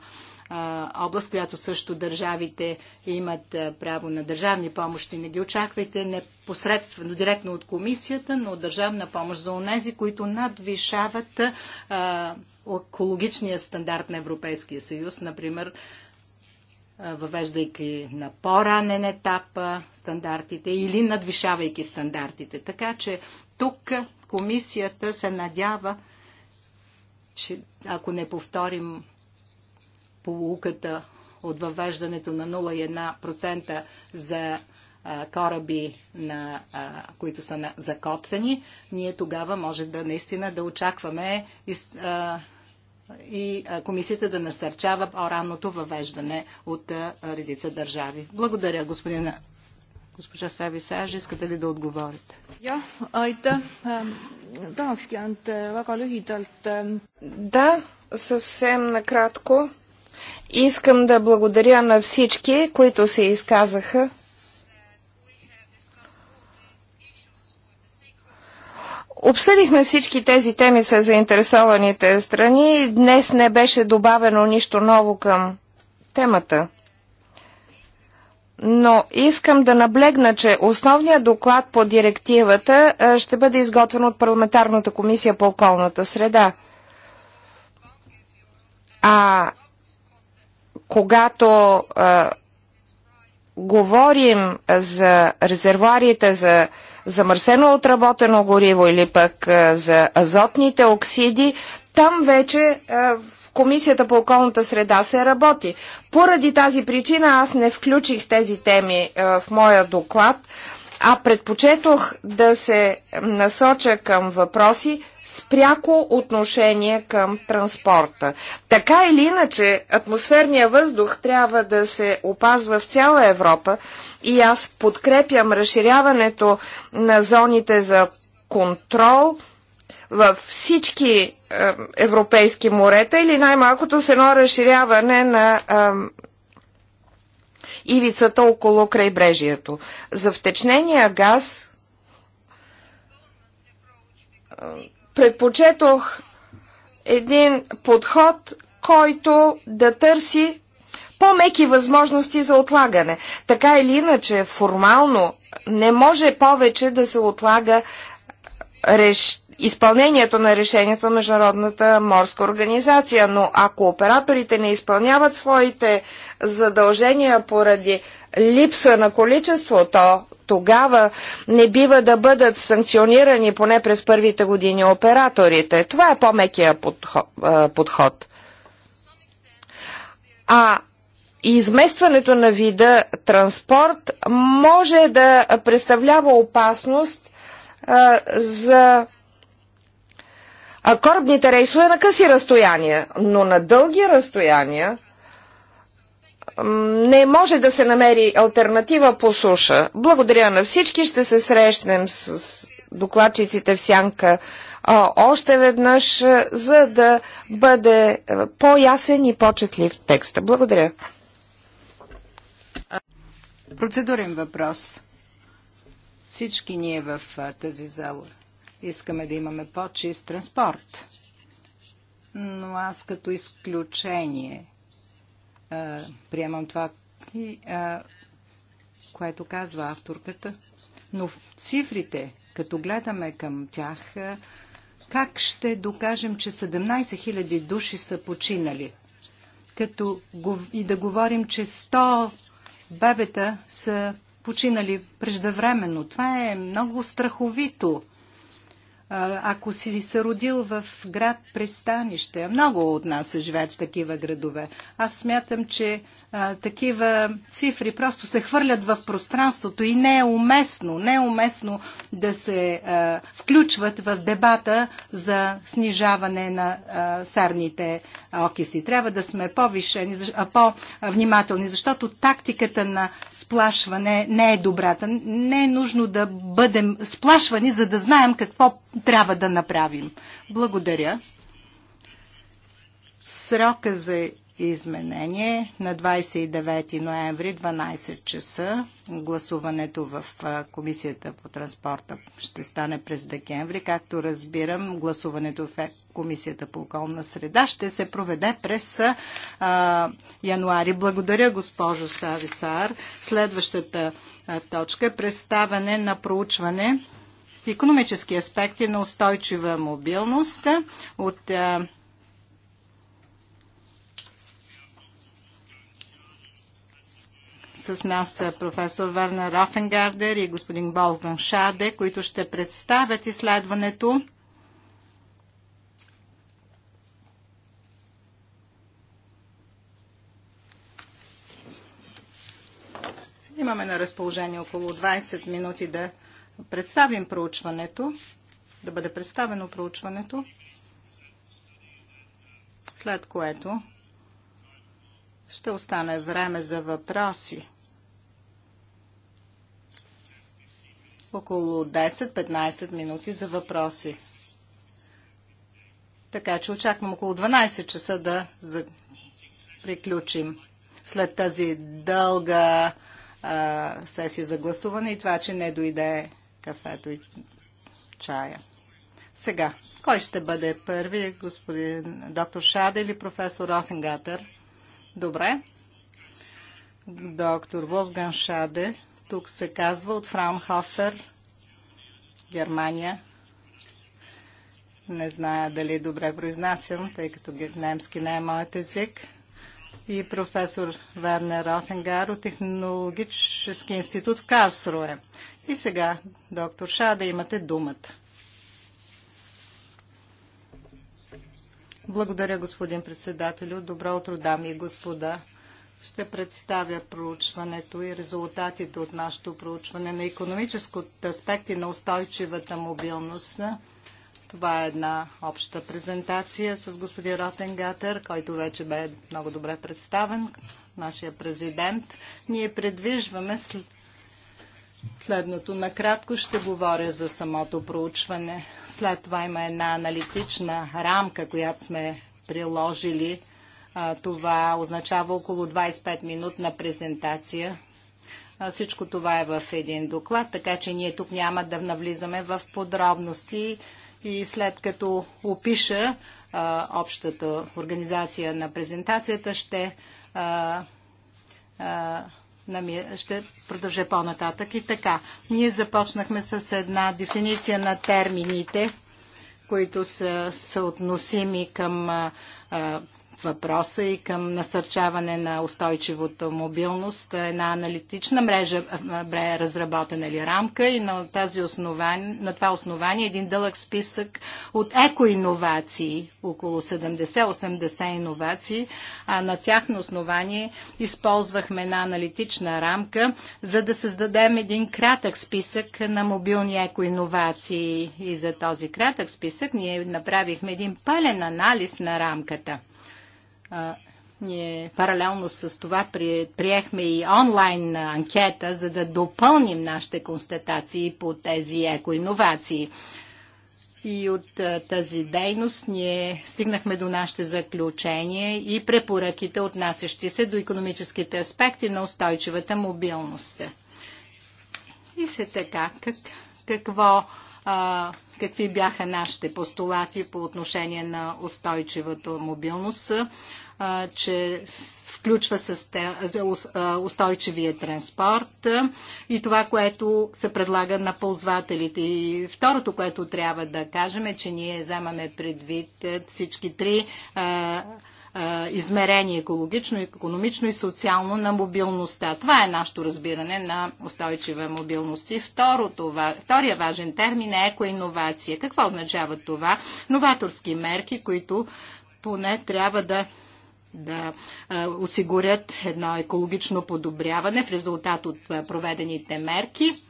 област, която също държавите имат право на държавни помощи. Не ги очаквайте непосредствено, директно от комисията, но държавна помощ за онези, които надвишават а, екологичния стандарт на Европейския съюз, например, въвеждайки на по-ранен етап стандартите или надвишавайки стандартите. Така че тук комисията се надява, че ако не повторим полуката от въвеждането на 0,1% за кораби, на, които са закотвени, ние тогава може да наистина да очакваме и, и комисията да насърчава по-ранното въвеждане от редица държави. Благодаря, господин Госпожа Сави Саж, искате ли да отговорите? Я, айта. Tahakski ainult väga lühidalt. Да, съвсем накратко. Искам да благодаря на всички, които се изказаха. Обсъдихме всички тези теми с заинтересованите страни. Днес не беше добавено нищо ново към темата но искам да наблегна, че основният доклад по директивата ще бъде изготвен от Парламентарната комисия по околната среда. А когато а, говорим за резервуарите за замърсено отработено гориво или пък а, за азотните оксиди, там вече а, Комисията по околната среда се работи. Поради тази причина аз не включих тези теми е, в моя доклад, а предпочетох да се насоча към въпроси с пряко отношение към транспорта. Така или иначе, атмосферният въздух трябва да се опазва в цяла Европа и аз подкрепям разширяването на зоните за контрол – във всички е, европейски морета или най-малкото с едно разширяване на е, ивицата около крайбрежието. За втечнения газ е, предпочетох един подход, който да търси по-меки възможности за отлагане. Така или иначе, формално не може повече да се отлага реш изпълнението на решението на Международната морска организация. Но ако операторите не изпълняват своите задължения поради липса на количество, то тогава не бива да бъдат санкционирани поне през първите години операторите. Това е по-мекия подход. А изместването на вида транспорт може да представлява опасност за а корабните рейсове на къси разстояния, но на дълги разстояния не може да се намери альтернатива по суша. Благодаря на всички. Ще се срещнем с докладчиците в Сянка още веднъж, за да бъде по-ясен и по-четлив текста. Благодаря. Процедурен въпрос. Всички ние в тази зала Искаме да имаме по-чист транспорт. Но аз като изключение а, приемам това, и, а, което казва авторката. Но цифрите, като гледаме към тях, как ще докажем, че 17 000 души са починали? Като и да говорим, че 100 бебета са починали преждевременно. Това е много страховито ако си се родил в град пристанище. Много от нас живеят в такива градове. Аз смятам, че а, такива цифри просто се хвърлят в пространството и не е уместно, не е уместно да се а, включват в дебата за снижаване на а, сарните окиси. Трябва да сме по-вишени, по-внимателни, защото тактиката на сплашване не е добрата. Не е нужно да бъдем сплашвани, за да знаем какво трябва да направим. Благодаря. Срока за изменение на 29 ноември 12 часа. Гласуването в Комисията по транспорта ще стане през декември. Както разбирам, гласуването в Комисията по околна среда ще се проведе през а, януари. Благодаря, госпожо Сависар. Следващата а, точка е представане на проучване економически аспекти на устойчива мобилност от е, с нас професор Вернер Рафенгардер и господин Болган Шаде, които ще представят изследването. Имаме на разположение около 20 минути да представим проучването, да бъде представено проучването, след което ще остане време за въпроси. Около 10-15 минути за въпроси. Така че очаквам около 12 часа да приключим след тази дълга а, сесия за гласуване и това, че не дойде кафето и чая. Сега, кой ще бъде първи, господин доктор Шаде или професор Офенгатър? Добре. Доктор Вовган Шаде, тук се казва от Фраунхофер, Германия. Не зная дали добре произнасям, тъй като немски не е моят език. И професор Вернер Офенгар от Технологически институт в Касруе. И сега, доктор Ша, да имате думата. Благодаря, господин председателю. Добро утро, дами и господа. Ще представя проучването и резултатите от нашето проучване на аспект и на устойчивата мобилност. Това е една обща презентация с господин Ротенгатер, който вече бе много добре представен, нашия президент. Ние предвижваме следното. Накратко ще говоря за самото проучване. След това има една аналитична рамка, която сме приложили. Това означава около 25 минутна презентация. Всичко това е в един доклад, така че ние тук няма да навлизаме в подробности и след като опиша а, общата организация на презентацията, ще а, а, ще продължа по-нататък и така. Ние започнахме с една дефиниция на термините, които са съотносими към а, въпроса и към насърчаване на устойчивото мобилност. Една аналитична мрежа бе разработена ли рамка и на, тази основан, на това основание един дълъг списък от екоинновации, около 70-80 иновации, а на тяхно основание използвахме една аналитична рамка, за да създадем един кратък списък на мобилни екоинновации. И за този кратък списък ние направихме един пълен анализ на рамката – ние паралелно с това приехме и онлайн анкета, за да допълним нашите констатации по тези екоинновации. И от тази дейност ние стигнахме до нашите заключения и препоръките, отнасящи се до економическите аспекти на устойчивата мобилност. И се така, как, какво, а, какви бяха нашите постулати по отношение на устойчивата мобилност? че включва устойчивия транспорт и това, което се предлага на ползвателите. И второто, което трябва да кажем е, че ние вземаме предвид всички три измерение екологично, економично и социално на мобилността. Това е нашето разбиране на устойчива мобилност. И второ, това, втория важен термин е екоинновация. Какво означава това? Новаторски мерки, които поне трябва да да осигурят едно екологично подобряване в резултат от проведените мерки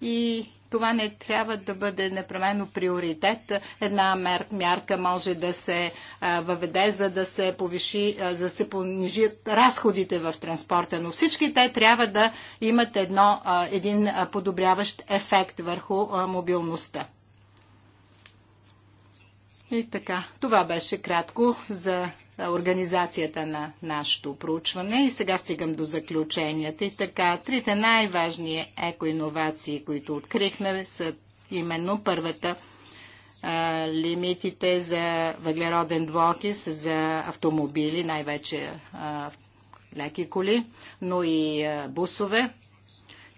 и това не трябва да бъде непременно приоритет. Една мярка може да се въведе, за да се повиши, за да се понижат разходите в транспорта, но всички те трябва да имат едно, един подобряващ ефект върху мобилността. И така, това беше кратко за организацията на нашето проучване. И сега стигам до заключенията. И така, трите най-важни екоинновации, които открихме, са именно първата а, лимитите за въглероден двокис за автомобили, най-вече леки коли, но и а, бусове,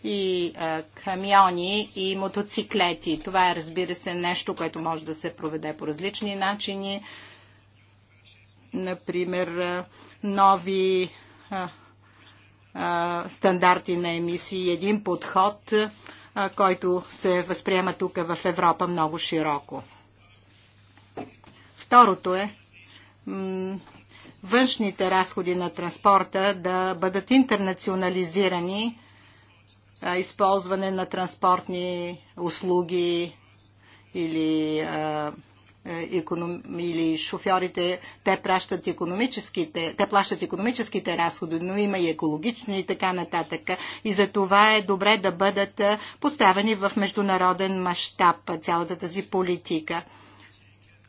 и а, камиони и мотоциклети. Това е, разбира се, нещо, което може да се проведе по различни начини например, нови стандарти на емисии, един подход, който се възприема тук в Европа много широко. Второто е външните разходи на транспорта да бъдат интернационализирани, използване на транспортни услуги или е, или шофьорите, те, пращат економическите, те плащат економическите разходи, но има и екологични и така нататък. И за това е добре да бъдат е, поставени в международен мащаб цялата тази политика,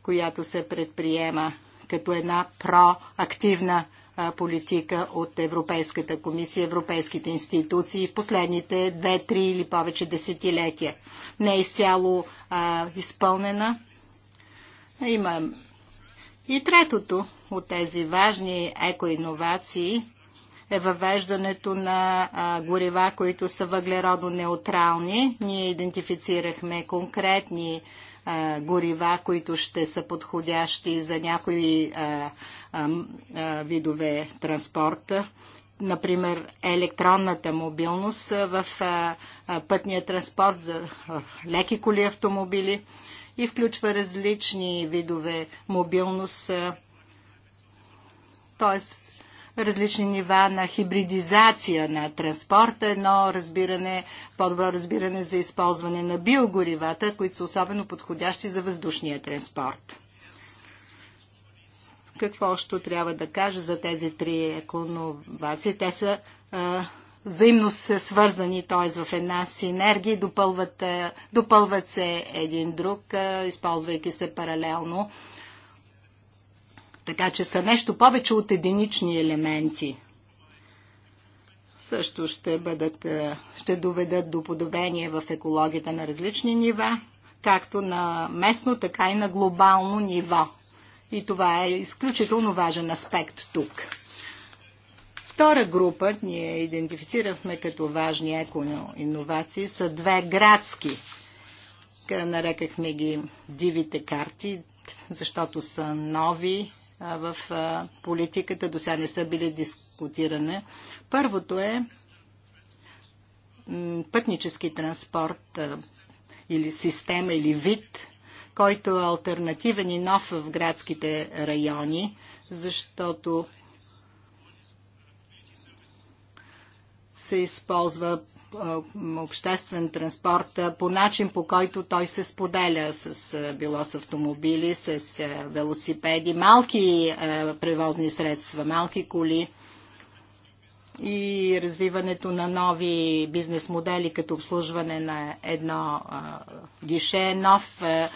която се предприема като една проактивна е, политика от Европейската комисия, европейските институции в последните две, три или повече десетилетия. Не е изцяло а, изпълнена, има и третото от тези важни екоинновации е въвеждането на а, горива, които са въглеродно неутрални. Ние идентифицирахме конкретни а, горива, които ще са подходящи за някои а, видове транспорта. Например, електронната мобилност в пътния транспорт за леки коли автомобили – и включва различни видове мобилност, т.е. различни нива на хибридизация на транспорта, едно разбиране, по-добро разбиране за използване на биогоривата, които са особено подходящи за въздушния транспорт какво още трябва да кажа за тези три еконовации. Те са а, взаимно са свързани, т.е. в една синергия, допълват, е, допълват се един друг, е, използвайки се паралелно. Така че са нещо повече от единични елементи. Също ще, бъдат, е, ще доведат до подобрение в екологията на различни нива, както на местно, така и на глобално ниво. И това е изключително важен аспект тук. Втора група ние идентифицирахме като важни еко-инновации са две градски. Нарекахме ги дивите карти, защото са нови в политиката, до сега не са били дискутирани. Първото е пътнически транспорт или система или вид, който е альтернативен и нов в градските райони, защото се използва обществен транспорт по начин, по който той се споделя с било с автомобили, с велосипеди, малки превозни средства, малки коли и развиването на нови бизнес модели, като обслужване на едно а, гише, нов а,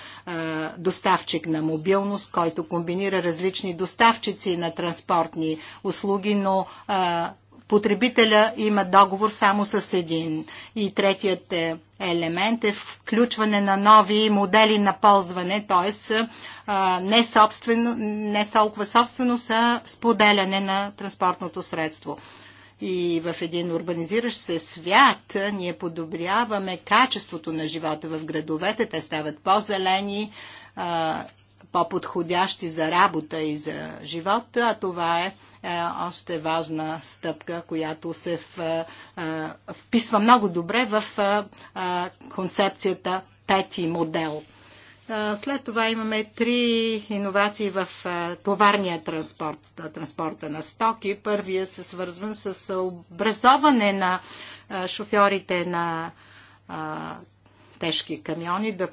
доставчик на мобилност, който комбинира различни доставчици на транспортни услуги, но а, потребителя има договор само с един. И третият е, елемент е включване на нови модели на ползване, т.е. не, собствено, не толкова собственост, а споделяне на транспортното средство и в един урбанизиращ се свят ние подобряваме качеството на живота в градовете. Те стават по-зелени по-подходящи за работа и за живота, а това е, е още важна стъпка, която се в, е, е, вписва много добре в концепцията пети модел. След това имаме три иновации в товарния транспорт, транспорта на стоки. Първия се свързва с образоване на шофьорите на тежки камиони да,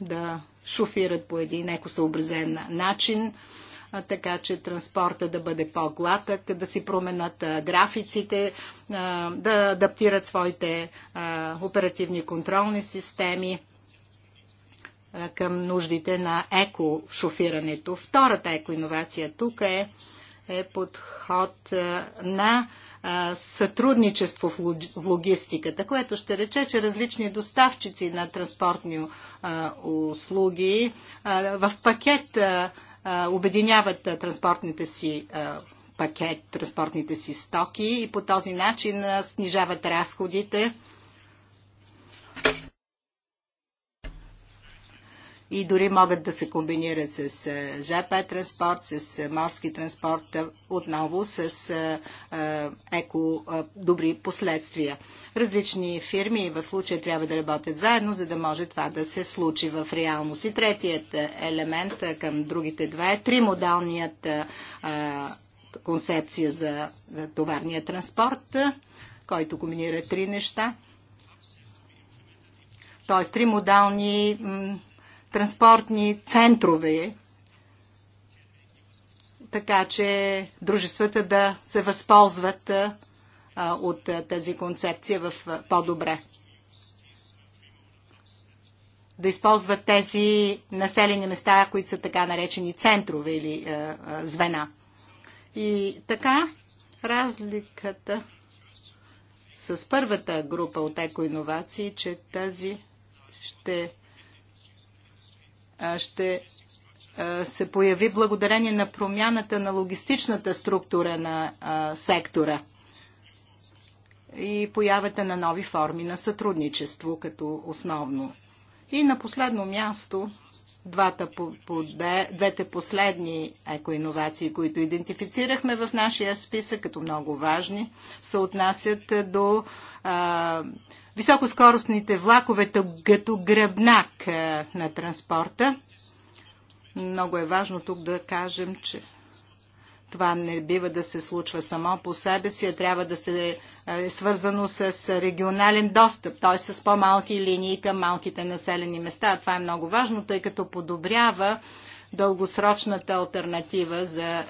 да шофират по един екосъобразен начин, така че транспорта да бъде по-гладък, да си променят графиците, да адаптират своите оперативни контролни системи към нуждите на еко-шофирането. Втората еко-инновация тук е, е подход на а, сътрудничество в, в логистиката, което ще рече, че различни доставчици на транспортни а, услуги а, в пакет обединяват транспортните си пакет, транспортните си стоки и по този начин снижават разходите и дори могат да се комбинират с ЖП транспорт, с морски транспорт, отново с еко добри последствия. Различни фирми в случая трябва да работят заедно, за да може това да се случи в реалност. И третият елемент към другите два е тримодалният концепция за товарния транспорт, който комбинира три неща. Т.е. тримодални транспортни центрове, така че дружествата да се възползват от тази концепция в по-добре. Да използват тези населени места, които са така наречени центрове или звена. И така, разликата с първата група от екоинновации, че тази ще ще се появи благодарение на промяната на логистичната структура на сектора и появата на нови форми на сътрудничество като основно. И на последно място, двата, по, по, двете последни екоинновации, които идентифицирахме в нашия списък като много важни, се отнасят до а, високоскоростните влакове като гръбнак е, на транспорта. Много е важно тук да кажем, че това не бива да се случва само по себе си, а трябва да се е, е свързано с регионален достъп, т.е. с по-малки линии към малките населени места. Това е много важно, тъй като подобрява дългосрочната альтернатива за е,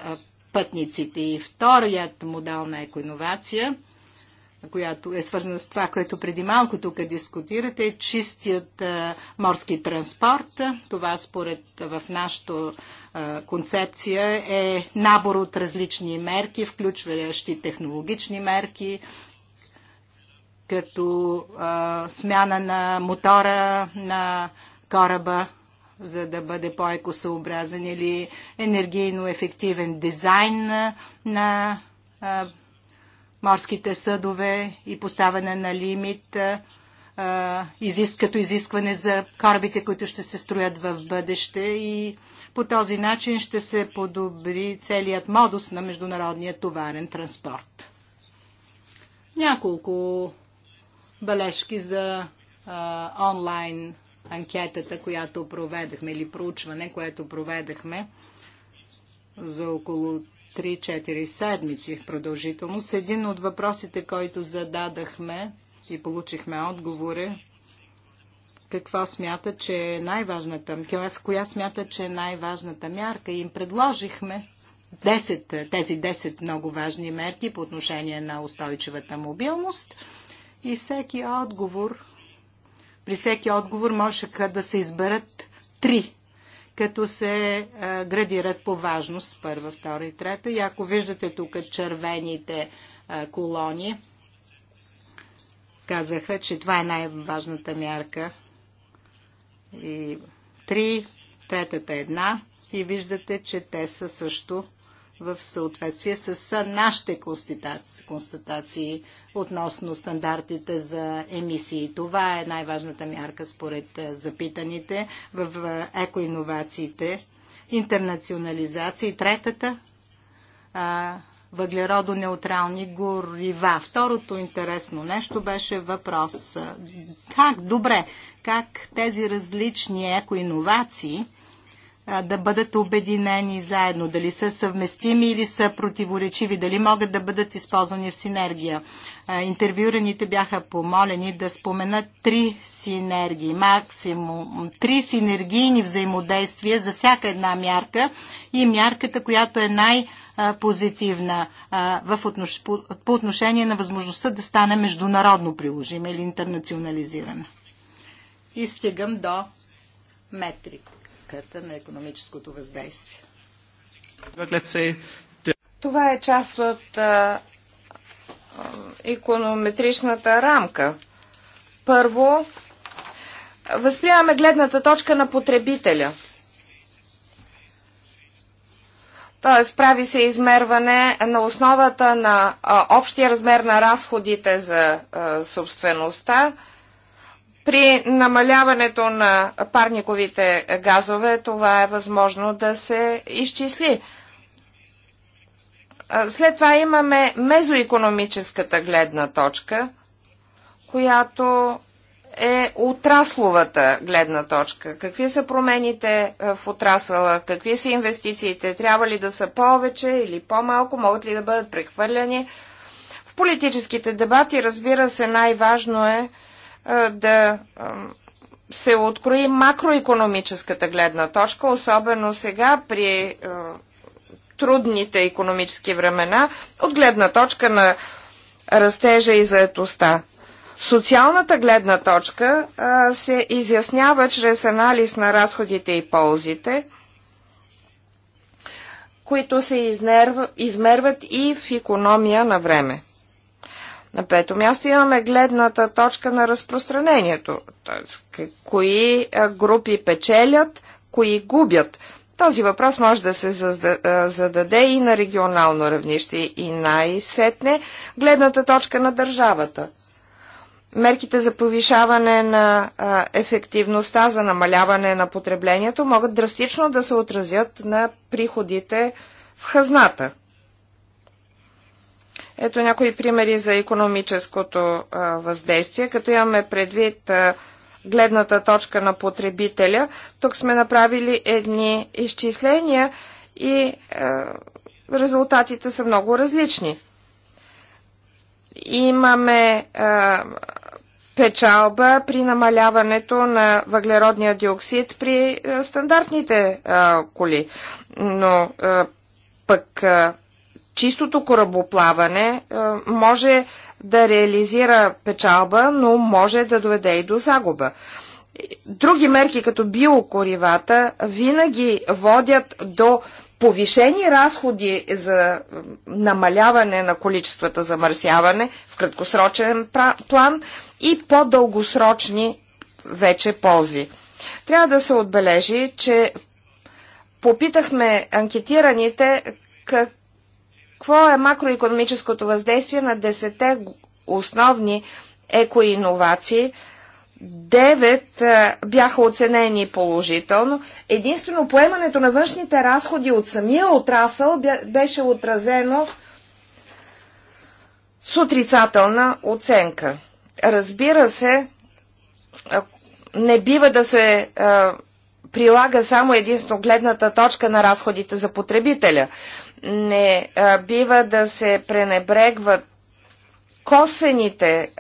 пътниците. И вторият модел на екоинновация – която е свързана с това, което преди малко тук дискутирате, е чистият морски транспорт. Това според в нашата концепция е набор от различни мерки, включващи технологични мерки, като смяна на мотора на кораба, за да бъде по-екосъобразен или енергийно ефективен дизайн на а, морските съдове и поставяне на лимит като изискване за корабите, които ще се строят в бъдеще и по този начин ще се подобри целият модус на международния товарен транспорт. Няколко бележки за а, онлайн анкетата, която проведахме или проучване, което проведахме за около 3-4 седмици в продължителност. Един от въпросите, който зададахме и получихме отговори, каква смята, че е най-важната, коя смята, че е най-важната мярка. И им предложихме 10, тези 10 много важни мерки по отношение на устойчивата мобилност. И всеки отговор, при всеки отговор можеха да се изберат три като се а, градират по важност първа, втора и трета. И ако виждате тук червените а, колони, казаха, че това е най-важната мярка. И три, третата е една. И виждате, че те са също в съответствие с нашите констатации, констатации относно стандартите за емисии. Това е най-важната мярка според е, запитаните в е, екоинновациите, интернационализация и третата въглеродонеутрални горива. Второто интересно нещо беше въпрос как, добре, как тези различни екоинновации – да бъдат обединени заедно, дали са съвместими или са противоречиви, дали могат да бъдат използвани в синергия. Интервюраните бяха помолени да споменат три синергии, максимум три синергийни взаимодействия за всяка една мярка и мярката, която е най-позитивна по отношение на възможността да стане международно приложима или интернационализирана. И стигам до метрика оценката на економическото въздействие. Това е част от а, економетричната рамка. Първо, възприемаме гледната точка на потребителя. Т.е. прави се измерване на основата на а, общия размер на разходите за а, собствеността, при намаляването на парниковите газове това е възможно да се изчисли. След това имаме мезоекономическата гледна точка, която е отрасловата гледна точка. Какви са промените в отрасъла, какви са инвестициите, трябва ли да са повече или по-малко, могат ли да бъдат прехвърляни. В политическите дебати, разбира се, най-важно е да се открои макроекономическата гледна точка, особено сега при трудните економически времена, от гледна точка на растежа и заетостта. Социалната гледна точка се изяснява чрез анализ на разходите и ползите, които се измерват и в економия на време. На пето място имаме гледната точка на разпространението, т.е. кои групи печелят, кои губят. Този въпрос може да се зададе и на регионално равнище и най-сетне гледната точка на държавата. Мерките за повишаване на ефективността за намаляване на потреблението могат драстично да се отразят на приходите в хазната. Ето някои примери за економическото въздействие, като имаме предвид гледната точка на потребителя. Тук сме направили едни изчисления и резултатите са много различни. Имаме печалба при намаляването на въглеродния диоксид при стандартните коли, но пък чистото корабоплаване е, може да реализира печалба, но може да доведе и до загуба. Други мерки, като биокоривата, винаги водят до повишени разходи за намаляване на количествата замърсяване в краткосрочен план и по-дългосрочни вече ползи. Трябва да се отбележи, че попитахме анкетираните как какво е макроекономическото въздействие на 10 основни екоинновации. Девет е, бяха оценени положително. Единствено поемането на външните разходи от самия отрасъл беше отразено с отрицателна оценка. Разбира се, е, не бива да се е, прилага само единствено гледната точка на разходите за потребителя. Не бива да се пренебрегват косвените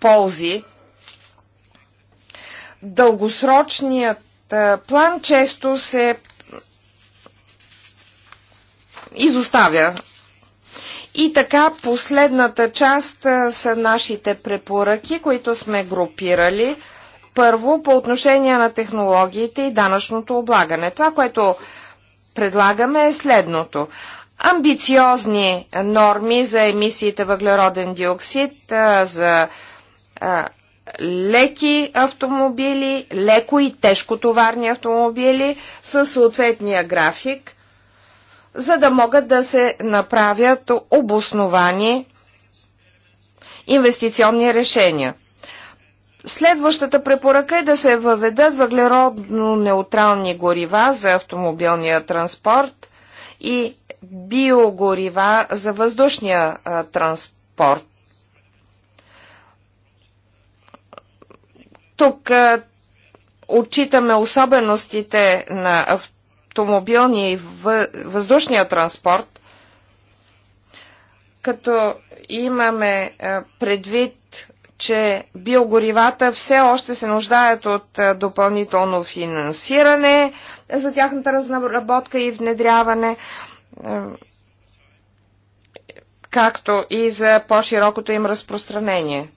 ползи. Дългосрочният план често се изоставя. И така, последната част са нашите препоръки, които сме групирали. Първо, по отношение на технологиите и данъчното облагане. Това, което предлагаме е следното. Амбициозни норми за емисиите въглероден диоксид, за леки автомобили, леко и тежкотоварни автомобили с съответния график, за да могат да се направят обосновани инвестиционни решения. Следващата препоръка е да се въведат въглеродно неутрални горива за автомобилния транспорт и биогорива за въздушния а, транспорт. Тук а, отчитаме особеностите на автомобилния и въздушния транспорт, като имаме а, предвид че биогоривата все още се нуждаят от е, допълнително финансиране за тяхната разработка и внедряване, е, както и за по-широкото им разпространение.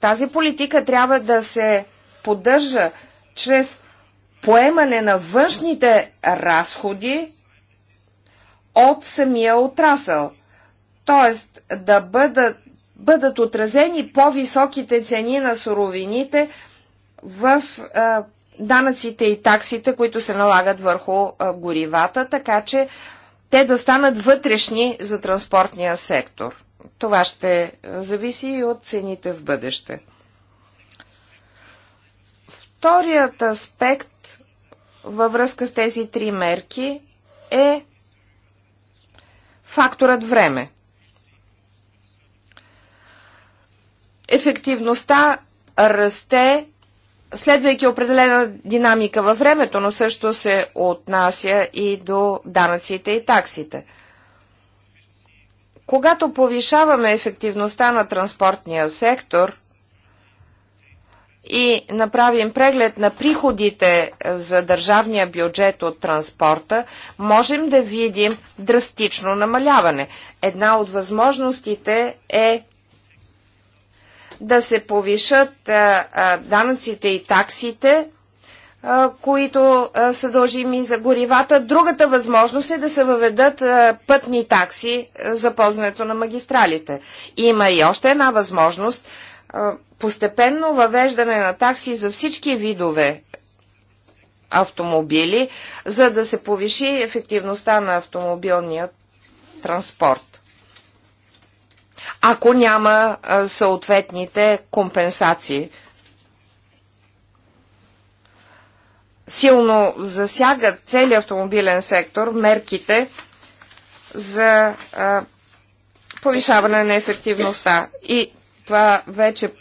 Тази политика трябва да се поддържа чрез поемане на външните разходи от самия отрасъл – т.е. да бъдат, бъдат отразени по-високите цени на суровините в а, данъците и таксите, които се налагат върху а, горивата, така че те да станат вътрешни за транспортния сектор. Това ще зависи и от цените в бъдеще. Вторият аспект във връзка с тези три мерки е факторът време. ефективността расте, следвайки определена динамика във времето, но също се отнася и до данъците и таксите. Когато повишаваме ефективността на транспортния сектор и направим преглед на приходите за държавния бюджет от транспорта, можем да видим драстично намаляване. Една от възможностите е да се повишат данъците и таксите, които са дължими за горивата. Другата възможност е да се въведат пътни такси за ползването на магистралите. Има и още една възможност постепенно въвеждане на такси за всички видове автомобили, за да се повиши ефективността на автомобилния транспорт ако няма съответните компенсации. Силно засягат целият автомобилен сектор мерките за повишаване на ефективността. И това вече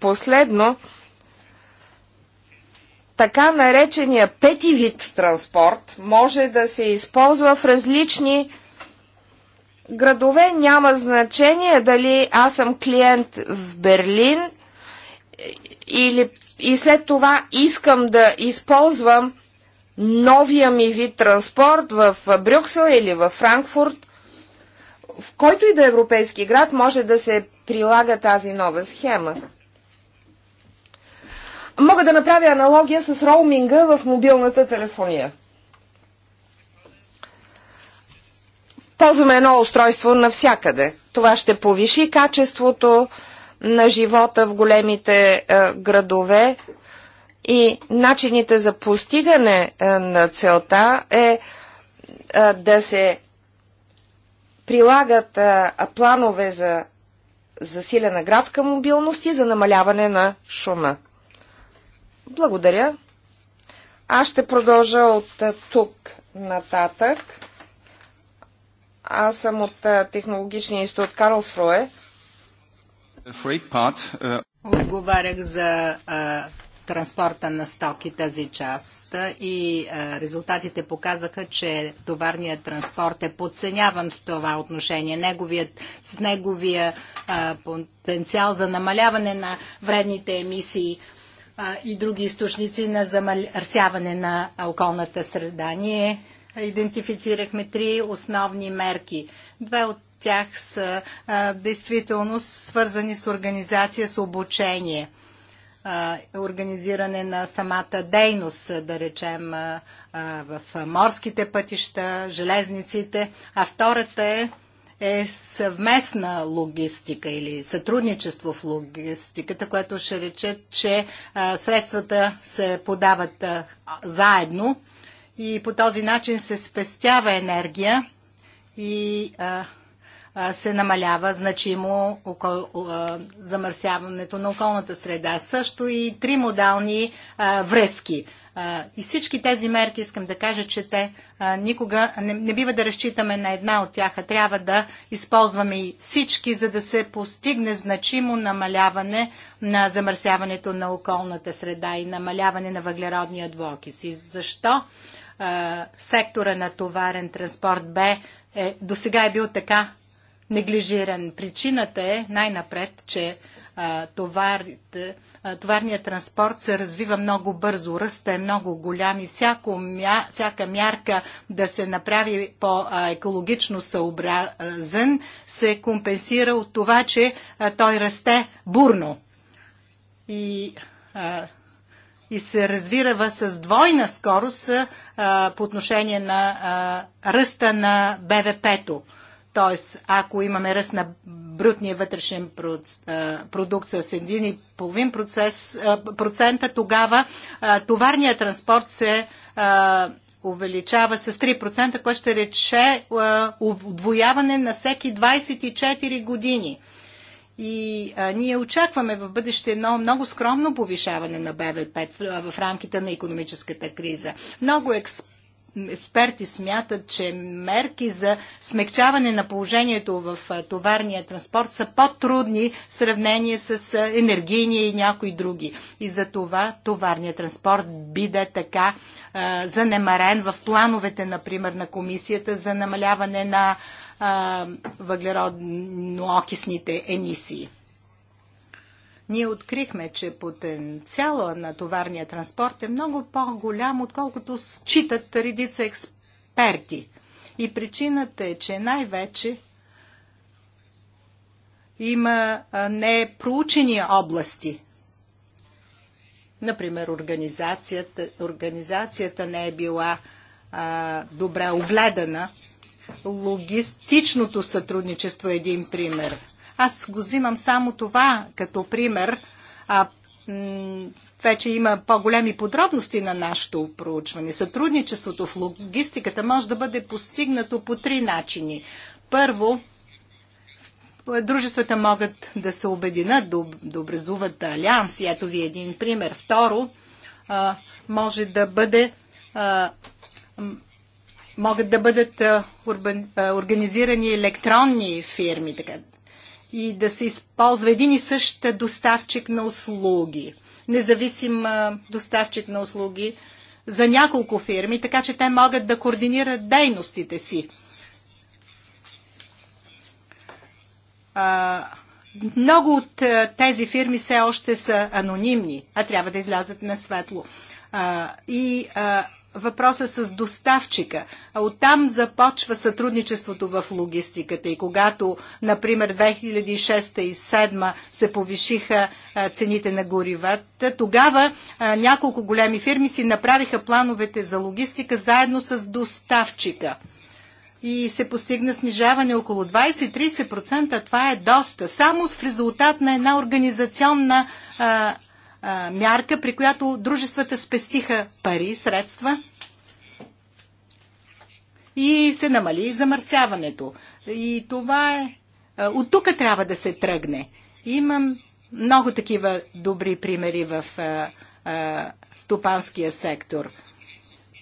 последно, така наречения пети вид транспорт може да се използва в различни градове. Няма значение дали аз съм клиент в Берлин или и след това искам да използвам новия ми вид транспорт в Брюксел или в Франкфурт, в който и да е европейски град може да се прилага тази нова схема. Мога да направя аналогия с роуминга в мобилната телефония. ползваме едно устройство навсякъде. Това ще повиши качеството на живота в големите е, градове и начините за постигане е, на целта е, е да се прилагат е, планове за засилена градска мобилност и за намаляване на шума. Благодаря. Аз ще продължа от е, тук нататък. Аз съм от Технологичния институт Карлсруе. Е, Отговарях за а, транспорта на стоки тази част и а, резултатите показаха, че товарният транспорт е подценяван в това отношение. Неговият, с неговия а, потенциал за намаляване на вредните емисии и други източници на замърсяване на околната среда. Ние идентифицирахме три основни мерки. Две от тях са а, действително свързани с организация, с обучение организиране на самата дейност, да речем в морските пътища, железниците, а втората е, е съвместна логистика или сътрудничество в логистиката, което ще рече, че средствата се подават заедно и по този начин се спестява енергия и а, а, се намалява значимо окол, а, замърсяването на околната среда. Също и модални а, връзки. А, и всички тези мерки, искам да кажа, че те а, никога не, не бива да разчитаме на една от тях, а трябва да използваме и всички, за да се постигне значимо намаляване на замърсяването на околната среда и намаляване на въглеродния двуокис. И защо? сектора на товарен транспорт бе, е, до сега е бил така неглижиран. Причината е най-напред, че а, товар, а, товарният транспорт се развива много бързо, ръста е много голям и всяко, мя, всяка мярка да се направи по-екологично съобразен се компенсира от това, че а, той расте бурно. И а, и се развирава с двойна скорост а, по отношение на а, ръста на БВП-то. Тоест, ако имаме ръст на брутния вътрешен продукт с 1,5%, тогава а, товарният транспорт се а, увеличава с 3%, което ще рече удвояване на всеки 24 години. И а, ние очакваме в бъдеще едно много скромно повишаване на БВП в, рамките на економическата криза. Много експерти експерти смятат, че мерки за смягчаване на положението в товарния транспорт са по-трудни в сравнение с енергийния и някои други. И за това товарният транспорт биде така а, занемарен в плановете, например, на комисията за намаляване на въглеродноокисните емисии. Ние открихме, че потенциала на товарния транспорт е много по-голям, отколкото считат редица експерти. И причината е, че най-вече има непроучени области. Например, организацията, организацията не е била а, добре огледана Логистичното сътрудничество е един пример. Аз го взимам само това като пример, а вече има по-големи подробности на нашето проучване. Сътрудничеството в логистиката може да бъде постигнато по три начини. Първо, дружествата могат да се обединят, да, образуват алианси. Ето ви един пример. Второ, може да бъде могат да бъдат урбан, организирани електронни фирми така, и да се използва един и същ доставчик на услуги, независим доставчик на услуги за няколко фирми, така че те могат да координират дейностите си. А, много от тези фирми все още са анонимни, а трябва да излязат на светло. А, и а, въпроса с доставчика, а оттам започва сътрудничеството в логистиката. И когато, например, 2006 и 2007 се повишиха цените на горивата, тогава няколко големи фирми си направиха плановете за логистика заедно с доставчика и се постигна снижаване около 20-30%. Това е доста. Само в резултат на една организационна а, мярка, при която дружествата спестиха пари, средства и се намали замърсяването. И това е. от тук трябва да се тръгне. Имам много такива добри примери в а, а, стопанския сектор.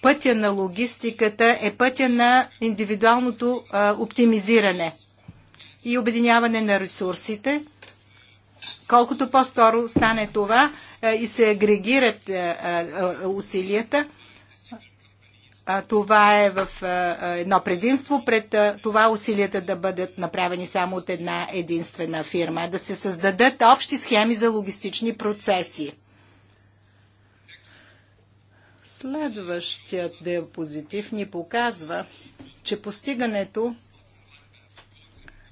Пътя на логистиката е пътя на индивидуалното а, оптимизиране и обединяване на ресурсите колкото по-скоро стане това е, и се агрегират е, е, усилията, това е в едно предимство пред това усилията да бъдат направени само от една единствена фирма, да се създадат общи схеми за логистични процеси. Следващият диапозитив ни показва, че постигането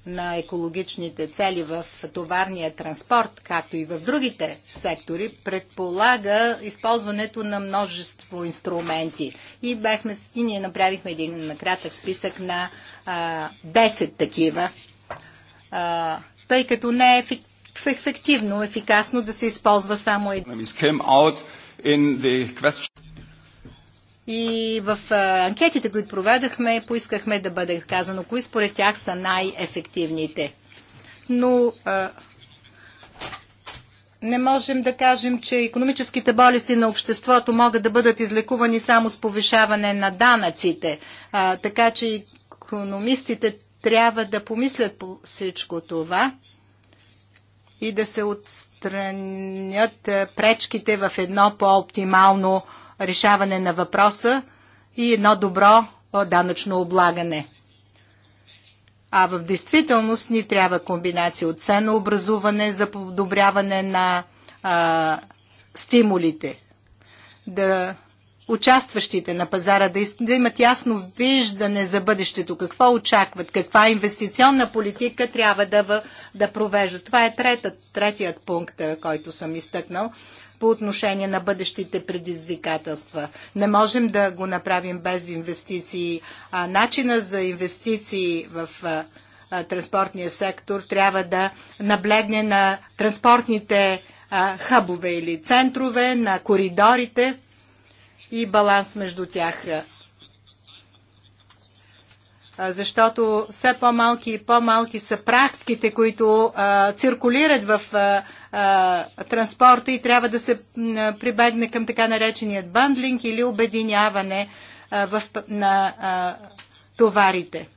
на екологичните цели в товарния транспорт, както и в другите сектори, предполага използването на множество инструменти. И, бехме, и ние направихме един накратък списък на а, 10 такива, а, тъй като не е ефективно, ефикасно да се използва само един. И в анкетите, които проведахме, поискахме да бъде казано кои според тях са най-ефективните. Но а, не можем да кажем, че економическите болести на обществото могат да бъдат излекувани само с повишаване на данъците. А, така че економистите трябва да помислят по всичко това и да се отстранят пречките в едно по-оптимално решаване на въпроса и едно добро данъчно облагане. А в действителност ни трябва комбинация от ценообразуване за подобряване на а, стимулите. Да участващите на пазара да, да имат ясно виждане за бъдещето, какво очакват, каква инвестиционна политика трябва да, да провеждат. Това е третът, третият пункт, който съм изтъкнал по отношение на бъдещите предизвикателства. Не можем да го направим без инвестиции. А начина за инвестиции в транспортния сектор трябва да наблегне на транспортните хъбове или центрове, на коридорите и баланс между тях защото все по-малки и по-малки са практиките, които а, циркулират в а, а, транспорта и трябва да се прибегне към така нареченият бандлинг или обединяване а, в, на а, товарите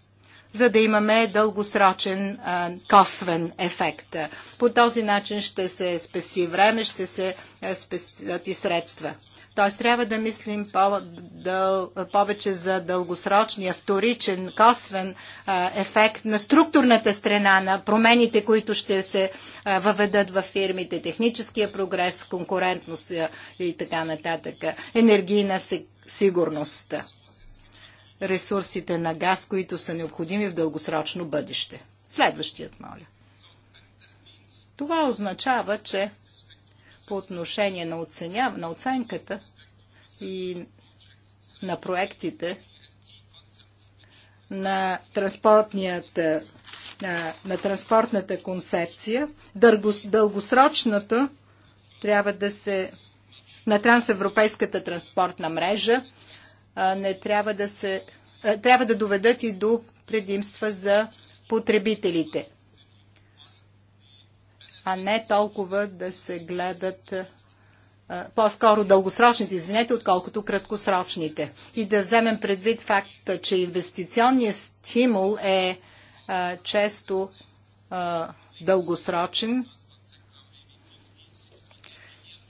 за да имаме дългосрочен а, косвен ефект. По този начин ще се спести време, ще се спестят и средства. Т.е. трябва да мислим по дъл, повече за дългосрочния, вторичен, косвен а, ефект на структурната страна на промените, които ще се а, въведат във фирмите, техническия прогрес, конкурентност и така нататък, енергийна сигурност, ресурсите на газ, които са необходими в дългосрочно бъдеще. Следващият, моля. Това означава, че по отношение на, оценя, на оценката и на проектите на, на, на транспортната концепция, дългосрочната трябва да се на трансевропейската транспортна мрежа не трябва да се трябва да доведат и до предимства за потребителите а не толкова да се гледат по-скоро дългосрочните, извинете, отколкото краткосрочните. И да вземем предвид факта, че инвестиционният стимул е а, често а, дългосрочен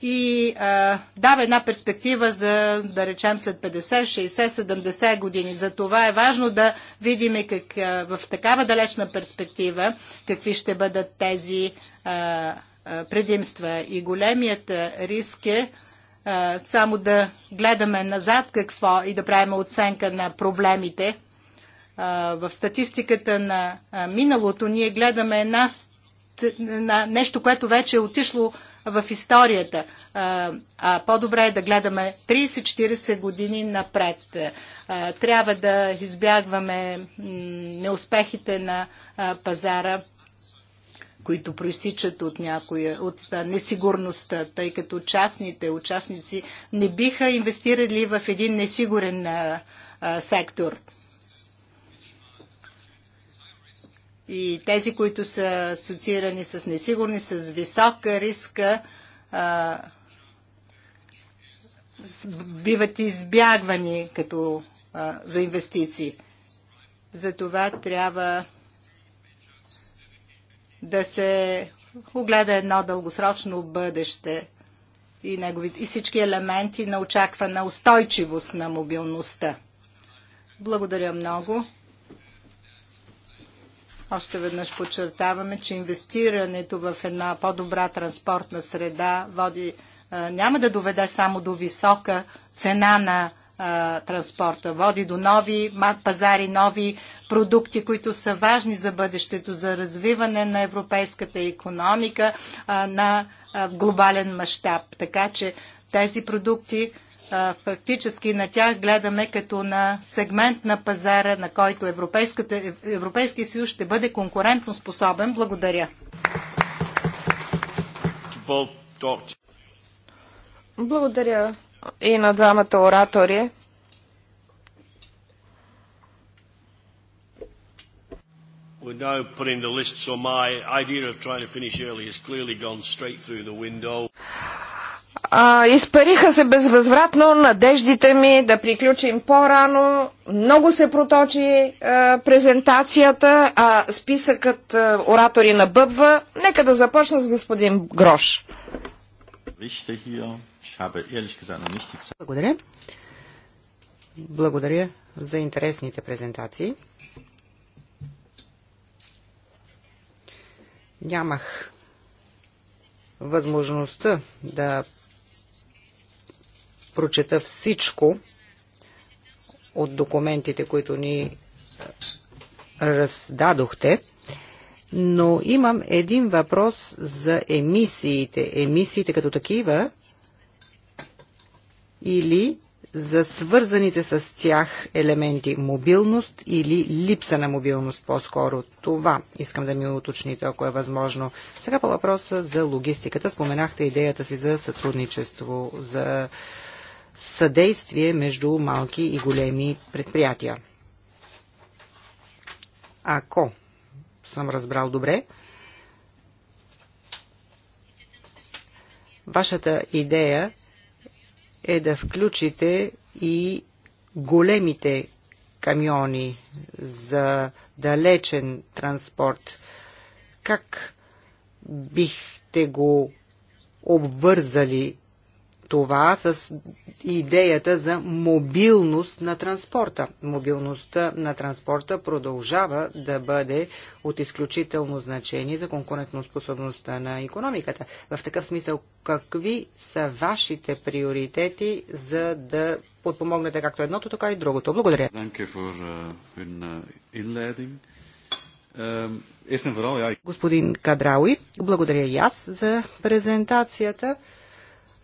и а, дава една перспектива за, да речем, след 50, 60, 70 години. За това е важно да видим как, а, в такава далечна перспектива какви ще бъдат тези предимства. И големият риск е само да гледаме назад какво и да правим оценка на проблемите. в статистиката на миналото ние гледаме една, на нещо, което вече е отишло в историята. А, по-добре е да гледаме 30-40 години напред. трябва да избягваме неуспехите на пазара които проистичат от някоя, от несигурността, тъй като частните участници не биха инвестирали в един несигурен а, а, сектор. И тези, които са асоциирани с несигурни, с висока риска, а, биват избягвани като а, за инвестиции. Затова трябва да се огледа едно дългосрочно бъдеще и, негови, и всички елементи на очаквана устойчивост на мобилността. Благодаря много. Още веднъж подчертаваме, че инвестирането в една по-добра транспортна среда води, няма да доведе само до висока цена на транспорта. Води до нови пазари, нови продукти, които са важни за бъдещето, за развиване на европейската економика на глобален мащаб. Така че тези продукти фактически на тях гледаме като на сегмент на пазара, на който е, Европейския съюз ще бъде конкурентно способен. Благодаря. Благодаря, и на двамата оратори. We're now putting the list, so my idea of trying to finish early has clearly gone straight through the window. А, изпариха се безвъзвратно надеждите ми да приключим по-рано. Много се проточи а, презентацията, а списъкът а, оратори набъбва. Нека да започна с господин Грош. Вижте хия. Благодаря. Благодаря за интересните презентации. Нямах възможността да прочета всичко от документите, които ни е, раздадохте, но имам един въпрос за емисиите. Емисиите като такива или за свързаните с тях елементи мобилност или липса на мобилност по-скоро. Това искам да ми уточните, ако е възможно. Сега по въпроса за логистиката. Споменахте идеята си за сътрудничество, за съдействие между малки и големи предприятия. Ако съм разбрал добре, вашата идея е да включите и големите камиони за далечен транспорт. Как бихте го обвързали това с идеята за мобилност на транспорта. Мобилността на транспорта продължава да бъде от изключително значение за конкурентоспособността на економиката. В такъв смисъл, какви са вашите приоритети за да подпомогнете както едното, така и другото? Благодаря. Äh, äh, ähm, Господин Кадрауи, благодаря и аз за презентацията.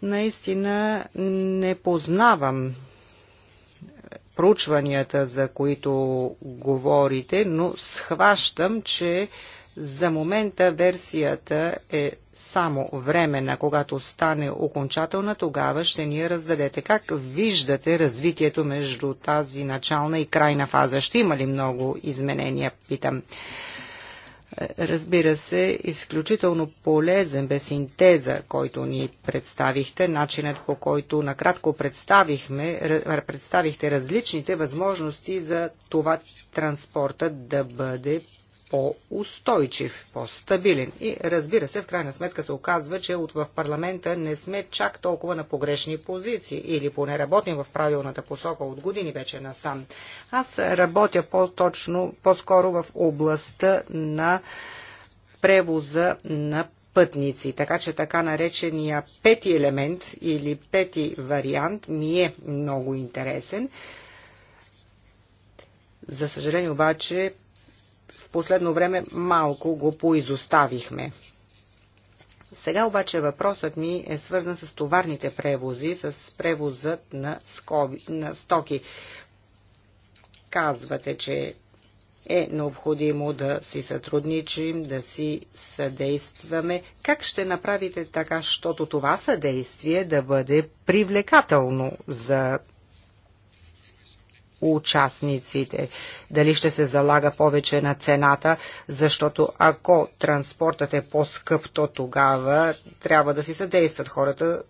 Наистина не познавам проучванията, за които говорите, но схващам, че за момента версията е само времена. Когато стане окончателна, тогава ще ни я раздадете. Как виждате развитието между тази начална и крайна фаза? Ще има ли много изменения, питам. Е, разбира се, изключително полезен бе синтеза, който ни представихте, начинът по който накратко представихме, представихте различните възможности за това транспорта да бъде по-устойчив, по-стабилен. И разбира се, в крайна сметка се оказва, че от в парламента не сме чак толкова на погрешни позиции или поне работим в правилната посока от години вече насам. Аз работя по-точно, по-скоро в областта на превоза на пътници. Така че така наречения пети елемент или пети вариант ми е много интересен. За съжаление обаче последно време малко го поизоставихме. Сега обаче въпросът ми е свързан с товарните превози, с превозът на, скоби, на стоки. Казвате, че е необходимо да си сътрудничим, да си съдействаме. Как ще направите така, щото това съдействие да бъде привлекателно за участниците. Дали ще се залага повече на цената, защото ако транспортът е по-скъп, то тогава трябва да си съдействат хората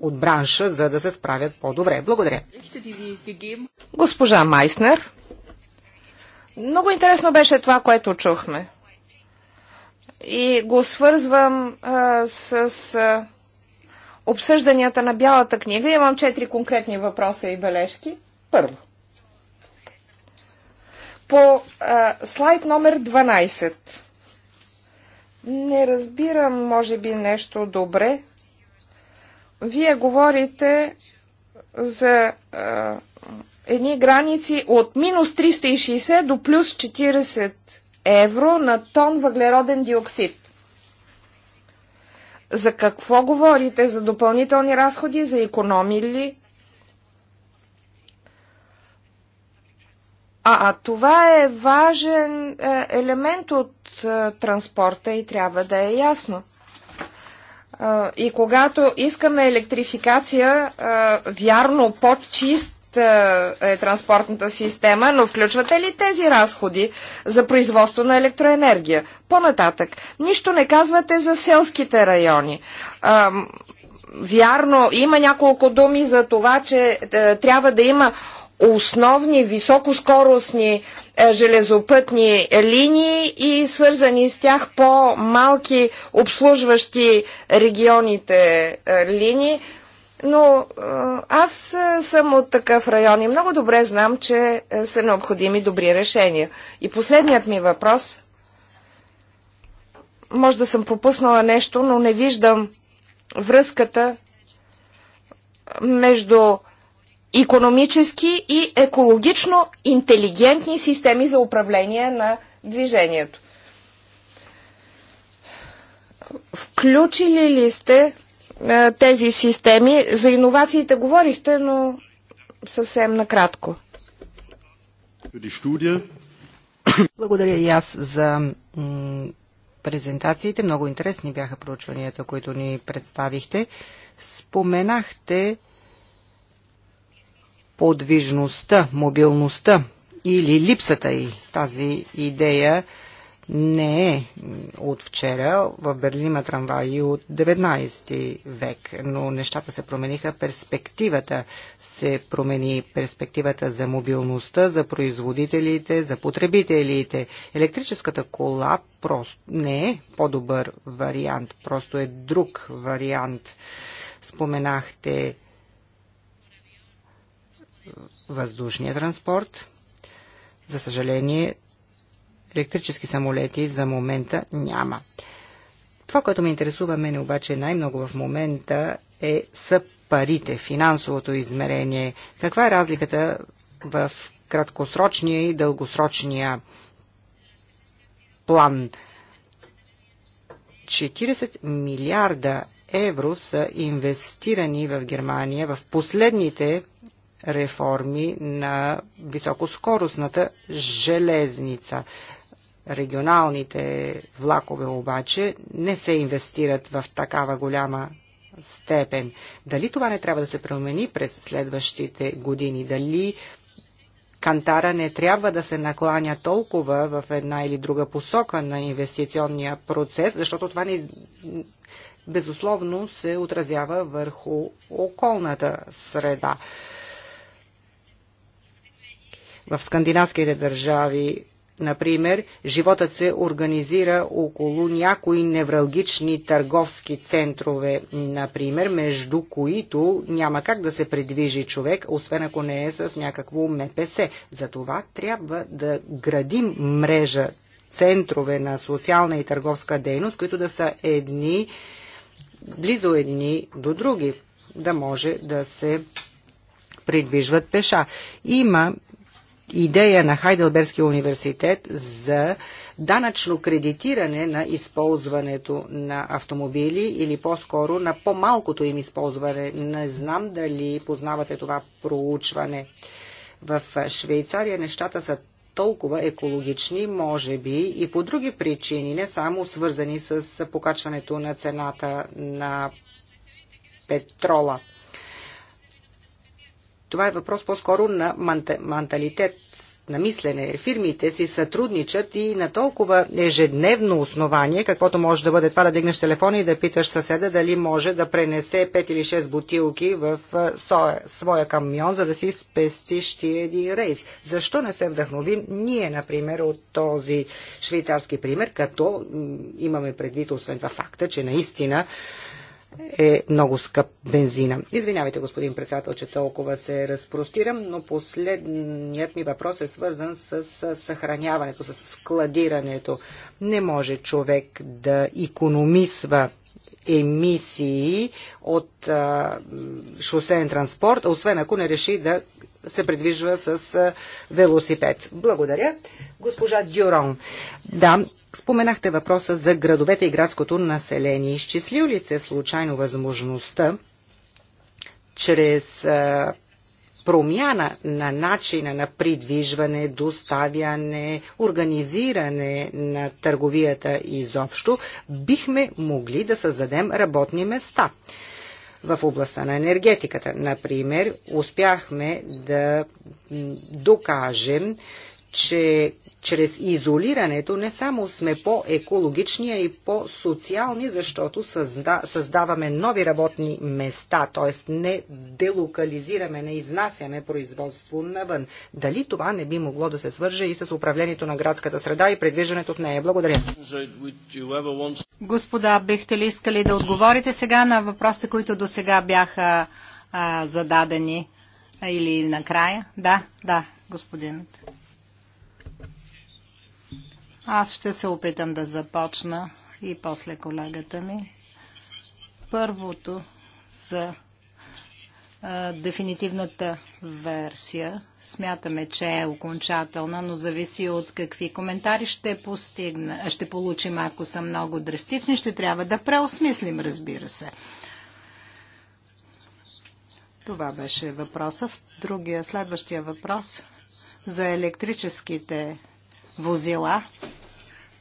от бранша, за да се справят по-добре. Благодаря. Госпожа Майснер, много интересно беше това, което чухме. И го свързвам а, с. А обсъжданията на Бялата книга. Имам четири конкретни въпроса и бележки. Първо. По а, слайд номер 12. Не разбирам, може би, нещо добре. Вие говорите за а, едни граници от минус 360 до плюс 40 евро на тон въглероден диоксид. За какво говорите? За допълнителни разходи? За економии ли? А, а това е важен е, елемент от е, транспорта и трябва да е ясно. Е, и когато искаме електрификация, е, вярно, по-чист е, е транспортната система, но включвате ли тези разходи за производство на електроенергия? По-нататък, нищо не казвате за селските райони. А, вярно, има няколко думи за това, че е, трябва да има основни високоскоростни е, железопътни линии и свързани с тях по-малки обслужващи регионите е, линии. Но аз съм от такъв район и много добре знам, че са необходими добри решения. И последният ми въпрос. Може да съм пропуснала нещо, но не виждам връзката между економически и екологично интелигентни системи за управление на движението. Включили ли сте е, тези системи. За иновациите говорихте, но съвсем накратко. Благодаря и аз за презентациите. Много интересни бяха проучванията, които ни представихте. Споменахте подвижността, мобилността или липсата и тази идея не е от вчера. В Берлин има трамваи от 19 век, но нещата се промениха. Перспективата се промени. Перспективата за мобилността, за производителите, за потребителите. Електрическата кола просто не е по-добър вариант, просто е друг вариант. Споменахте въздушния транспорт. За съжаление, електрически самолети за момента няма. Това, което ме интересува мен обаче най-много в момента е са парите, финансовото измерение. Каква е разликата в краткосрочния и дългосрочния план? 40 милиарда евро са инвестирани в Германия в последните реформи на високоскоростната железница. Регионалните влакове обаче не се инвестират в такава голяма степен. Дали това не трябва да се промени през следващите години? Дали Кантара не трябва да се накланя толкова в една или друга посока на инвестиционния процес, защото това не безусловно се отразява върху околната среда. В скандинавските държави Например, животът се организира около някои невралгични търговски центрове, например, между които няма как да се придвижи човек, освен ако не е с някакво МПС. Затова трябва да градим мрежа центрове на социална и търговска дейност, които да са едни, близо едни до други, да може да се придвижват пеша. Има идея на Хайделбергския университет за данъчно кредитиране на използването на автомобили или по-скоро на по-малкото им използване. Не знам дали познавате това проучване. В Швейцария нещата са толкова екологични, може би и по други причини, не само свързани с покачването на цената на петрола. Това е въпрос по-скоро на менталитет, на мислене. Фирмите си сътрудничат и на толкова ежедневно основание, каквото може да бъде това да дигнеш телефона и да питаш съседа дали може да пренесе 5 или 6 бутилки в своя, своя камион, за да си спестиш ти един рейс. Защо не се вдъхновим ние, например, от този швейцарски пример, като имаме предвид, освен това факта, че наистина е много скъп бензина. Извинявайте, господин председател, че толкова се разпростирам, но последният ми въпрос е свързан с съхраняването, с складирането. Не може човек да економисва емисии от а, шосеен транспорт, освен ако не реши да се придвижва с велосипед. Благодаря. Госпожа Дюрон. Да, Споменахте въпроса за градовете и градското население. Изчислил ли сте случайно възможността чрез промяна на начина на придвижване, доставяне, организиране на търговията изобщо, бихме могли да създадем работни места. В областта на енергетиката, например, успяхме да докажем, че чрез изолирането не само сме по-екологични, а и по-социални, защото създа, създаваме нови работни места, т.е. не делокализираме, не изнасяме производство навън. Дали това не би могло да се свърже и с управлението на градската среда и предвиждането в нея? Благодаря. Господа, бихте ли искали да отговорите сега на въпросите, които до сега бяха а, зададени? Или накрая? Да, да, господин. Аз ще се опитам да започна и после колегата ми. Първото за а, дефинитивната версия. Смятаме, че е окончателна, но зависи от какви коментари ще, постигна, ще получим. Ако са много драстични, ще трябва да преосмислим, разбира се. Това беше въпроса. Другия, следващия въпрос за електрическите возила.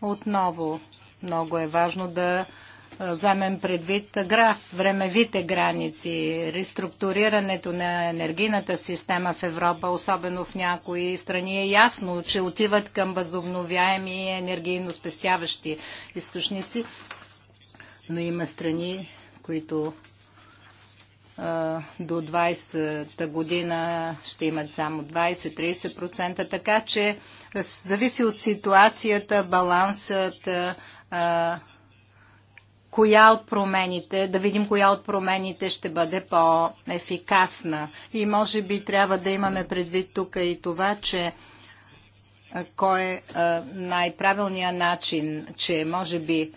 Отново много е важно да вземем предвид граф, времевите граници, реструктурирането на енергийната система в Европа, особено в някои страни, е ясно, че отиват към възобновяеми енергийно спестяващи източници, но има страни, които до 20-та година ще имат само 20-30%, така че зависи от ситуацията, балансът, коя от промените, да видим коя от промените ще бъде по-ефикасна. И може би трябва да имаме предвид тук и това, че кой е най-правилният начин, че може би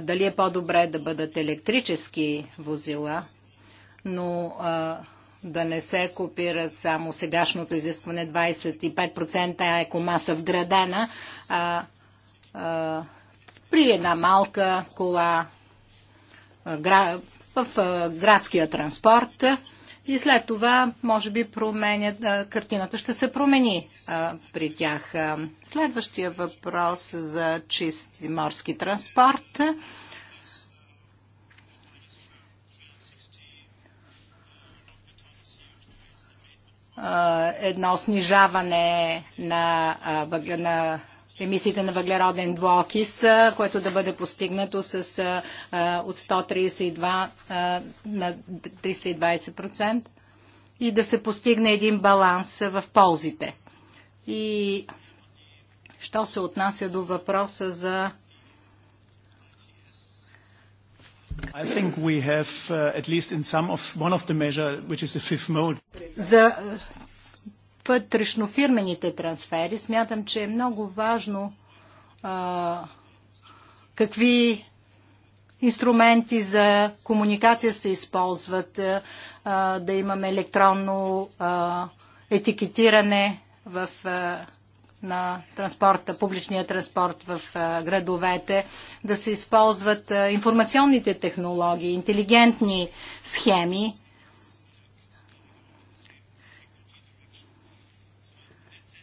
дали е по-добре да бъдат електрически возила, но а, да не се копират само сегашното изискване 25% екомаса вградена, а, а, при една малка кола а, гра, в а, градския транспорт и след това, може би, променят, а, картината ще се промени а, при тях. Следващия въпрос за чист морски транспорт. А, едно снижаване на, на емисиите на въглероден двуокис, което да бъде постигнато с, от 132 на 320% и да се постигне един баланс в ползите. И що се отнася до въпроса за Uh, за uh, вътрешнофирмените трансфери смятам, че е много важно а, какви инструменти за комуникация се използват, а, да имаме електронно а, етикетиране в а, на транспорта, публичния транспорт в градовете, да се използват информационните технологии, интелигентни схеми.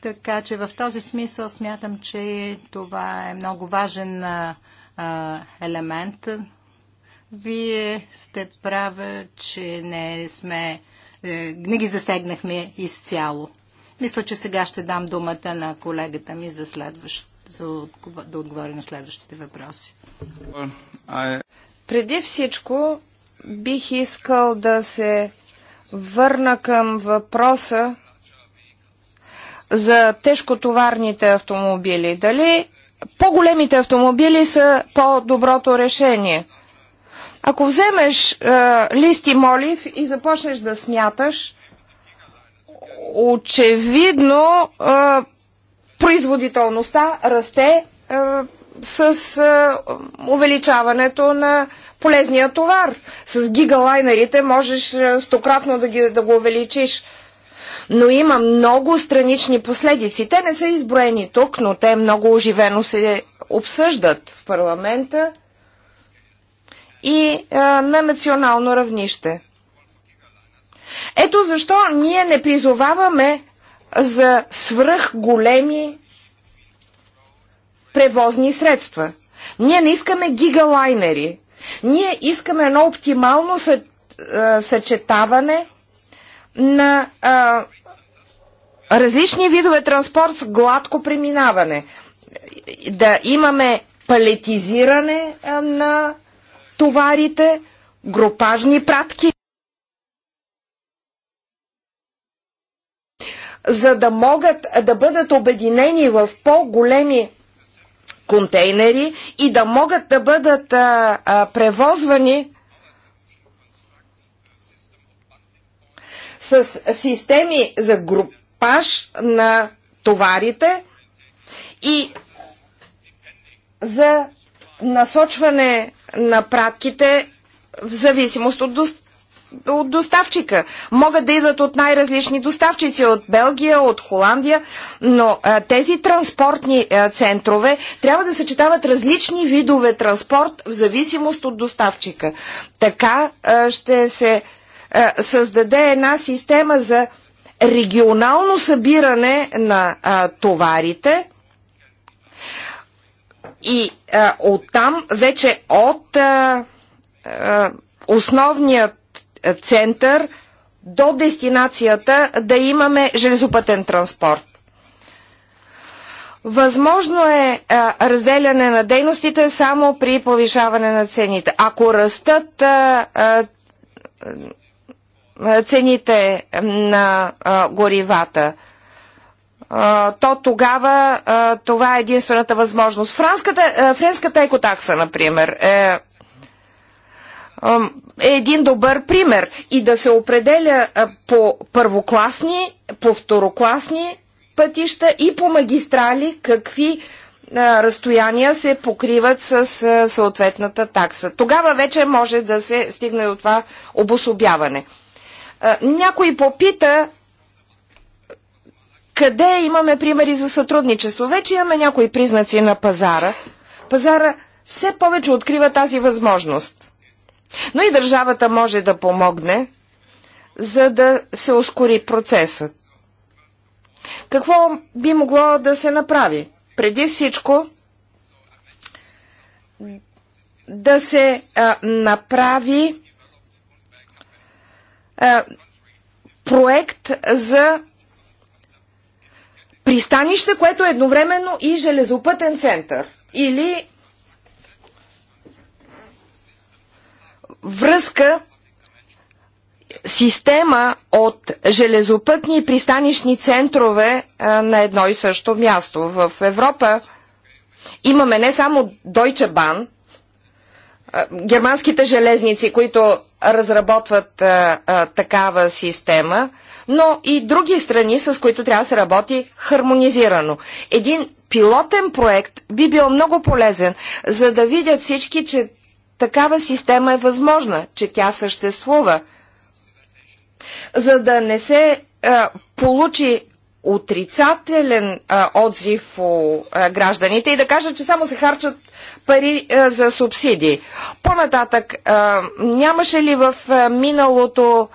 Така че в този смисъл смятам, че това е много важен елемент. Вие сте прави, че не сме, е, не ги засегнахме изцяло. Мисля, че сега ще дам думата на колегата ми за следващ, за, да отговори на следващите въпроси. Преди всичко бих искал да се върна към въпроса за тежкотоварните автомобили. Дали по-големите автомобили са по-доброто решение? Ако вземеш е, лист и молив и започнеш да смяташ, очевидно а, производителността расте а, с а, увеличаването на полезния товар. С гигалайнерите можеш стократно да, ги, да го увеличиш. Но има много странични последици. Те не са изброени тук, но те много оживено се обсъждат в парламента и а, на национално равнище. Ето защо ние не призоваваме за свръх големи превозни средства. Ние не искаме гигалайнери. Ние искаме едно оптимално съчетаване на а, различни видове транспорт с гладко преминаване. Да имаме палетизиране на товарите, групажни пратки. за да могат да бъдат обединени в по-големи контейнери и да могат да бъдат а, а, превозвани с системи за групаж на товарите и за насочване на пратките в зависимост от достатъчно от доставчика. Могат да идват от най-различни доставчици, от Белгия, от Холандия, но а, тези транспортни а, центрове трябва да съчетават различни видове транспорт в зависимост от доставчика. Така а, ще се а, създаде една система за регионално събиране на а, товарите и а, оттам вече от а, а, основният център до дестинацията да имаме железопътен транспорт. Възможно е а, разделяне на дейностите само при повишаване на цените. Ако растат а, а, цените на а, горивата, а, то тогава а, това е единствената възможност. Франската, а, френската екотакса, например, е е един добър пример и да се определя по първокласни, по второкласни пътища и по магистрали какви разстояния се покриват с съответната такса. Тогава вече може да се стигне до това обособяване. някой попита къде имаме примери за сътрудничество. Вече имаме някои признаци на пазара. Пазара все повече открива тази възможност. Но и държавата може да помогне, за да се ускори процесът. Какво би могло да се направи? Преди всичко да се а, направи а, проект за пристанище, което е едновременно и железопътен център или връзка система от железопътни и пристанищни центрове на едно и също място. В Европа имаме не само Deutsche Bahn, германските железници, които разработват такава система, но и други страни, с които трябва да се работи хармонизирано. Един пилотен проект би бил много полезен, за да видят всички, че такава система е възможна, че тя съществува. За да не се а, получи отрицателен а, отзив у а, гражданите и да кажат, че само се харчат пари а, за субсидии. По-нататък, нямаше ли в а, миналото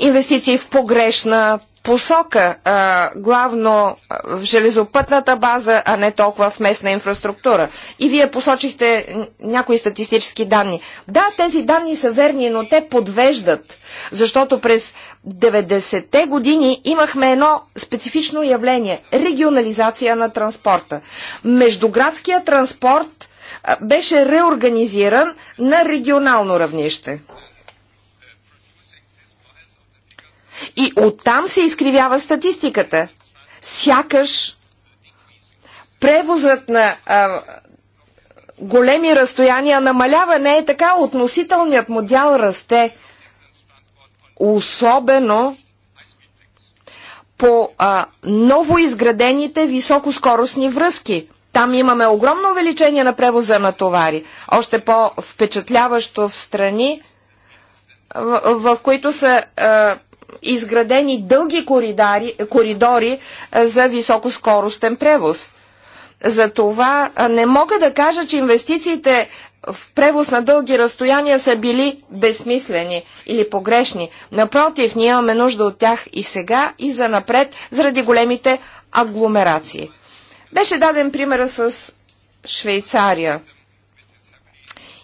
инвестиции в погрешна посока, а, главно в железопътната база, а не толкова в местна инфраструктура. И вие посочихте някои статистически данни. Да, тези данни са верни, но те подвеждат, защото през 90-те години имахме едно специфично явление – регионализация на транспорта. Междуградския транспорт – беше реорганизиран на регионално равнище. И оттам се изкривява статистиката. Сякаш превозът на а, големи разстояния намалява. Не е така. Относителният му дял расте. Особено по а, ново изградените високоскоростни връзки. Там имаме огромно увеличение на превоза на товари. Още по-впечатляващо в страни, в, в които са а, изградени дълги коридори, коридори е, за високоскоростен превоз. Затова е, не мога да кажа, че инвестициите в превоз на дълги разстояния са били безсмислени или погрешни. Напротив, ние имаме нужда от тях и сега, и за напред, заради големите агломерации. Беше даден примера с Швейцария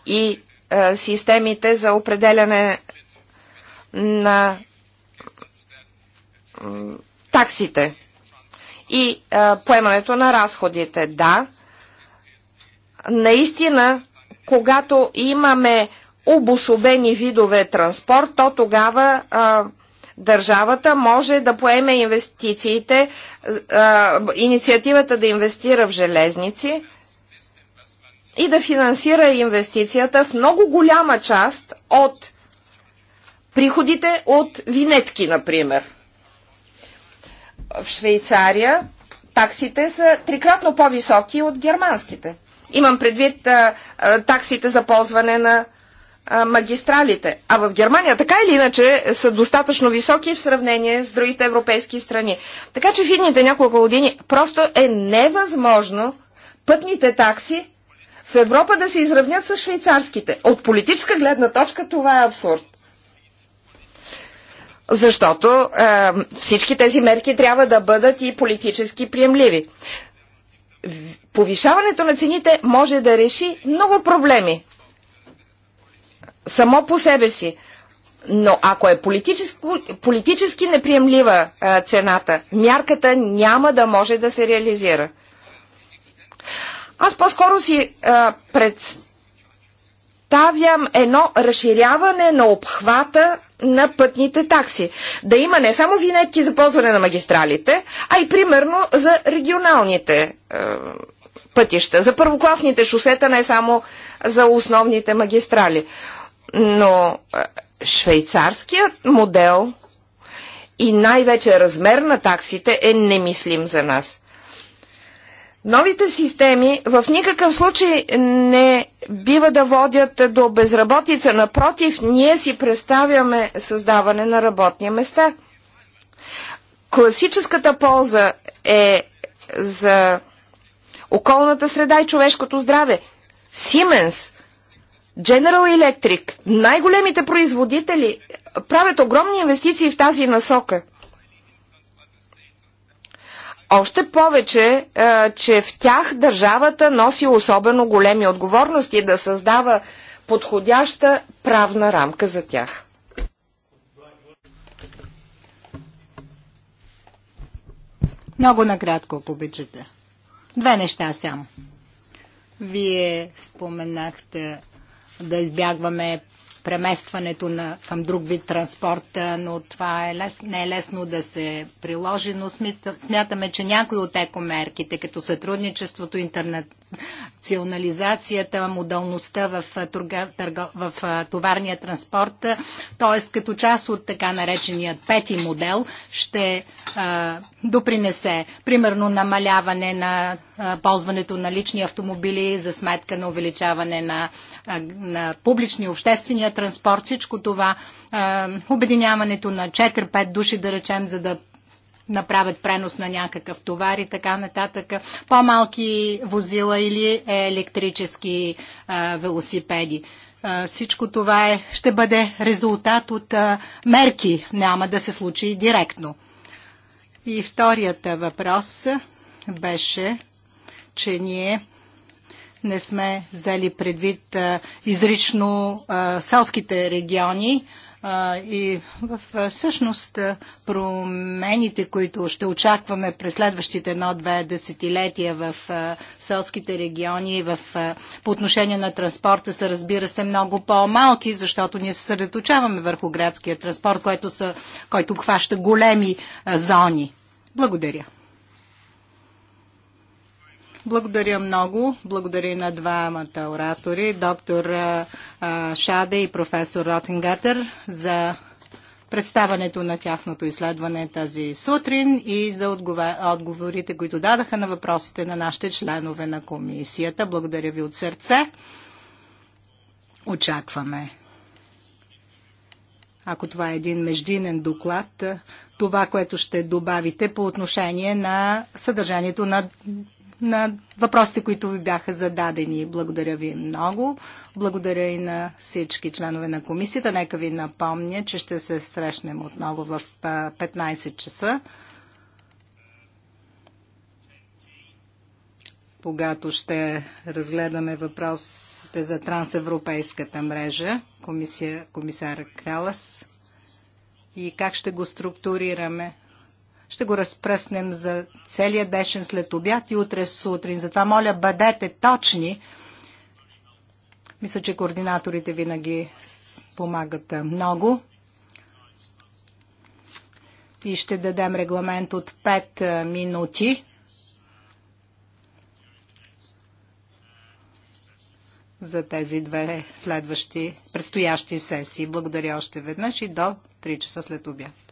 и е, системите за определяне на таксите и а, поемането на разходите. Да, наистина, когато имаме обособени видове транспорт, то тогава а, държавата може да поеме инвестициите, а, инициативата да инвестира в железници и да финансира инвестицията в много голяма част от приходите от винетки, например. В Швейцария таксите са трикратно по-високи от германските. Имам предвид а, а, таксите за ползване на а, магистралите. А в Германия така или иначе са достатъчно високи в сравнение с другите европейски страни. Така че в едните няколко години просто е невъзможно пътните такси в Европа да се изравнят с швейцарските. От политическа гледна точка това е абсурд защото е, всички тези мерки трябва да бъдат и политически приемливи. Повишаването на цените може да реши много проблеми само по себе си. Но ако е политически неприемлива е, цената, мярката няма да може да се реализира. Аз по-скоро си а, е, представям едно разширяване на обхвата на пътните такси. Да има не само винетки за ползване на магистралите, а и примерно за регионалните е, пътища, за първокласните шосета, не само за основните магистрали. Но е, швейцарският модел и най-вече размер на таксите е немислим за нас. Новите системи в никакъв случай не бива да водят до безработица. Напротив, ние си представяме създаване на работни места. Класическата полза е за околната среда и човешкото здраве. Siemens, General Electric, най-големите производители правят огромни инвестиции в тази насока. Още повече, е, че в тях държавата носи особено големи отговорности да създава подходяща правна рамка за тях. Много накратко, ако обичате. Две неща само. Вие споменахте да избягваме преместването на, към друг вид транспорт, но това е лес, не е лесно да се приложи, но смятаме, че някои от екомерките, като сътрудничеството, интернет, национализацията, модалността в, търго, в товарния транспорт, т.е. като част от така наречения пети модел ще а, допринесе примерно намаляване на а, ползването на лични автомобили за сметка на увеличаване на, а, на публични обществения транспорт. Всичко това, а, обединяването на 4-5 души, да речем, за да направят пренос на някакъв товар и така нататък. По-малки возила или е електрически а, велосипеди. А, всичко това е, ще бъде резултат от а, мерки, няма да се случи директно. И вторият въпрос беше, че ние не сме взели предвид а, изрично а, селските региони, а, и в същност промените, които ще очакваме през следващите едно-две десетилетия в а, селските региони и в, а, по отношение на транспорта са, разбира се, много по-малки, защото ние се съсредоточаваме върху градския транспорт, който, са, който хваща големи а, зони. Благодаря. Благодаря много. Благодаря и на двамата оратори, доктор Шаде и професор Ротенгатър, за представането на тяхното изследване тази сутрин и за отговорите, които дадаха на въпросите на нашите членове на комисията. Благодаря ви от сърце. Очакваме. Ако това е един междинен доклад, това, което ще добавите по отношение на съдържанието на на въпросите, които ви бяха зададени. Благодаря ви много. Благодаря и на всички членове на комисията. Нека ви напомня, че ще се срещнем отново в 15 часа, когато ще разгледаме въпросите за трансевропейската мрежа, комисия, комисар Калас и как ще го структурираме ще го разпръснем за целия днешен след обяд и утре сутрин. Затова моля, бъдете точни. Мисля, че координаторите винаги помагат много. И ще дадем регламент от 5 е, минути. за тези две следващи предстоящи сесии. Благодаря още веднъж и до 3 часа след обяд.